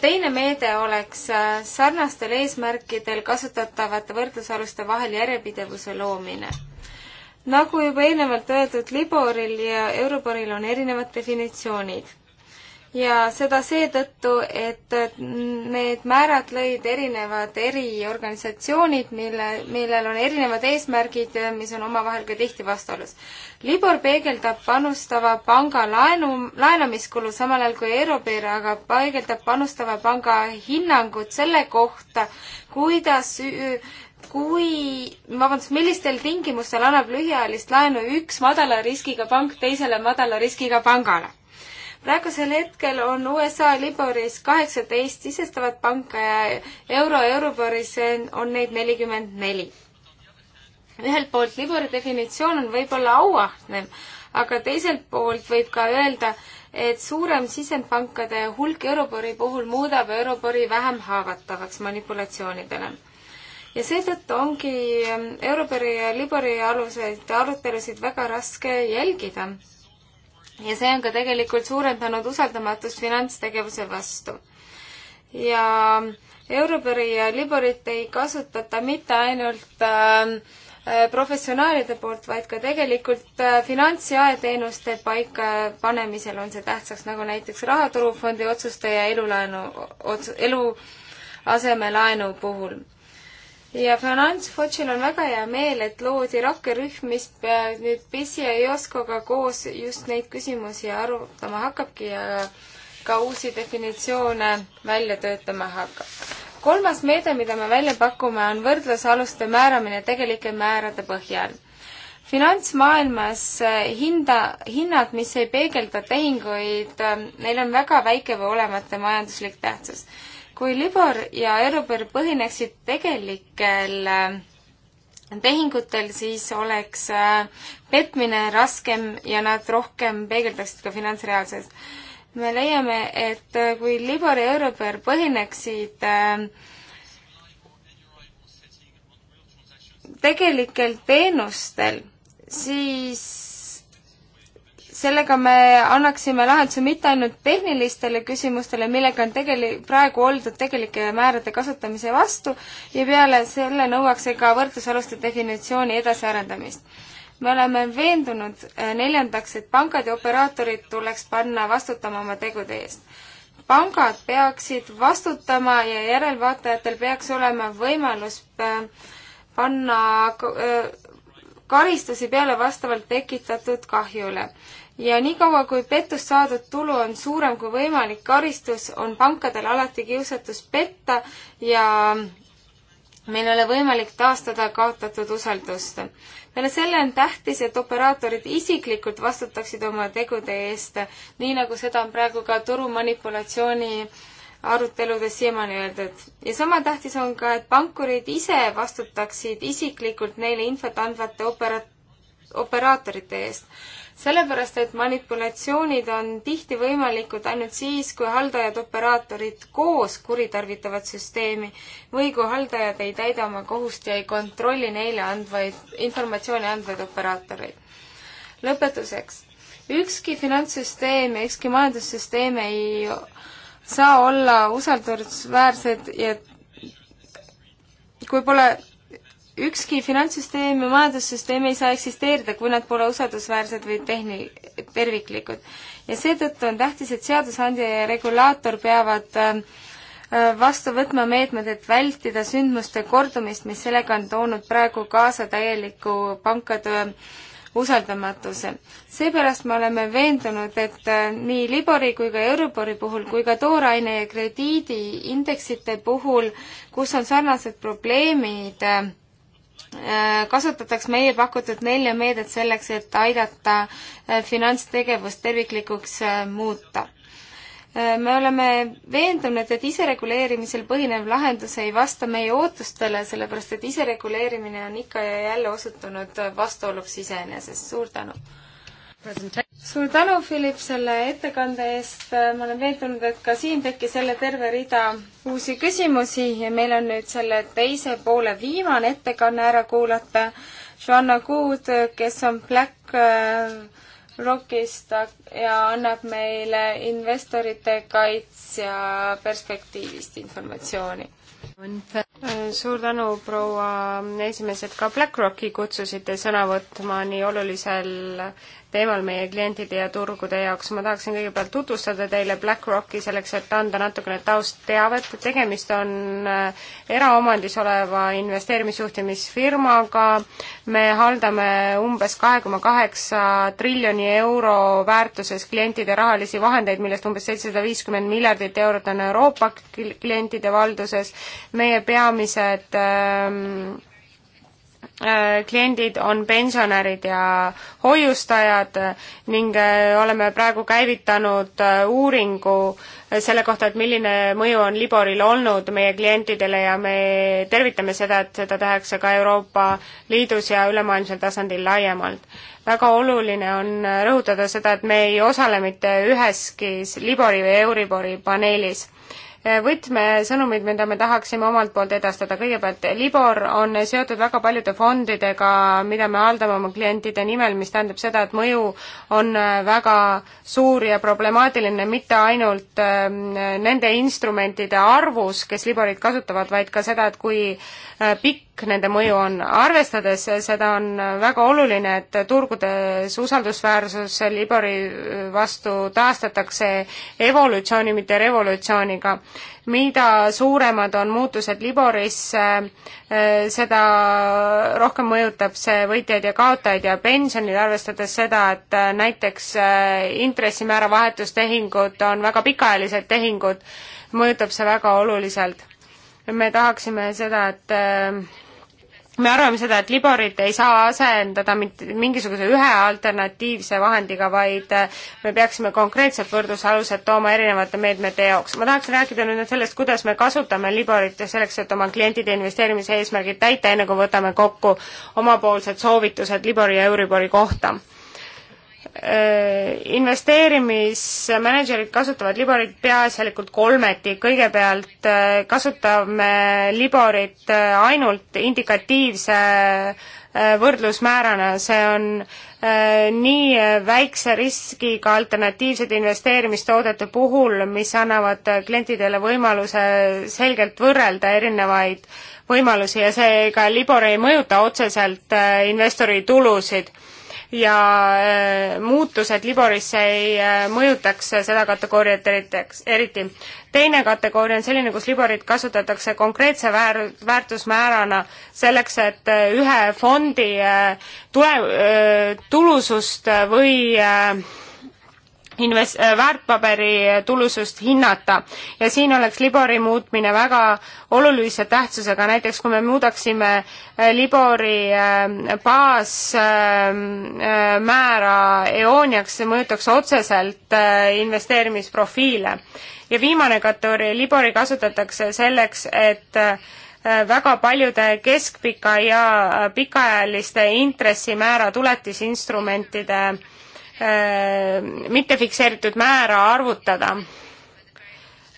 teine meede oleks äh, sarnastel eesmärkidel kasutatavate võrdlusaluste vahel järjepidevuse loomine. nagu juba eelnevalt öeldud, Liboril ja Euroboril on erinevad definitsioonid ja seda seetõttu, et need määrad lõid erinevad eriorganisatsioonid, mille, millel on erinevad eesmärgid, mis on omavahel ka tihti vastuolus. Libor peegeldab panustava panga laenu, laenamiskulu, samal ajal kui Eurobir aga peegeldab panustava panga hinnangut selle kohta, kuidas kui, vabandust, millistel tingimustel annab lühiajalist laenu üks madala riskiga pank teisele madala riskiga pangale praegusel hetkel on USA Liboris kaheksateist sisestavat panka ja euro Euroboris on neid nelikümmend neli. ühelt poolt Libori definitsioon on võib-olla auahnem, aga teiselt poolt võib ka öelda, et suurem sisendpankade hulk Eurobori puhul muudab Eurobori vähem haavatavaks manipulatsioonidele. ja seetõttu ongi ähm, Eurobori ja Libori aluseid arutelusid väga raske jälgida ja see on ka tegelikult suurendanud usaldamatust finantstegevuse vastu. ja Euribori ja Liborit ei kasutata mitte ainult ähm, äh, professionaalide poolt, vaid ka tegelikult äh, finants- ja teenuste paikapanemisel on see tähtsaks, nagu näiteks rahaturufondi otsuste ja elulaenu ots-, eluasemelaenu puhul ja Franz Fotšil on väga hea meel, et loodi rakkerühm, mis äh, nüüd Pesi ja Joskoga koos just neid küsimusi arutama hakkabki ja ka uusi definitsioone välja töötama hakkab. kolmas meede, mida me välja pakume, on võrdlusaluste määramine tegelike määrade põhjal finantsmaailmas äh, hinda, hinnad, mis ei peegelda tehinguid, äh, neil on väga väike või olematu majanduslik tähtsus kui Libor ja Euribor põhineksid tegelikel äh, tehingutel, siis oleks äh, petmine raskem ja nad rohkem peegeldaksid ka finantsreaalsust. me leiame, et äh, kui Libor ja Euribor põhineksid tegelikel teenustel, siis sellega me annaksime lahenduse mitte ainult tehnilistele küsimustele, millega on tegeli-, praegu oldud tegelike määrade kasutamise vastu ja peale selle nõuakse ka võrdlusaluste definitsiooni edasiarendamist. me oleme veendunud äh, neljandaks, et pangad ja operaatorid tuleks panna vastutama oma tegude eest. pangad peaksid vastutama ja järelvaatajatel peaks olema võimalus äh, panna äh, karistusi peale vastavalt tekitatud kahjule ja niikaua, kui pettust saadud tulu on suurem kui võimalik karistus, on pankadel alati kiusatus petta ja meil ei ole võimalik taastada kaotatud usaldust. peale selle on tähtis, et operaatorid isiklikult vastutaksid oma tegude eest, nii nagu seda on praegu ka turumanipulatsiooni aruteludes siiamaani öeldud. ja sama tähtis on ka, et pankurid ise vastutaksid isiklikult neile infot andvate opera-, operaatorite eest sellepärast, et manipulatsioonid on tihti võimalikud ainult siis, kui haldajad-operaatorid koos kuritarvitavad süsteemi või kui haldajad ei täida oma kohust ja ei kontrolli neile andvaid, informatsiooni andvaid operaatoreid. lõpetuseks, ükski finantssüsteem ja ükski majandussüsteem ei saa olla usaldusväärsed ja kui pole ükski finantssüsteem ja majandussüsteem ei saa eksisteerida, kui nad pole usaldusväärsed või tehni-, terviklikud. ja seetõttu on tähtis, et seadusandja ja regulaator peavad äh, vastu võtma meetmed, et vältida sündmuste kordumist, mis sellega on toonud praegu kaasa täieliku pankade äh, usaldamatuse. seepärast me oleme veendunud, et äh, nii Libori kui ka Euribori puhul kui ka tooraine ja krediidiindeksite puhul, kus on sarnased probleemid äh, Äh, kasutatakse meie pakutud nelja meedet selleks, et aidata äh, finantstegevust terviklikuks äh, muuta. me oleme veendunud, et isereguleerimisel põhinev lahendus ei vasta meie ootustele, sellepärast et isereguleerimine on ikka ja jälle osutunud vastuoluks iseenesest. suur tänu! suur tänu, Philip, selle ettekande eest. ma olen veendunud, et ka siin tekkis jälle terve rida uusi küsimusi ja meil on nüüd selle teise poole viimane ettekanne ära kuulata. Joanna Good, kes on Black äh, Rockist ja annab meile investorite kaitsja perspektiivist informatsiooni suur tänu, proua esimees, et ka BlackRocki kutsusite sõna võtma nii olulisel teemal meie klientide ja turgude jaoks. ma tahaksin kõigepealt tutvustada teile BlackRocki selleks, et anda natukene taustteavet. tegemist on äh, eraomandis oleva investeerimisjuhtimisfirmaga. me haldame umbes kahe koma kaheksa triljoni euro väärtuses klientide rahalisi vahendeid, millest umbes seitsesada viiskümmend miljardit eurot on Euroopa klientide valduses. meie peamised ähm, Äh, kliendid on pensionärid ja hoiustajad ning äh, oleme praegu käivitanud äh, uuringu selle kohta, et milline mõju on Liboril olnud meie klientidele ja me tervitame seda, et seda tehakse ka Euroopa Liidus ja ülemaailmsel tasandil laiemalt. väga oluline on rõhutada seda, et me ei osale mitte üheski Libori või Euribori paneelis võtmesõnumid, mida me tahaksime omalt poolt edastada. kõigepealt, Libor on seotud väga paljude fondidega, mida me haldame oma klientide nimel, mis tähendab seda, et mõju on äh, väga suur ja problemaatiline mitte ainult ähm, nende instrumentide arvus, kes Liborit kasutavad, vaid ka seda, et kui Äh, pikk nende mõju on. arvestades seda, on väga oluline, et turgudes usaldusväärsus Libori äh, vastu taastatakse evolutsiooni, mitte revolutsiooniga. mida suuremad on muutused Liborisse, äh, seda rohkem mõjutab see võitjaid ja kaotajaid ja pensionid, arvestades seda, et näiteks intressimäära vahetustehingud on väga pikaajalised tehingud, mõjutab see väga oluliselt me tahaksime seda, et äh, me arvame seda, et Liborit ei saa asendada mitte mingisuguse ühe alternatiivse vahendiga, vaid äh, me peaksime konkreetsed võrdlusalused tooma erinevate meetmete jaoks. ma tahaksin rääkida nüüd sellest, kuidas me kasutame Liborit selleks, et oma klientide investeerimise eesmärgid täita, enne kui võtame kokku omapoolsed soovitused Libori ja Euribori kohta Äh, investeerimismänedžerid kasutavad Liborit peaasjalikult kolmeti, kõigepealt äh, kasutame Liborit äh, ainult indikatiivse võrdlusmäärana, see on nii väikse riskiga alternatiivsete investeerimistoodete puhul, mis annavad klientidele võimaluse selgelt võrrelda erinevaid võimalusi ja seega Libor ei mõjuta otseselt investori tulusid ja äh, muutused Liborisse ei äh, mõjutaks seda kategooriat eriteks, eriti. teine kategooria on selline, kus Liborit kasutatakse konkreetse väär-, väärtusmäärana selleks, et äh, ühe fondi tule-, tulusust või invest-, äh, väärtpaberi tulusust hinnata. ja siin oleks Libori muutmine väga olulise tähtsusega, näiteks kui me muudaksime äh, Libori äh, baasmäära eooniaks, see mõjutaks otseselt investeerimisprofiile. ja viimane kategooria, Libori kasutatakse selleks, et väga paljude keskpika ja pikaajaliste intressimäära tuletisinstrumentide Äh, mitte fikseeritud määra arvutada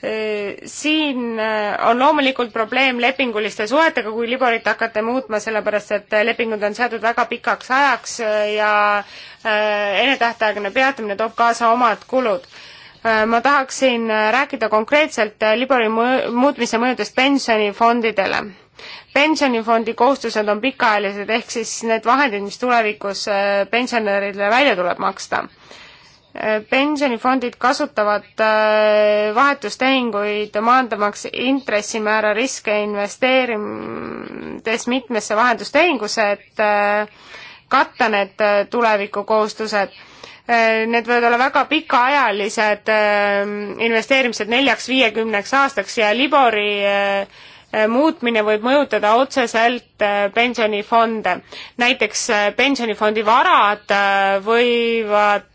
äh, siin äh, on loomulikult probleem lepinguliste suhetega, kui liborit hakata muutma, sellepärast et lepingud on seatud väga pikaks ajaks ja ennetähtaegne peatamine toob kaasa omad kulud. ma tahaksin rääkida konkreetselt libori mu muutmise mõjudest pensionifondidele pensionifondi kohustused on pikaajalised, ehk siis need vahendid, mis tulevikus äh, pensionäridele välja tuleb maksta. Äh, pensionifondid kasutavad äh, vahetustehinguid maandamaks intressimäära riske investeerides mitmesse vahendustehingusse, et katta need tulevikukohustused need võivad olla väga pikaajalised investeerimised neljaks-viiekümneks aastaks ja Libori Äh, muutmine võib mõjutada otseselt äh, pensionifonde. näiteks äh, pensionifondi varad võivad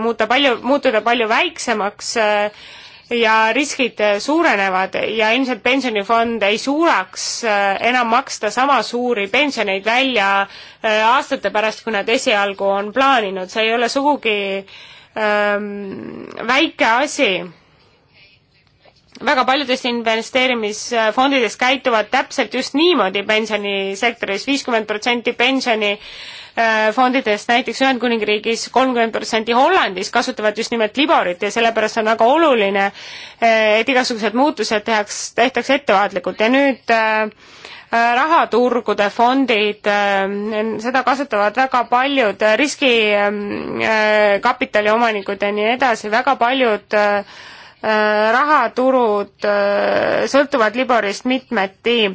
muuta palju, muutuda palju väiksemaks ja riskid suurenevad ja ilmselt pensionifond ei suudaks enam maksta sama suuri pensioneid välja aastate pärast, kui nad esialgu on plaaninud, see ei ole sugugi ähm, väike asi väga paljudest investeerimisfondidest käituvad täpselt just niimoodi pensionisektoris, viiskümmend protsenti pensionifondidest näiteks Ühendkuningriigis, kolmkümmend protsenti Hollandis kasutavad just nimelt liborit ja sellepärast on väga oluline, et igasugused muutused tehaks, tehtaks ettevaatlikult ja nüüd äh, rahaturgude fondid, äh, seda kasutavad väga paljud riskikapitali omanikud ja nii edasi, väga paljud äh, Äh, rahaturud äh, sõltuvad Liborist mitmeti.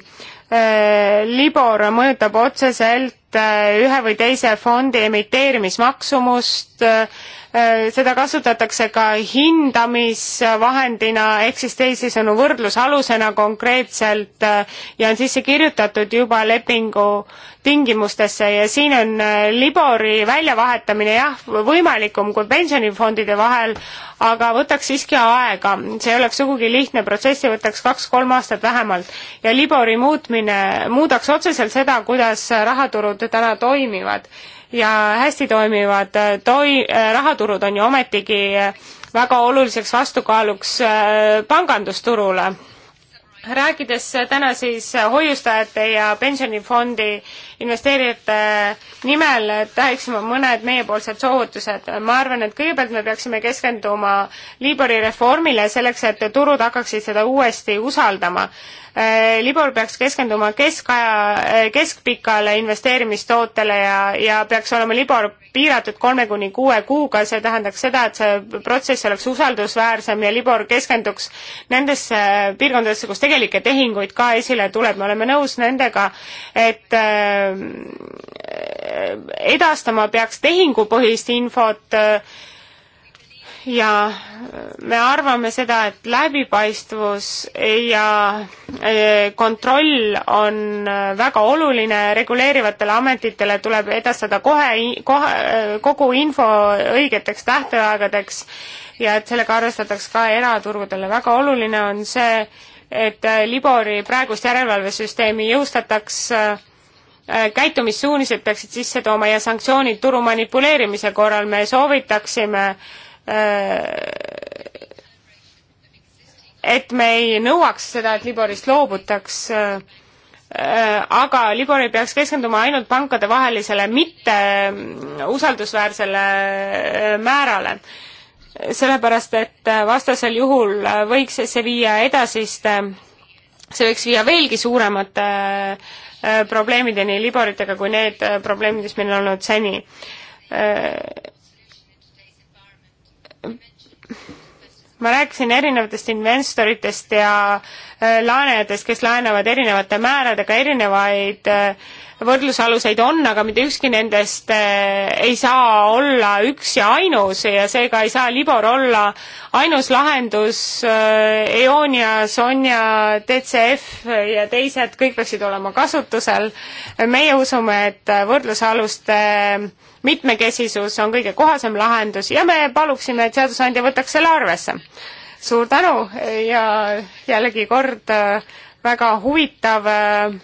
Äh, Libor mõjutab otseselt ühe või teise fondi emiteerimismaksumust, Äh, seda kasutatakse ka hindamisvahendina ehk siis teisisõnu võrdlusalusena konkreetselt äh, ja on sisse kirjutatud juba lepingu tingimustesse ja siin on äh, Libori väljavahetamine jah, võimalikum kui pensionifondide vahel, aga võtaks siiski aega, see ei oleks sugugi lihtne protsess ja võtaks kaks-kolm aastat vähemalt. ja Libori muutmine muudaks otseselt seda, kuidas rahaturud täna toimivad ja hästi toimivad äh, toi-, äh, rahaturud on ju ometigi äh, väga oluliseks vastukaaluks pangandusturule. rääkides täna siis hoiustajate ja pensionifondi investeerijate nimel, tahaksime mõned meiepoolsed soovitused. ma arvan, et kõigepealt me peaksime keskenduma Libori reformile selleks, et turud hakkaksid seda uuesti usaldama Äh, Libor peaks keskenduma keskaja, äh, keskpikale investeerimistootele ja, ja peaks olema Libor piiratud kolme kuni kuue kuuga, see tähendaks seda, et see protsess oleks usaldusväärsem ja Libor keskenduks nendesse äh, piirkondadesse, kus tegelikke tehinguid ka esile tuleb, me oleme nõus nendega, et edastama peaks tehingupõhist infot äh, ja me arvame seda, et läbipaistvus ja e, kontroll on väga oluline, reguleerivatele ametitele tuleb edastada kohe, kohe e, kogu info õigeteks tähtaegadeks ja et sellega arvestataks ka eraturgudele. väga oluline on see, et Libori praegust järelevalvesüsteemi jõustataks e, käitumissuunised peaksid sisse tooma ja sanktsioonid turu manipuleerimise korral me soovitaksime äh, Äh, et me ei nõuaks seda, et Liborist loobutaks, äh, äh, aga Libor ei peaks keskenduma ainult pankadevahelisele mitte usaldusväärsele määrale. sellepärast, et vastasel juhul võiks see viia edasiste, see võiks viia veelgi suuremate probleemideni Liboritega kui need probleemid, mis meil on olnud seni ma rääkisin erinevatest investoritest ja äh, laenajatest, kes laenavad erinevate määradega, erinevaid äh, võrdlusaluseid on, aga mitte ükski nendest äh, ei saa olla üks ja ainus ja seega ei saa Libor olla ainus lahendus. Eonia, Sonja, DCF ja teised, kõik peaksid olema kasutusel. meie usume, et võrdlusaluste mitmekesisus on kõige kohasem lahendus ja me paluksime, et seadusandja võtaks selle arvesse. suur tänu ja jällegi kord äh, väga huvitav äh,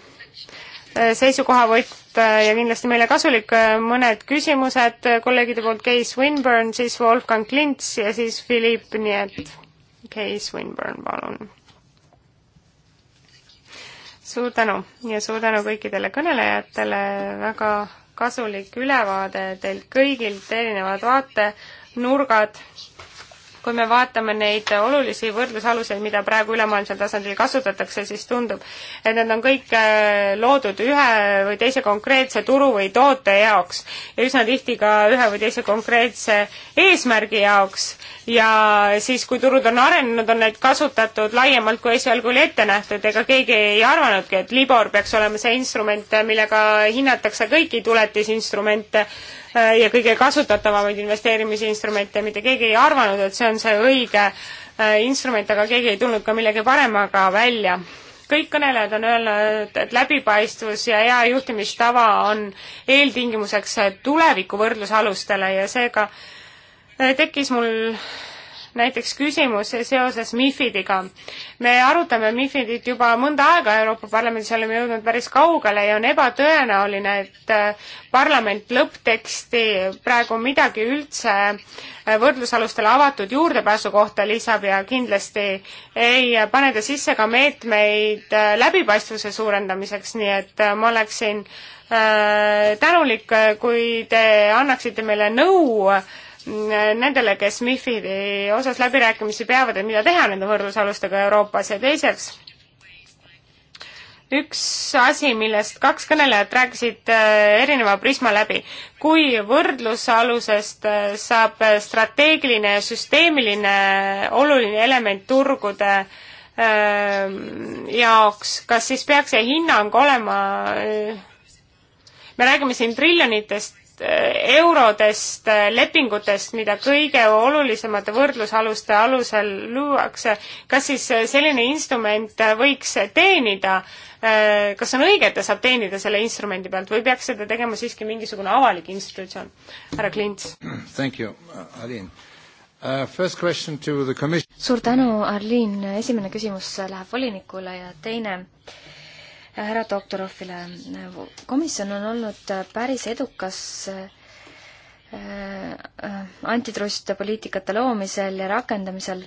äh, seisukohavõtt ja kindlasti meile kasulik. mõned küsimused kolleegide poolt, Kay Swinburne, siis Wolfgang Klints ja siis Philipp, nii et Kay Swinburne, palun. suur tänu ja suur tänu kõikidele kõnelejatele väga kasulik ülevaade teilt kõigilt, erinevad vaatenurgad kui me vaatame neid olulisi võrdlusaluseid, mida praegu ülemaailmsel tasandil kasutatakse, siis tundub, et need on kõik äh, loodud ühe või teise konkreetse turu või toote jaoks ja üsna tihti ka ühe või teise konkreetse eesmärgi jaoks ja siis, kui turud on arenenud, on neid kasutatud laiemalt, kui esialgu oli ette nähtud, ega keegi ei arvanudki, et Libor peaks olema see instrument, millega hinnatakse kõiki tuletisinstrumente, Äh, ja kõige kasutatavamaid investeerimisinstrumente, mitte keegi ei arvanud, et see on see õige äh, instrument, aga keegi ei tulnud ka millegi paremaga välja. kõik kõnelejad on öelnud, et läbipaistvus ja hea juhtimistava on eeltingimuseks tuleviku võrdlusalustele ja seega äh, tekkis mul näiteks küsimus seoses MIFIDiga. me arutame MIFIDit juba mõnda aega Euroopa Parlamendis, oleme jõudnud päris kaugele ja on ebatõenäoline, et äh, parlament lõppteksti praegu midagi üldse äh, võrdlusalustele avatud juurdepääsu kohta lisab ja kindlasti ei pane ta sisse ka meetmeid äh, läbipaistvuse suurendamiseks, nii et ma oleksin tänulik, kui te annaksite meile nõu äh, nendele, kes MIFID-i osas läbirääkimisi peavad, et mida teha nende võrdlusalustega Euroopas ja teiseks, üks asi, millest kaks kõnelejat rääkisid äh, erineva prisma läbi. kui võrdlusalusest äh, saab strateegiline ja süsteemiline oluline element turgude äh, jaoks, kas siis peaks see hinnang olema me räägime siin triljonitest Äh, eurodest äh, lepingutest, mida kõige olulisemate võrdlusaluste alusel luuakse, kas siis äh, selline instrument võiks teenida, kas on õige, et ta saab teenida selle instrumendi pealt või peaks seda tegema siiski mingisugune avalik institutsioon? härra Klints. Uh, uh, suur tänu, Arliin, esimene küsimus läheb volinikule ja teine äh, härra Doktorovile. komisjon on olnud päris edukas äh, äh, antitrust poliitikate loomisel ja rakendamisel.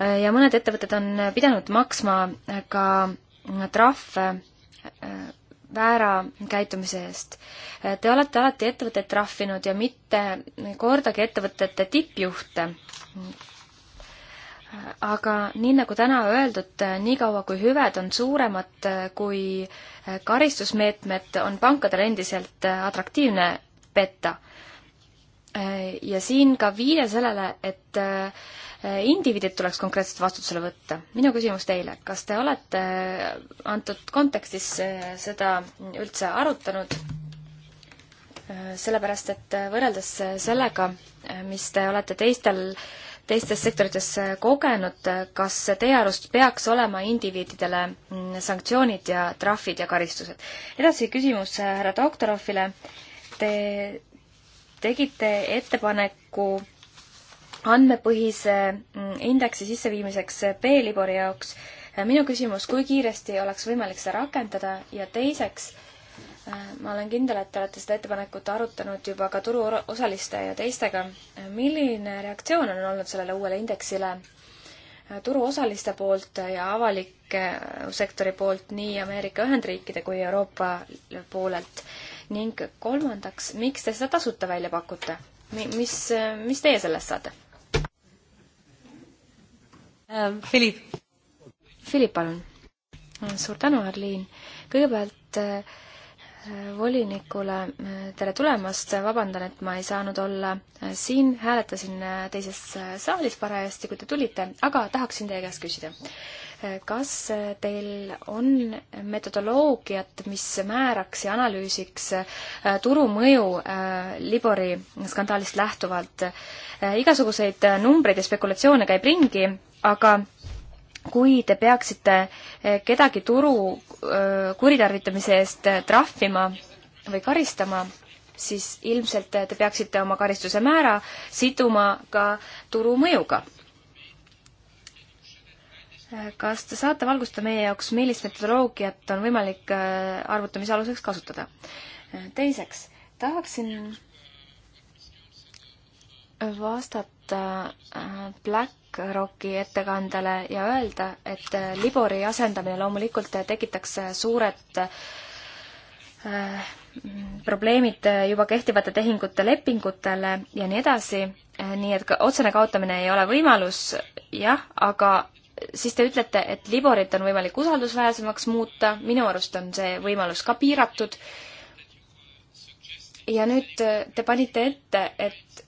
Äh, ja mõned ettevõtted on pidanud maksma ka trahve väära käitumise eest. Te olete alati ettevõtteid trahvinud ja mitte kordagi ettevõtete tippjuhte aga nii nagu täna öeldud, eh, niikaua kui hüved on suuremad eh, kui eh, karistusmeetmed, on pankadel endiselt atraktiivne petta. ja siin ka viide sellele, et indiviidid tuleks konkreetselt vastutusele võtta. minu küsimus teile, kas te olete antud kontekstis seda üldse arutanud? sellepärast, et võrreldes sellega, mis te olete teistel äh, teistes sektorites kogenud, kas teie arust peaks olema indiviididele mm, sanktsioonid ja trahvid ja karistused? edasi küsimus äh, härra Doktorovile. Te tegite ettepaneku andmepõhise mm, indeksi sisseviimiseks B-libori jaoks. minu küsimus, kui kiiresti oleks võimalik seda rakendada ja teiseks, Äh, ma olen kindel, et te olete seda ettepanekut arutanud juba ka turuosaliste ja teistega. Äh, milline reaktsioon on olnud sellele uuele indeksile äh, turuosaliste poolt ja avalike sektori poolt nii Ameerika Ühendriikide kui Euroopa poolelt? ning kolmandaks, miks te seda tasuta välja pakute? mis, mis teie sellest saate ähm,? Philip. Philip, palun. suur tänu, Arliin. kõigepealt äh, volinikule tere tulemast, vabandan, et ma ei saanud olla siin, hääletasin teises saalis parajasti, kui te tulite, aga tahaksin teie käest küsida. kas teil on metodoloogiat, mis määraks ja analüüsiks turumõju äh, Libori skandaalist lähtuvalt? Äh, igasuguseid numbreid ja spekulatsioone käib ringi, aga kui te peaksite eh, kedagi turu eh, kuritarvitamise eest eh, trahvima või karistama, siis ilmselt te peaksite oma karistuse määra siduma ka turu mõjuga. kas te saate valgustada meie jaoks, millist metodoloogiat on võimalik arvutamise aluseks kasutada? teiseks, tahaksin vastata viidata BlackRocki äh, ettekandele ja öelda, et äh, Libori asendamine loomulikult tekitaks suured äh, probleemid juba kehtivate tehingute lepingutele ja nii edasi, nii et otsene kaotamine ei ole võimalus, jah, aga siis te ütlete, et Liborit on võimalik usaldusväärsemaks muuta, minu arust on see võimalus ka piiratud. ja nüüd te panite ette, et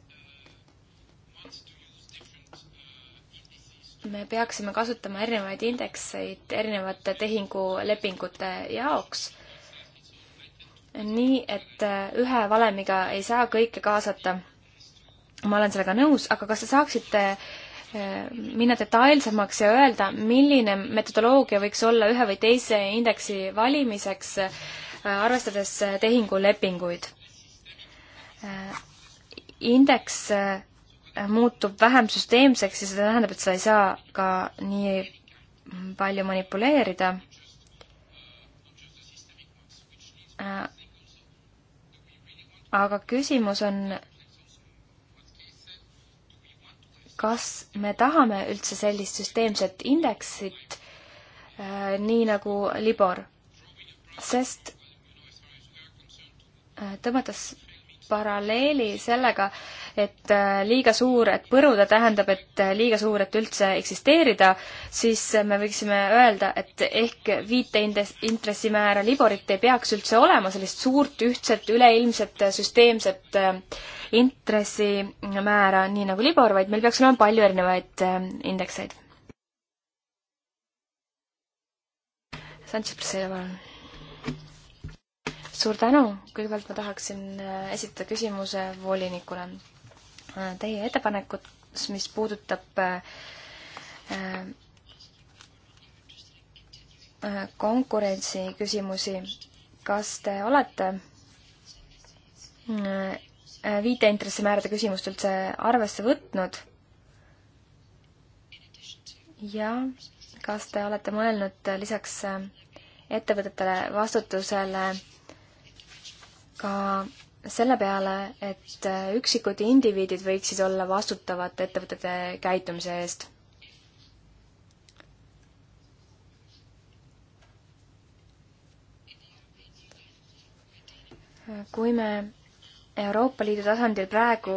me peaksime kasutama erinevaid indekseid erinevate tehingulepingute jaoks. nii, et äh, ühe valemiga ei saa kõike kaasata. ma olen sellega nõus, aga kas te saaksite äh, minna detailsemaks ja öelda, milline metodoloogia võiks olla ühe või teise indeksi valimiseks, äh, arvestades tehingulepinguid? indeks muutub vähem süsteemseks ja see tähendab, et seda ei saa ka nii palju manipuleerida. aga küsimus on, kas me tahame üldse sellist süsteemset indeksit, äh, nii nagu Libor, sest äh, tõmmates paralleeli sellega, et äh, liiga suur, et põruda tähendab, et äh, liiga suur, et üldse eksisteerida, siis äh, me võiksime öelda, et ehk viiteintressimäära Liborit ei peaks üldse olema, sellist suurt ühtset üleilmset süsteemset intressimäära, nii nagu Libor, vaid meil peaks olema palju erinevaid indekseid. Sanchez Preseda, palun suur tänu, kõigepealt ma tahaksin esitada küsimuse volinikule teie ettepanekut, mis puudutab äh, äh, konkurentsi küsimusi. kas te olete äh, viiteintressimäärade küsimust üldse arvesse võtnud? ja kas te olete mõelnud lisaks ettevõtetele vastutusele ka selle peale, et üksikud indiviidid võiksid olla vastutavad ettevõtete käitumise eest. kui me Euroopa Liidu tasandil praegu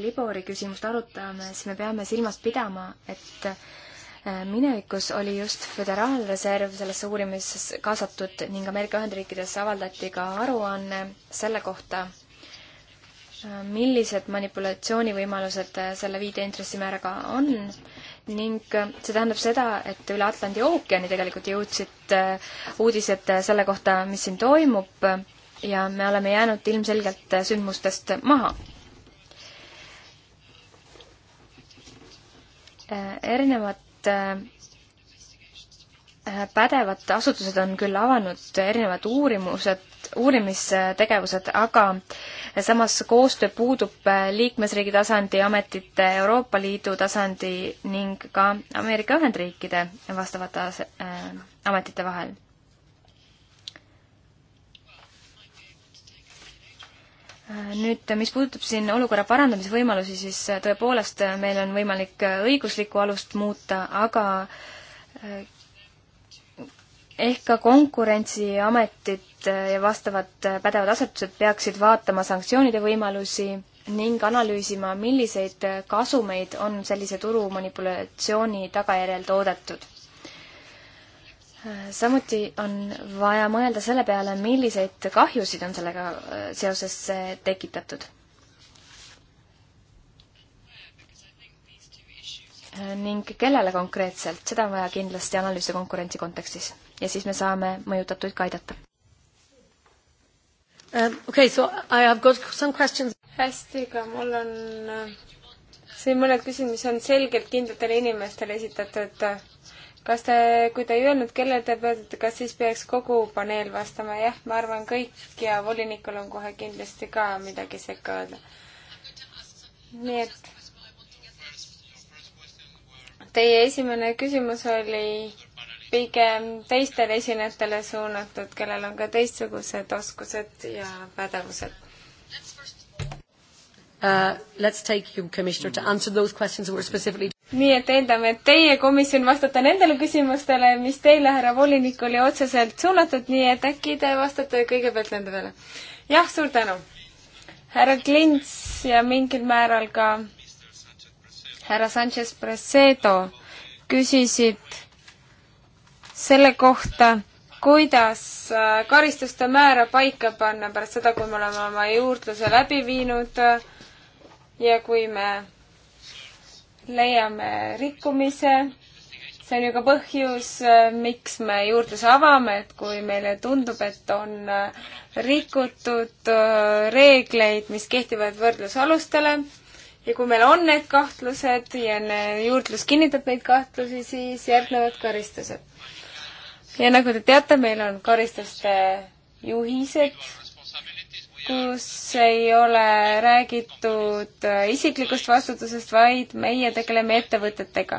Libori küsimust arutame, siis me peame silmas pidama, et äh, minevikus oli just Föderaalreserv sellesse uurimisse kaasatud ning Ameerika Ühendriikides avaldati ka aruanne selle kohta, millised manipulatsioonivõimalused selle viide intressimääraga on ning see tähendab seda, et üle Atlandi ookeani tegelikult jõudsid äh, uudised selle kohta, mis siin toimub ja me oleme jäänud ilmselgelt sündmustest maha. Äh, erinevad äh, Äh, pädevad asutused on küll avanud erinevad uurimused, uurimistegevused, aga samas koostöö puudub äh, liikmesriigi tasandi ametite, Euroopa Liidu tasandi ning ka Ameerika Ühendriikide vastavate äh, ametite vahel. Äh, nüüd, mis puudutab siin olukorra parandamise võimalusi, siis tõepoolest meil on võimalik õiguslikku alust muuta, aga ehk ka Konkurentsiametit ja vastavad pädevad asutused peaksid vaatama sanktsioonide võimalusi ning analüüsima, milliseid kasumeid on sellise turu manipulatsiooni tagajärjel toodetud. samuti on vaja mõelda selle peale, milliseid kahjusid on sellega äh, seoses äh, tekitatud äh, ning kellele konkreetselt, seda on vaja kindlasti analüüsida konkurentsi kontekstis ja siis me saame mõjutatuid ka aidata. Um, okay, so I have got some questions. hästi, aga mul on äh, siin mõned küsimused, mis on selgelt kindlatele inimestele esitatud. kas te, kui te ei öelnud, kellele te pöördute, kas siis peaks kogu paneel vastama? jah, ma arvan kõik ja volinikul on kohe kindlasti ka midagi sekka öelda. nii et. Teie esimene küsimus oli pigem teistele esinejatele suunatud, kellel on ka teistsugused oskused ja pädevused. Uh, let's take you, Commissioner, to answer those questions that were specifically nii et eeldame, et teie komisjon vastate nendele küsimustele, mis teile, härra volinik, oli otseselt suunatud, nii et äkki te vastate kõigepealt nende peale. jah, suur tänu. härra Klints ja mingil määral ka härra Sanchez Presedo küsisid selle kohta, kuidas äh, karistuste määra paika panna pärast seda, kui me oleme oma juurdluse läbi viinud äh, ja kui me leiame rikkumise. see on ju ka põhjus, äh, miks me juurdluse avame, et kui meile tundub, et on rikutud reegleid, mis kehtivad võrdlusalustele ja kui meil on need kahtlused ja juurdlus kinnitab neid kahtlusi, siis järgnevad karistused ja nagu te teate, meil on karistuste juhised, kus ei ole räägitud äh, isiklikust vastutusest, vaid meie tegeleme ettevõtetega.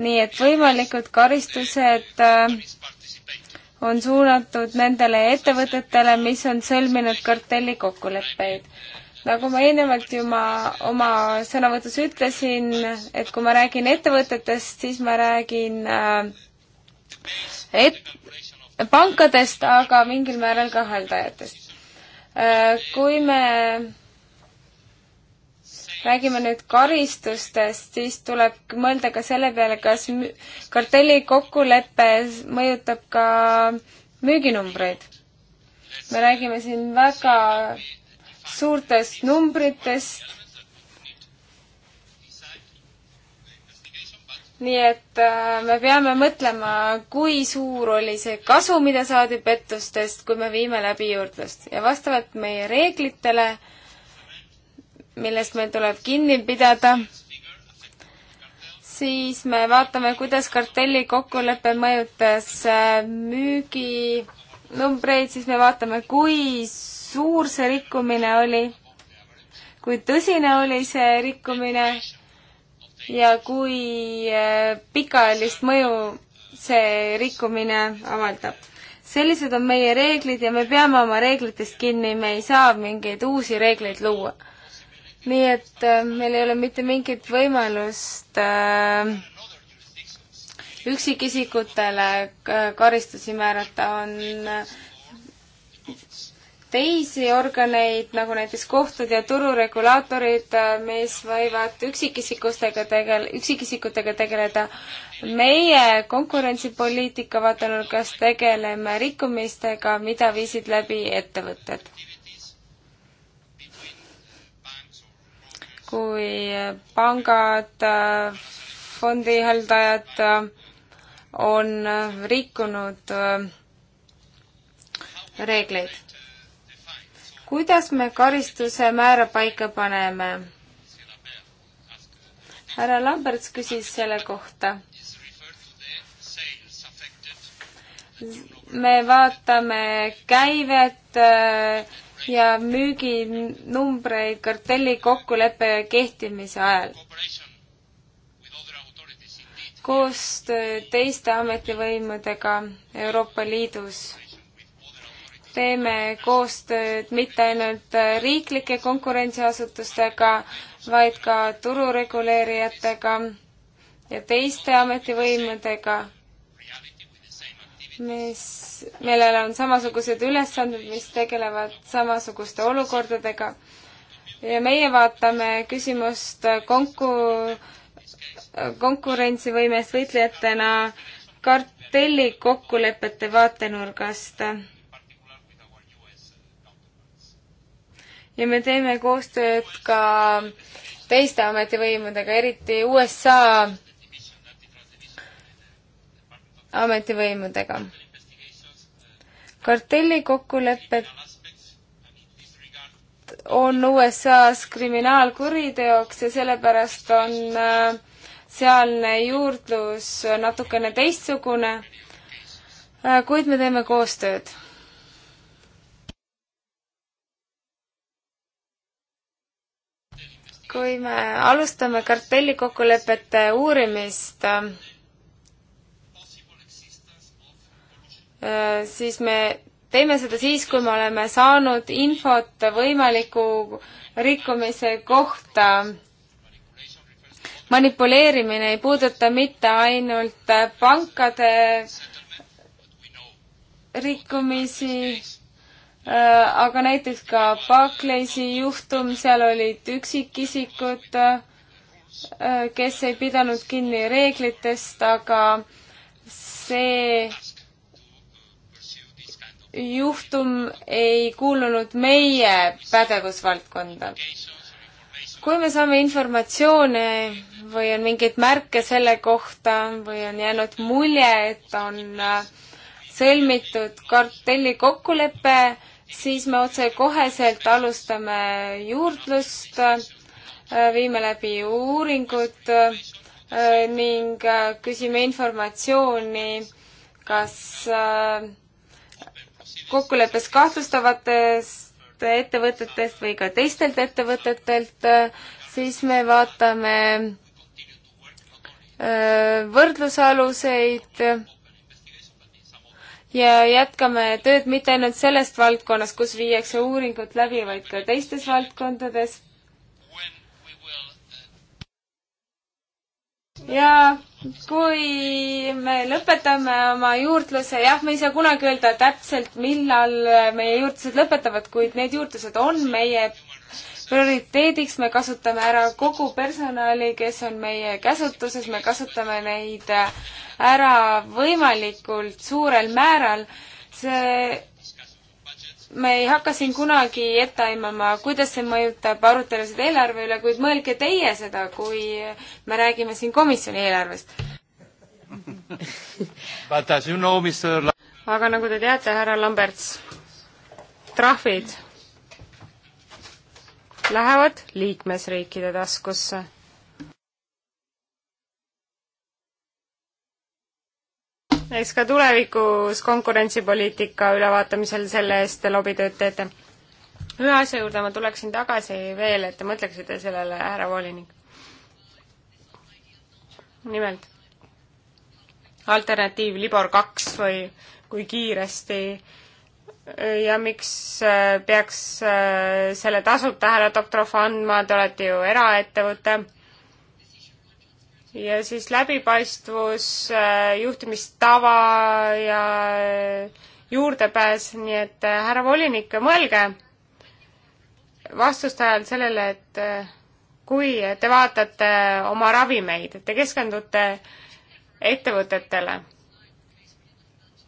nii et võimalikud karistused äh, on suunatud nendele ettevõtetele, mis on sõlminud kartellikokkuleppeid nagu ma eelnevalt juba oma sõnavõtus ütlesin, et kui ma räägin ettevõtetest, siis ma räägin äh, et pankadest, aga mingil määral ka haldajatest. Äh, kui me räägime nüüd karistustest, siis tuleb mõelda ka selle peale, kas kartelli kokkulepe mõjutab ka müüginumbreid. me räägime siin väga suurtest numbritest nii et äh, me peame mõtlema, kui suur oli see kasu, mida saadi pettustest, kui me viime läbi juurdlust ja vastavalt meie reeglitele, millest meil tuleb kinni pidada, siis me vaatame, kuidas kartelli kokkulepe mõjutas äh, müüginumbreid, siis me vaatame, kui suur see rikkumine oli, kui tõsine oli see rikkumine ja kui äh, pikaajalist mõju see rikkumine avaldab. sellised on meie reeglid ja me peame oma reeglitest kinni, me ei saa mingeid uusi reegleid luua. nii et äh, meil ei ole mitte mingit võimalust äh, üksikisikutele äh, karistusi määrata, on teisi organeid, nagu näiteks kohtud ja tururegulaatorid, mis võivad üksikisikustega tegel-, üksikisikutega tegeleda. meie konkurentsipoliitika vaatenurgas tegeleme rikkumistega, mida viisid läbi ettevõtted. kui pangad, fondihaldajad on rikkunud reegleid kuidas me karistuse määra paika paneme? härra Lamberts küsis selle kohta. me vaatame käivet äh, ja müüginumbreid kartelli kokkuleppe kehtimise ajal. koostöö teiste ametivõimudega Euroopa Liidus teeme koostööd mitte ainult riiklike konkurentsiasutustega, vaid ka turureguleerijatega ja teiste ametivõimudega, mis, millel on samasugused ülesanded, mis tegelevad samasuguste olukordadega. ja meie vaatame küsimust konku-, konkurentsivõimest võitlejatena kartellikokkulepete vaatenurgast ja me teeme koostööd ka teiste ametivõimudega, eriti USA ametivõimudega. kartellikokkulepped on USA-s kriminaalkuriteoks ja sellepärast on äh, sealne juurdlus natukene teistsugune, äh, kuid me teeme koostööd kui me alustame kartellikokkulepete uurimist, äh, siis me teeme seda siis, kui me oleme saanud infot võimaliku rikkumise kohta. manipuleerimine ei puuduta mitte ainult pankade rikkumisi, Äh, aga näiteks ka Barclaysi juhtum, seal olid üksikisikud, äh, kes ei pidanud kinni reeglitest, aga see juhtum ei kuulunud meie pädevusvaldkonda. kui me saame informatsioone või on mingeid märke selle kohta või on jäänud mulje, et on äh, sõlmitud kartellikokkulepe, siis me otsekoheselt alustame juurdlust, viime läbi uuringud äh, ning äh, küsime informatsiooni, kas äh, kokkuleppes kahtlustavatest ettevõtetest või ka teistelt ettevõtetelt, siis me vaatame võrdlusaluseid ja jätkame tööd mitte ainult selles valdkonnas, kus viiakse uuringut läbi, vaid ka teistes valdkondades. ja kui me lõpetame oma juurdluse, jah, me ei saa kunagi öelda täpselt, millal meie juurdlused lõpetavad, kuid need juurdlused on meie prioriteediks, me kasutame ära kogu personali, kes on meie käsutuses, me kasutame neid ära võimalikult suurel määral. see, me ei hakka siin kunagi ette aimama, kuidas see mõjutab arutelusid eelarve üle, kuid mõelge teie seda, kui me räägime siin komisjoni eelarvest You know, Mr... aga nagu te teate, härra Lamberts, trahvid lähevad liikmesriikide taskusse. eks ka tulevikus konkurentsipoliitika ülevaatamisel selle eest lobitööd teete. ühe asja juurde ma tuleksin tagasi veel, et te mõtleksite sellele, härra volinik. nimelt, alternatiiv Libor kaks või kui kiiresti äh, ja miks äh, peaks äh, selle tasuta härra Doktorov andma, te olete ju eraettevõte. ja siis läbipaistvus, äh, juhtimistava ja juurdepääs, nii et härra volinik, mõelge vastuste ajal sellele, et kui te vaatate oma ravimeid, et te keskendute ettevõtetele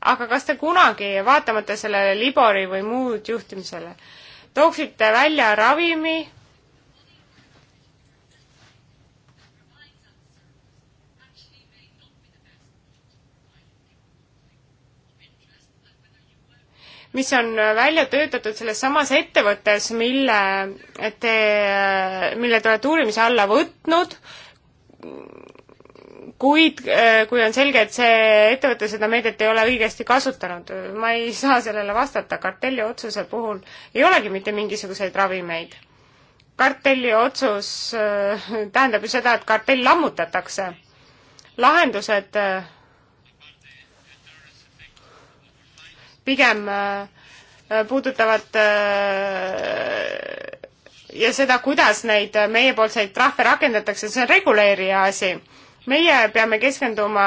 aga kas te kunagi, vaatamata sellele Libori või muud juhtimisele, tooksite välja ravimi, mis on välja töötatud selles samas ettevõttes, mille te, mille te olete uurimise alla võtnud, kuid äh, kui on selge, et see ettevõte seda meedet ei ole õigesti kasutanud, ma ei saa sellele vastata, kartelli otsuse puhul ei olegi mitte mingisuguseid ravimeid. kartelli otsus äh, tähendab ju seda, et kartell lammutatakse. lahendused äh, pigem puudutavad ja seda, kuidas neid meiepoolseid trahve rakendatakse, see on reguleerija asi meie peame keskenduma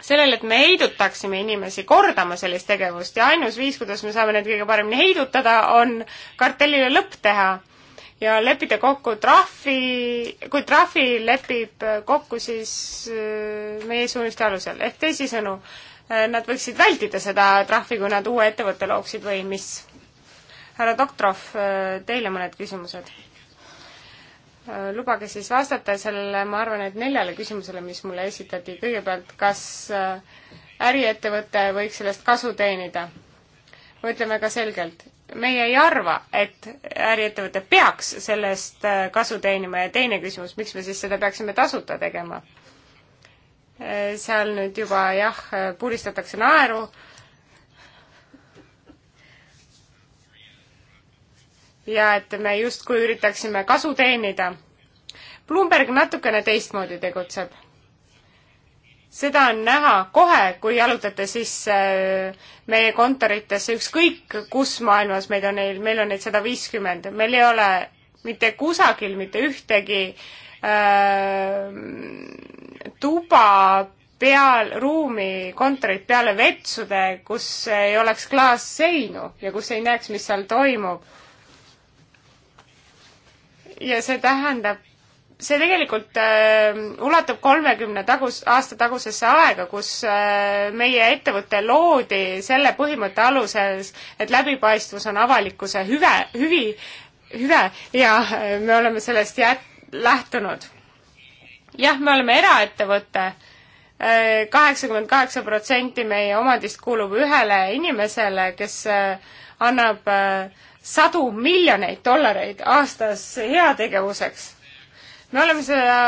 sellele, et me heidutaksime inimesi kordama sellist tegevust ja ainus viis, kuidas me saame neid kõige paremini heidutada, on kartellile lõpp teha ja leppida kokku trahvi, kui trahvi lepib kokku siis äh, meie suuniste alusel, ehk teisisõnu, äh, nad võiksid vältida seda trahvi, kui nad uue ettevõtte looksid või mis? härra Doktorov, äh, teile mõned küsimused lubage siis vastata sellele, ma arvan, et neljale küsimusele, mis mulle esitati. kõigepealt, kas äh, äriettevõte võiks sellest kasu teenida? ütleme ka selgelt, meie ei arva, et äriettevõte peaks sellest äh, kasu teenima ja teine küsimus, miks me siis seda peaksime tasuta tegema? Äh, seal nüüd juba jah, puristatakse naeru ja et me justkui üritaksime kasu teenida. Bloomberg natukene teistmoodi tegutseb. seda on näha kohe, kui jalutate sisse äh, meie kontoritesse, ükskõik kus maailmas meid on, meil on neid sada viiskümmend, meil ei ole mitte kusagil mitte ühtegi äh, tuba peal, ruumi, kontorit peale vetsude, kus ei oleks klaasseinu ja kus ei näeks, mis seal toimub ja see tähendab, see tegelikult äh, ulatub kolmekümne tagus, aasta tagusesse aega, kus äh, meie ettevõte loodi selle põhimõtte aluses, et läbipaistvus on avalikkuse hüve, hüvi, hüve ja äh, me oleme sellest jät-, lähtunud. jah, me oleme eraettevõte äh,, kaheksakümmend kaheksa protsenti meie omandist kuulub ühele inimesele, kes äh, annab äh, sadu miljoneid dollareid aastas heategevuseks. me oleme seda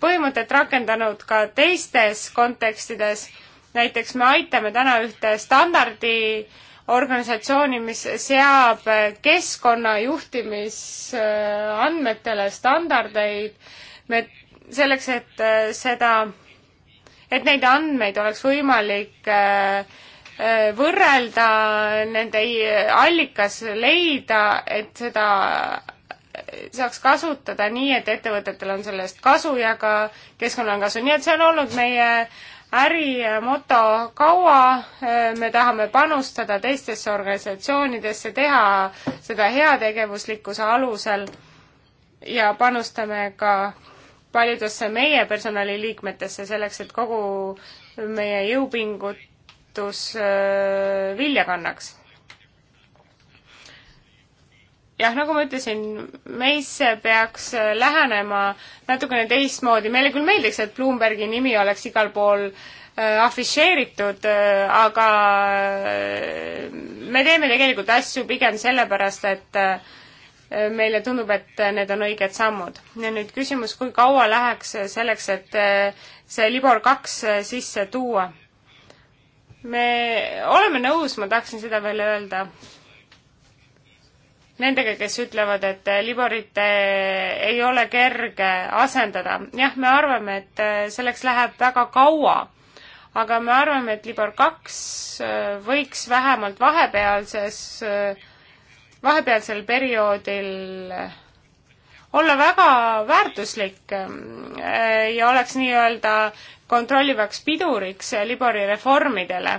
põhimõtet rakendanud ka teistes kontekstides, näiteks me aitame täna ühte standardi organisatsiooni, mis seab keskkonnajuhtimisandmetele standardeid, me selleks, et seda, et neid andmeid oleks võimalik äh, võrrelda nende allikas, leida, et seda saaks kasutada nii, et ettevõtetel on sellest kasu ja ka keskkonnal on kasu, nii et see on olnud meie ärimoto kaua, äh, me tahame panustada teistesse organisatsioonidesse, teha seda heategevuslikkuse alusel ja panustame ka paljudesse meie personaliliikmetesse selleks, et kogu meie jõupingut, toetus äh, vilja kannaks. jah, nagu ma ütlesin, meisse peaks äh, lähenema natukene teistmoodi, meile küll meeldiks, et Bloombergi nimi oleks igal pool äh, afišeeritud, aga me teeme tegelikult asju pigem sellepärast, et meile tundub, et need on õiged sammud. ja nüüd küsimus, kui kaua läheks selleks, et see Libor kaks sisse tuua? me oleme nõus, ma tahtsin seda veel öelda, nendega, kes ütlevad, et liborit ei ole kerge asendada. jah, me arvame, et äh, selleks läheb väga kaua, aga me arvame, et libor kaks äh, võiks vähemalt vahepealses, äh, vahepealsel perioodil olla väga väärtuslik ja oleks nii-öelda kontrollivaks piduriks Libori reformidele.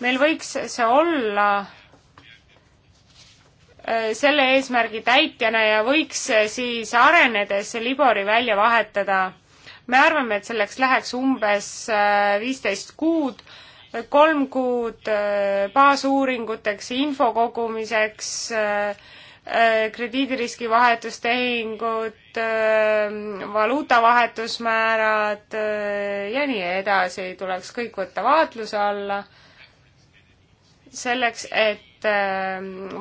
meil võiks see olla äh, selle eesmärgi täitjana ja võiks äh, siis arenedes Libori välja vahetada. me arvame, et selleks läheks umbes äh, viisteist kuud, kolm kuud baasuuringuteks, info kogumiseks äh,, Äh, krediidiriski vahetustehingud, äh, valuutavahetusmäärad äh, ja nii edasi tuleks kõik võtta vaatluse alla selleks, et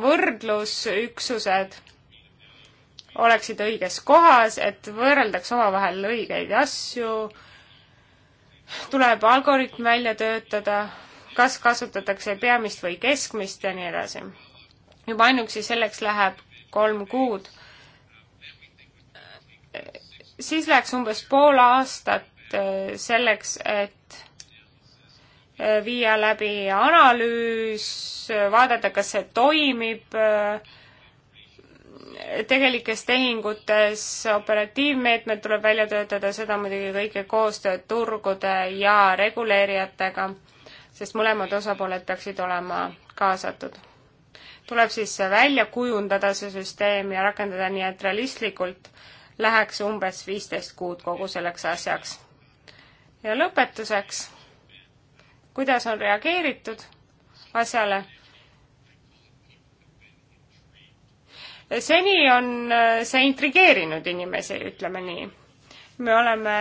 võrdlusüksused oleksid õiges kohas, et võrreldaks omavahel õigeid asju, tuleb algoritm välja töötada, kas kasutatakse peamist või keskmist ja nii edasi juba ainuüksi selleks läheb kolm kuud. siis läheks umbes pool aastat eh, selleks, et eh, viia läbi analüüs, vaadata, kas see toimib eh, tegelikes tehingutes, operatiivmeetmed tuleb välja töötada, seda muidugi kõike koostööd turgude ja reguleerijatega, sest mõlemad osapooled peaksid olema kaasatud tuleb siis välja kujundada see süsteem ja rakendada nii, et realistlikult läheks umbes viisteist kuud kogu selleks asjaks. ja lõpetuseks, kuidas on reageeritud asjale? seni on äh, see intrigeerinud inimesi, ütleme nii. me oleme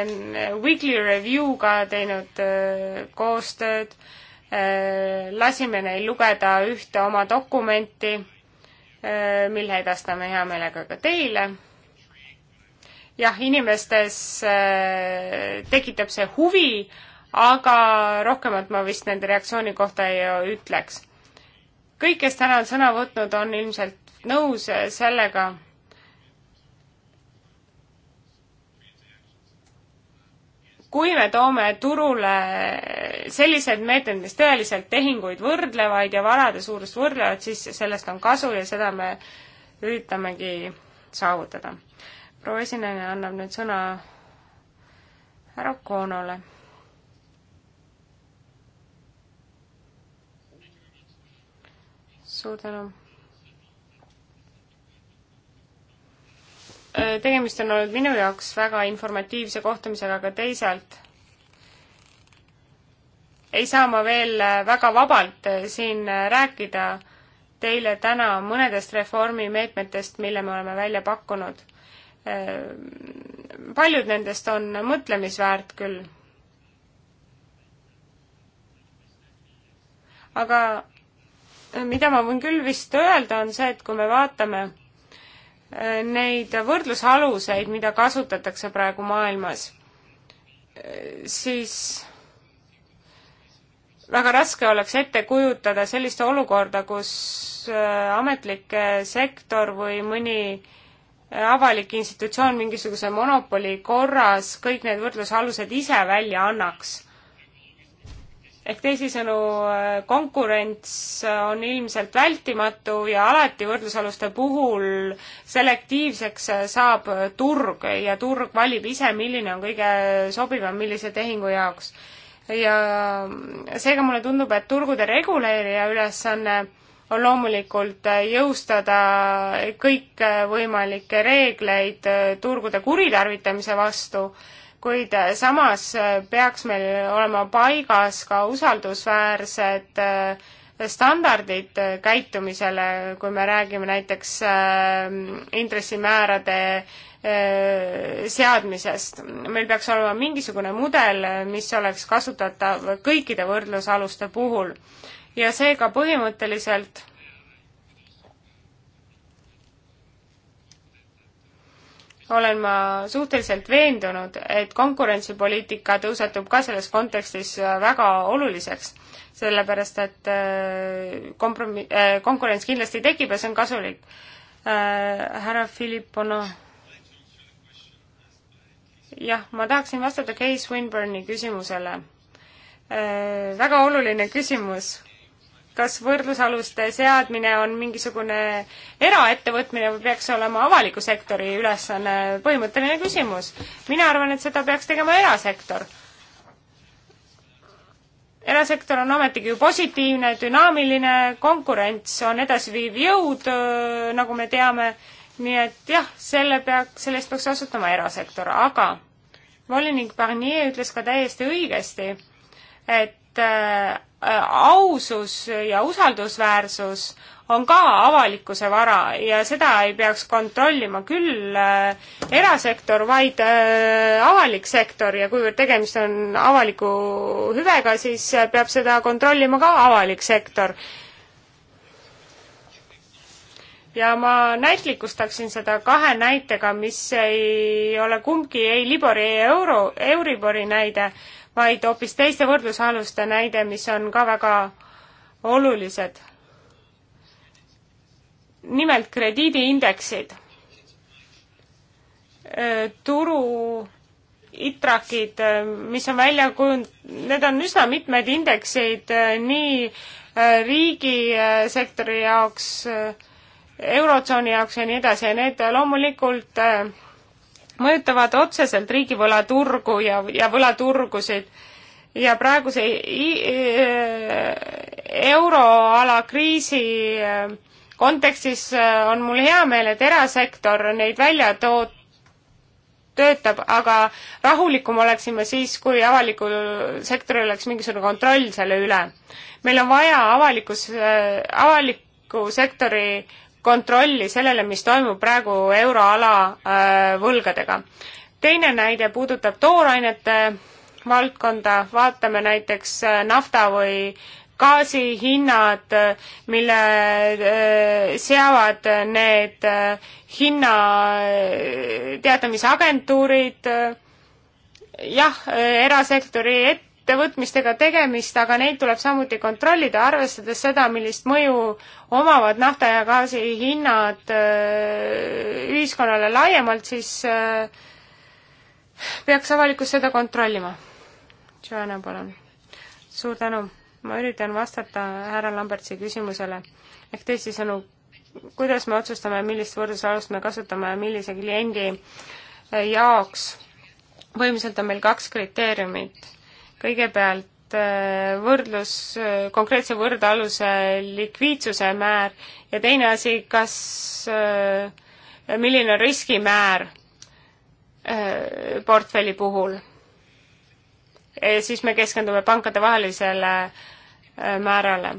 äh, Weekly Review'ga teinud äh, koostööd äh, Äh, lasime neil lugeda ühte oma dokumenti, äh, mille edastame hea meelega ka teile. jah, inimestes äh, tekitab see huvi, aga rohkemat ma vist nende reaktsiooni kohta ei ütleks. kõik, kes täna on sõna võtnud, on ilmselt nõus sellega, kui me toome turule sellised meetmed, mis tõeliselt tehinguid võrdlevaid ja varade suurust võrdlevad, siis sellest on kasu ja seda me üritamegi saavutada. proua esineja annab nüüd sõna härra Koonole. suur tänu Äh, tegemist on olnud minu jaoks väga informatiivse kohtumisega, aga teisalt ei saa ma veel äh, väga vabalt äh, siin rääkida teile täna mõnedest reformimeetmetest, mille me oleme välja pakkunud. paljud nendest on mõtlemisväärt küll. aga mida ma võin küll vist öelda, on see, et kui me vaatame neid võrdlusaluseid, mida kasutatakse praegu maailmas, siis väga raske oleks ette kujutada sellist olukorda, kus äh, ametlik äh, sektor või mõni äh, avalik institutsioon mingisuguse monopoli korras kõik need võrdlusalused ise välja annaks ehk teisisõnu, äh, konkurents äh, on ilmselt vältimatu ja alati võrdlusaluste puhul selektiivseks äh, saab turg ja turg valib ise, milline on kõige sobivam millise tehingu jaoks. ja seega mulle tundub, et turgude reguleerija ülesanne on loomulikult jõustada kõikvõimalikke reegleid turgude kuritarvitamise vastu kuid äh, samas äh, peaks meil olema paigas ka usaldusväärsed äh, standardid käitumisele, kui me räägime näiteks intressimäärade seadmisest. meil peaks olema mingisugune mudel, mis oleks kasutatav kõikide võrdlusaluste puhul ja seega põhimõtteliselt olen ma suhteliselt veendunud, et konkurentsipoliitika tõusetub ka selles kontekstis äh, väga oluliseks, sellepärast et äh, kompromi-, äh, konkurents kindlasti tekib ja see on kasulik. härra Filippono. jah, ma tahaksin vastata Kay Swinburne'i küsimusele. Väga oluline küsimus kas võrdlusaluste seadmine on mingisugune eraettevõtmine või peaks olema avaliku sektori ülesanne, põhimõtteline küsimus. mina arvan, et seda peaks tegema erasektor. erasektor on ometigi ju positiivne, dünaamiline, konkurents on edasiviiv jõud, nagu me teame, nii et jah, selle peaks, selle eest peaks vastutama erasektor, aga volinik Barnier ütles ka täiesti õigesti, et Äh, ausus ja usaldusväärsus on ka avalikkuse vara ja seda ei peaks kontrollima küll äh, erasektor, vaid äh, avalik sektor ja kuivõrd tegemist on avaliku hüvega, siis peab seda kontrollima ka avalik sektor. ja ma näitlikustaksin seda kahe näitega, mis ei ole kumbki ei Libori, ei Euro, Euribori näide vaid hoopis teiste võrdlusaluste näide, mis on ka väga olulised. nimelt krediidiindeksid, turu ITRAKid, mis on välja kujund-, need on üsna mitmed indeksid nii riigisektori jaoks, eurotsooni jaoks ja nii edasi ja need loomulikult äh, mõjutavad otseselt riigivõlaturgu ja, ja võlaturgusid ja praeguse e, euroala kriisi e, kontekstis e, on mul hea meel, et erasektor neid välja toot-, töötab, aga rahulikum oleksime siis, kui avalikul sektoril oleks mingisugune kontroll selle üle. meil on vaja avalikus, avaliku sektori kontrolli sellele, mis toimub praegu euroala äh, võlgadega. teine näide puudutab toorainete valdkonda, vaatame näiteks äh, nafta või gaasihinnad, mille äh, seavad need hinna teatamisagentuurid, jah, erasektori et-, ettevõtmistega tegemist, aga neid tuleb samuti kontrollida, arvestades seda, millist mõju omavad nafta ja gaasi hinnad äh, ühiskonnale laiemalt, siis äh, peaks avalikkus seda kontrollima. Joanna, palun. suur tänu. ma üritan vastata härra Lambertsi küsimusele. ehk teisisõnu, kuidas me otsustame, millist võrdlusalust me kasutame ja millise kliendi äh, jaoks. põhimõtteliselt on meil kaks kriteeriumit kõigepealt äh, võrdlus, äh, konkreetse võrdealuse likviidsuse määr ja teine asi, kas, äh, milline on riskimäär portfelli puhul. siis me keskendume pankadevahelisele määrale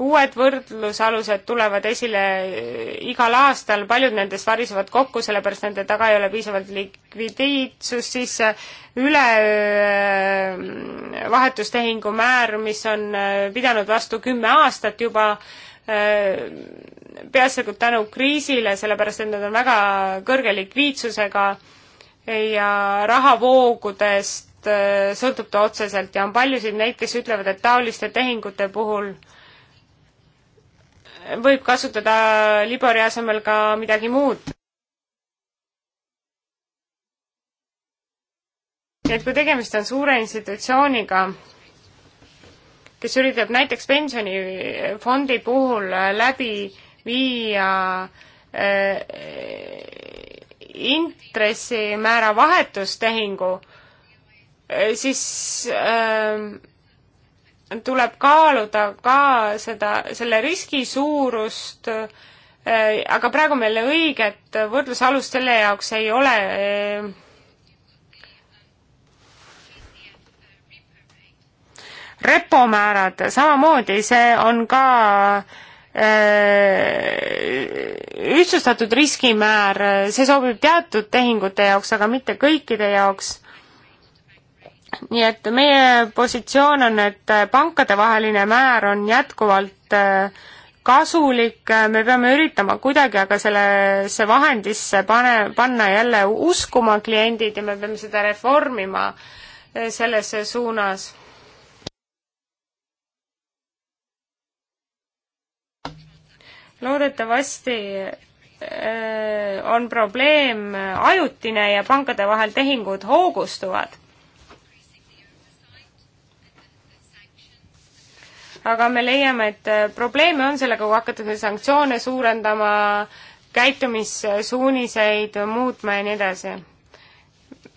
uued võrdlusalused tulevad esile äh, igal aastal, paljud nendest varisevad kokku, sellepärast nende taga ei ole piisavalt likviidsust, siis äh, üleöö äh, vahetustehingu määr, mis on pidanud vastu kümme aastat juba, peaasjalikult tänu kriisile, sellepärast et nad on väga kõrge likviidsusega ja rahavoogudest sõltub ta otseselt ja on paljusid neid, kes ütlevad, et taoliste tehingute puhul äh, võib kasutada libori asemel ka midagi muud. nii et kui tegemist on suure institutsiooniga, kes üritab näiteks pensionifondi puhul läbi viia äh, intressimäära vahetustehingu, äh, siis äh, tuleb kaaluda ka seda, selle riski suurust, äh, aga praegu meil õiget võrdlusalust selle jaoks ei ole. Äh. repomäärad samamoodi, see on ka äh, ühtsustatud riskimäär, see sobib teatud tehingute jaoks, aga mitte kõikide jaoks nii et meie positsioon on, et äh, pankadevaheline määr on jätkuvalt äh, kasulik, äh, me peame üritama kuidagi aga sellesse vahendisse pane, panna jälle uskuma kliendid ja me peame seda reformima selles suunas loodetavasti on probleem ajutine ja pankade vahel tehingud hoogustuvad. aga me leiame, et äh, probleeme on sellega, kui hakatakse sanktsioone suurendama, käitumissuuniseid muutma ja nii edasi.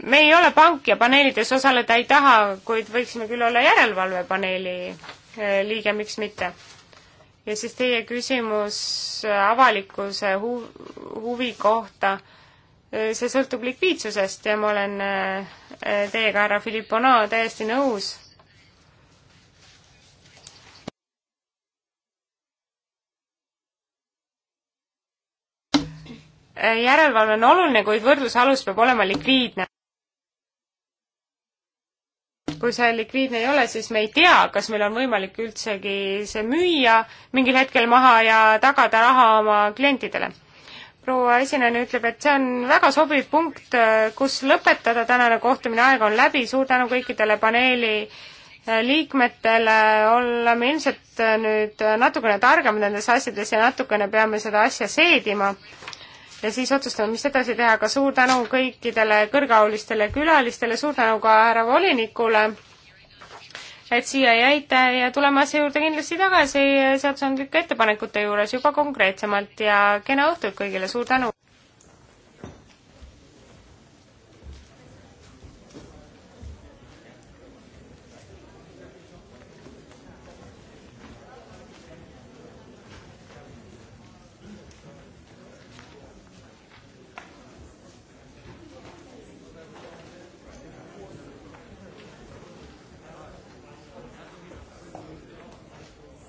me ei ole pank ja paneelides osaleda ei taha, kuid võiksime küll olla järelevalvepaneeli äh, liige, miks mitte. ja siis teie küsimus äh, avalikkuse hu-, huvi kohta, see sõltub likviidsusest ja ma olen teiega, härra Filippo Naa, täiesti nõus järelevalve on oluline, kuid võrdlusalus peab olema likviidne. kui see likviidne ei ole, siis me ei tea, kas meil on võimalik üldsegi see müüa mingil hetkel maha ja tagada raha oma klientidele. proua esinejana ütleb, et see on väga sobiv punkt, kus lõpetada tänane kohtumine, aeg on läbi, suur tänu kõikidele paneeli äh, liikmetele oleme ilmselt äh, nüüd äh, natukene targemad nendes asjades ja natukene peame seda asja seedima ja siis otsustame, mis edasi teha, aga suur tänu kõikidele kõrgeaulistele külalistele, suur tänu ka härra volinikule, et siia jäite ja tuleme asja juurde kindlasti tagasi seadusandlike ettepanekute juures juba konkreetsemalt ja kena õhtut kõigile, suur tänu!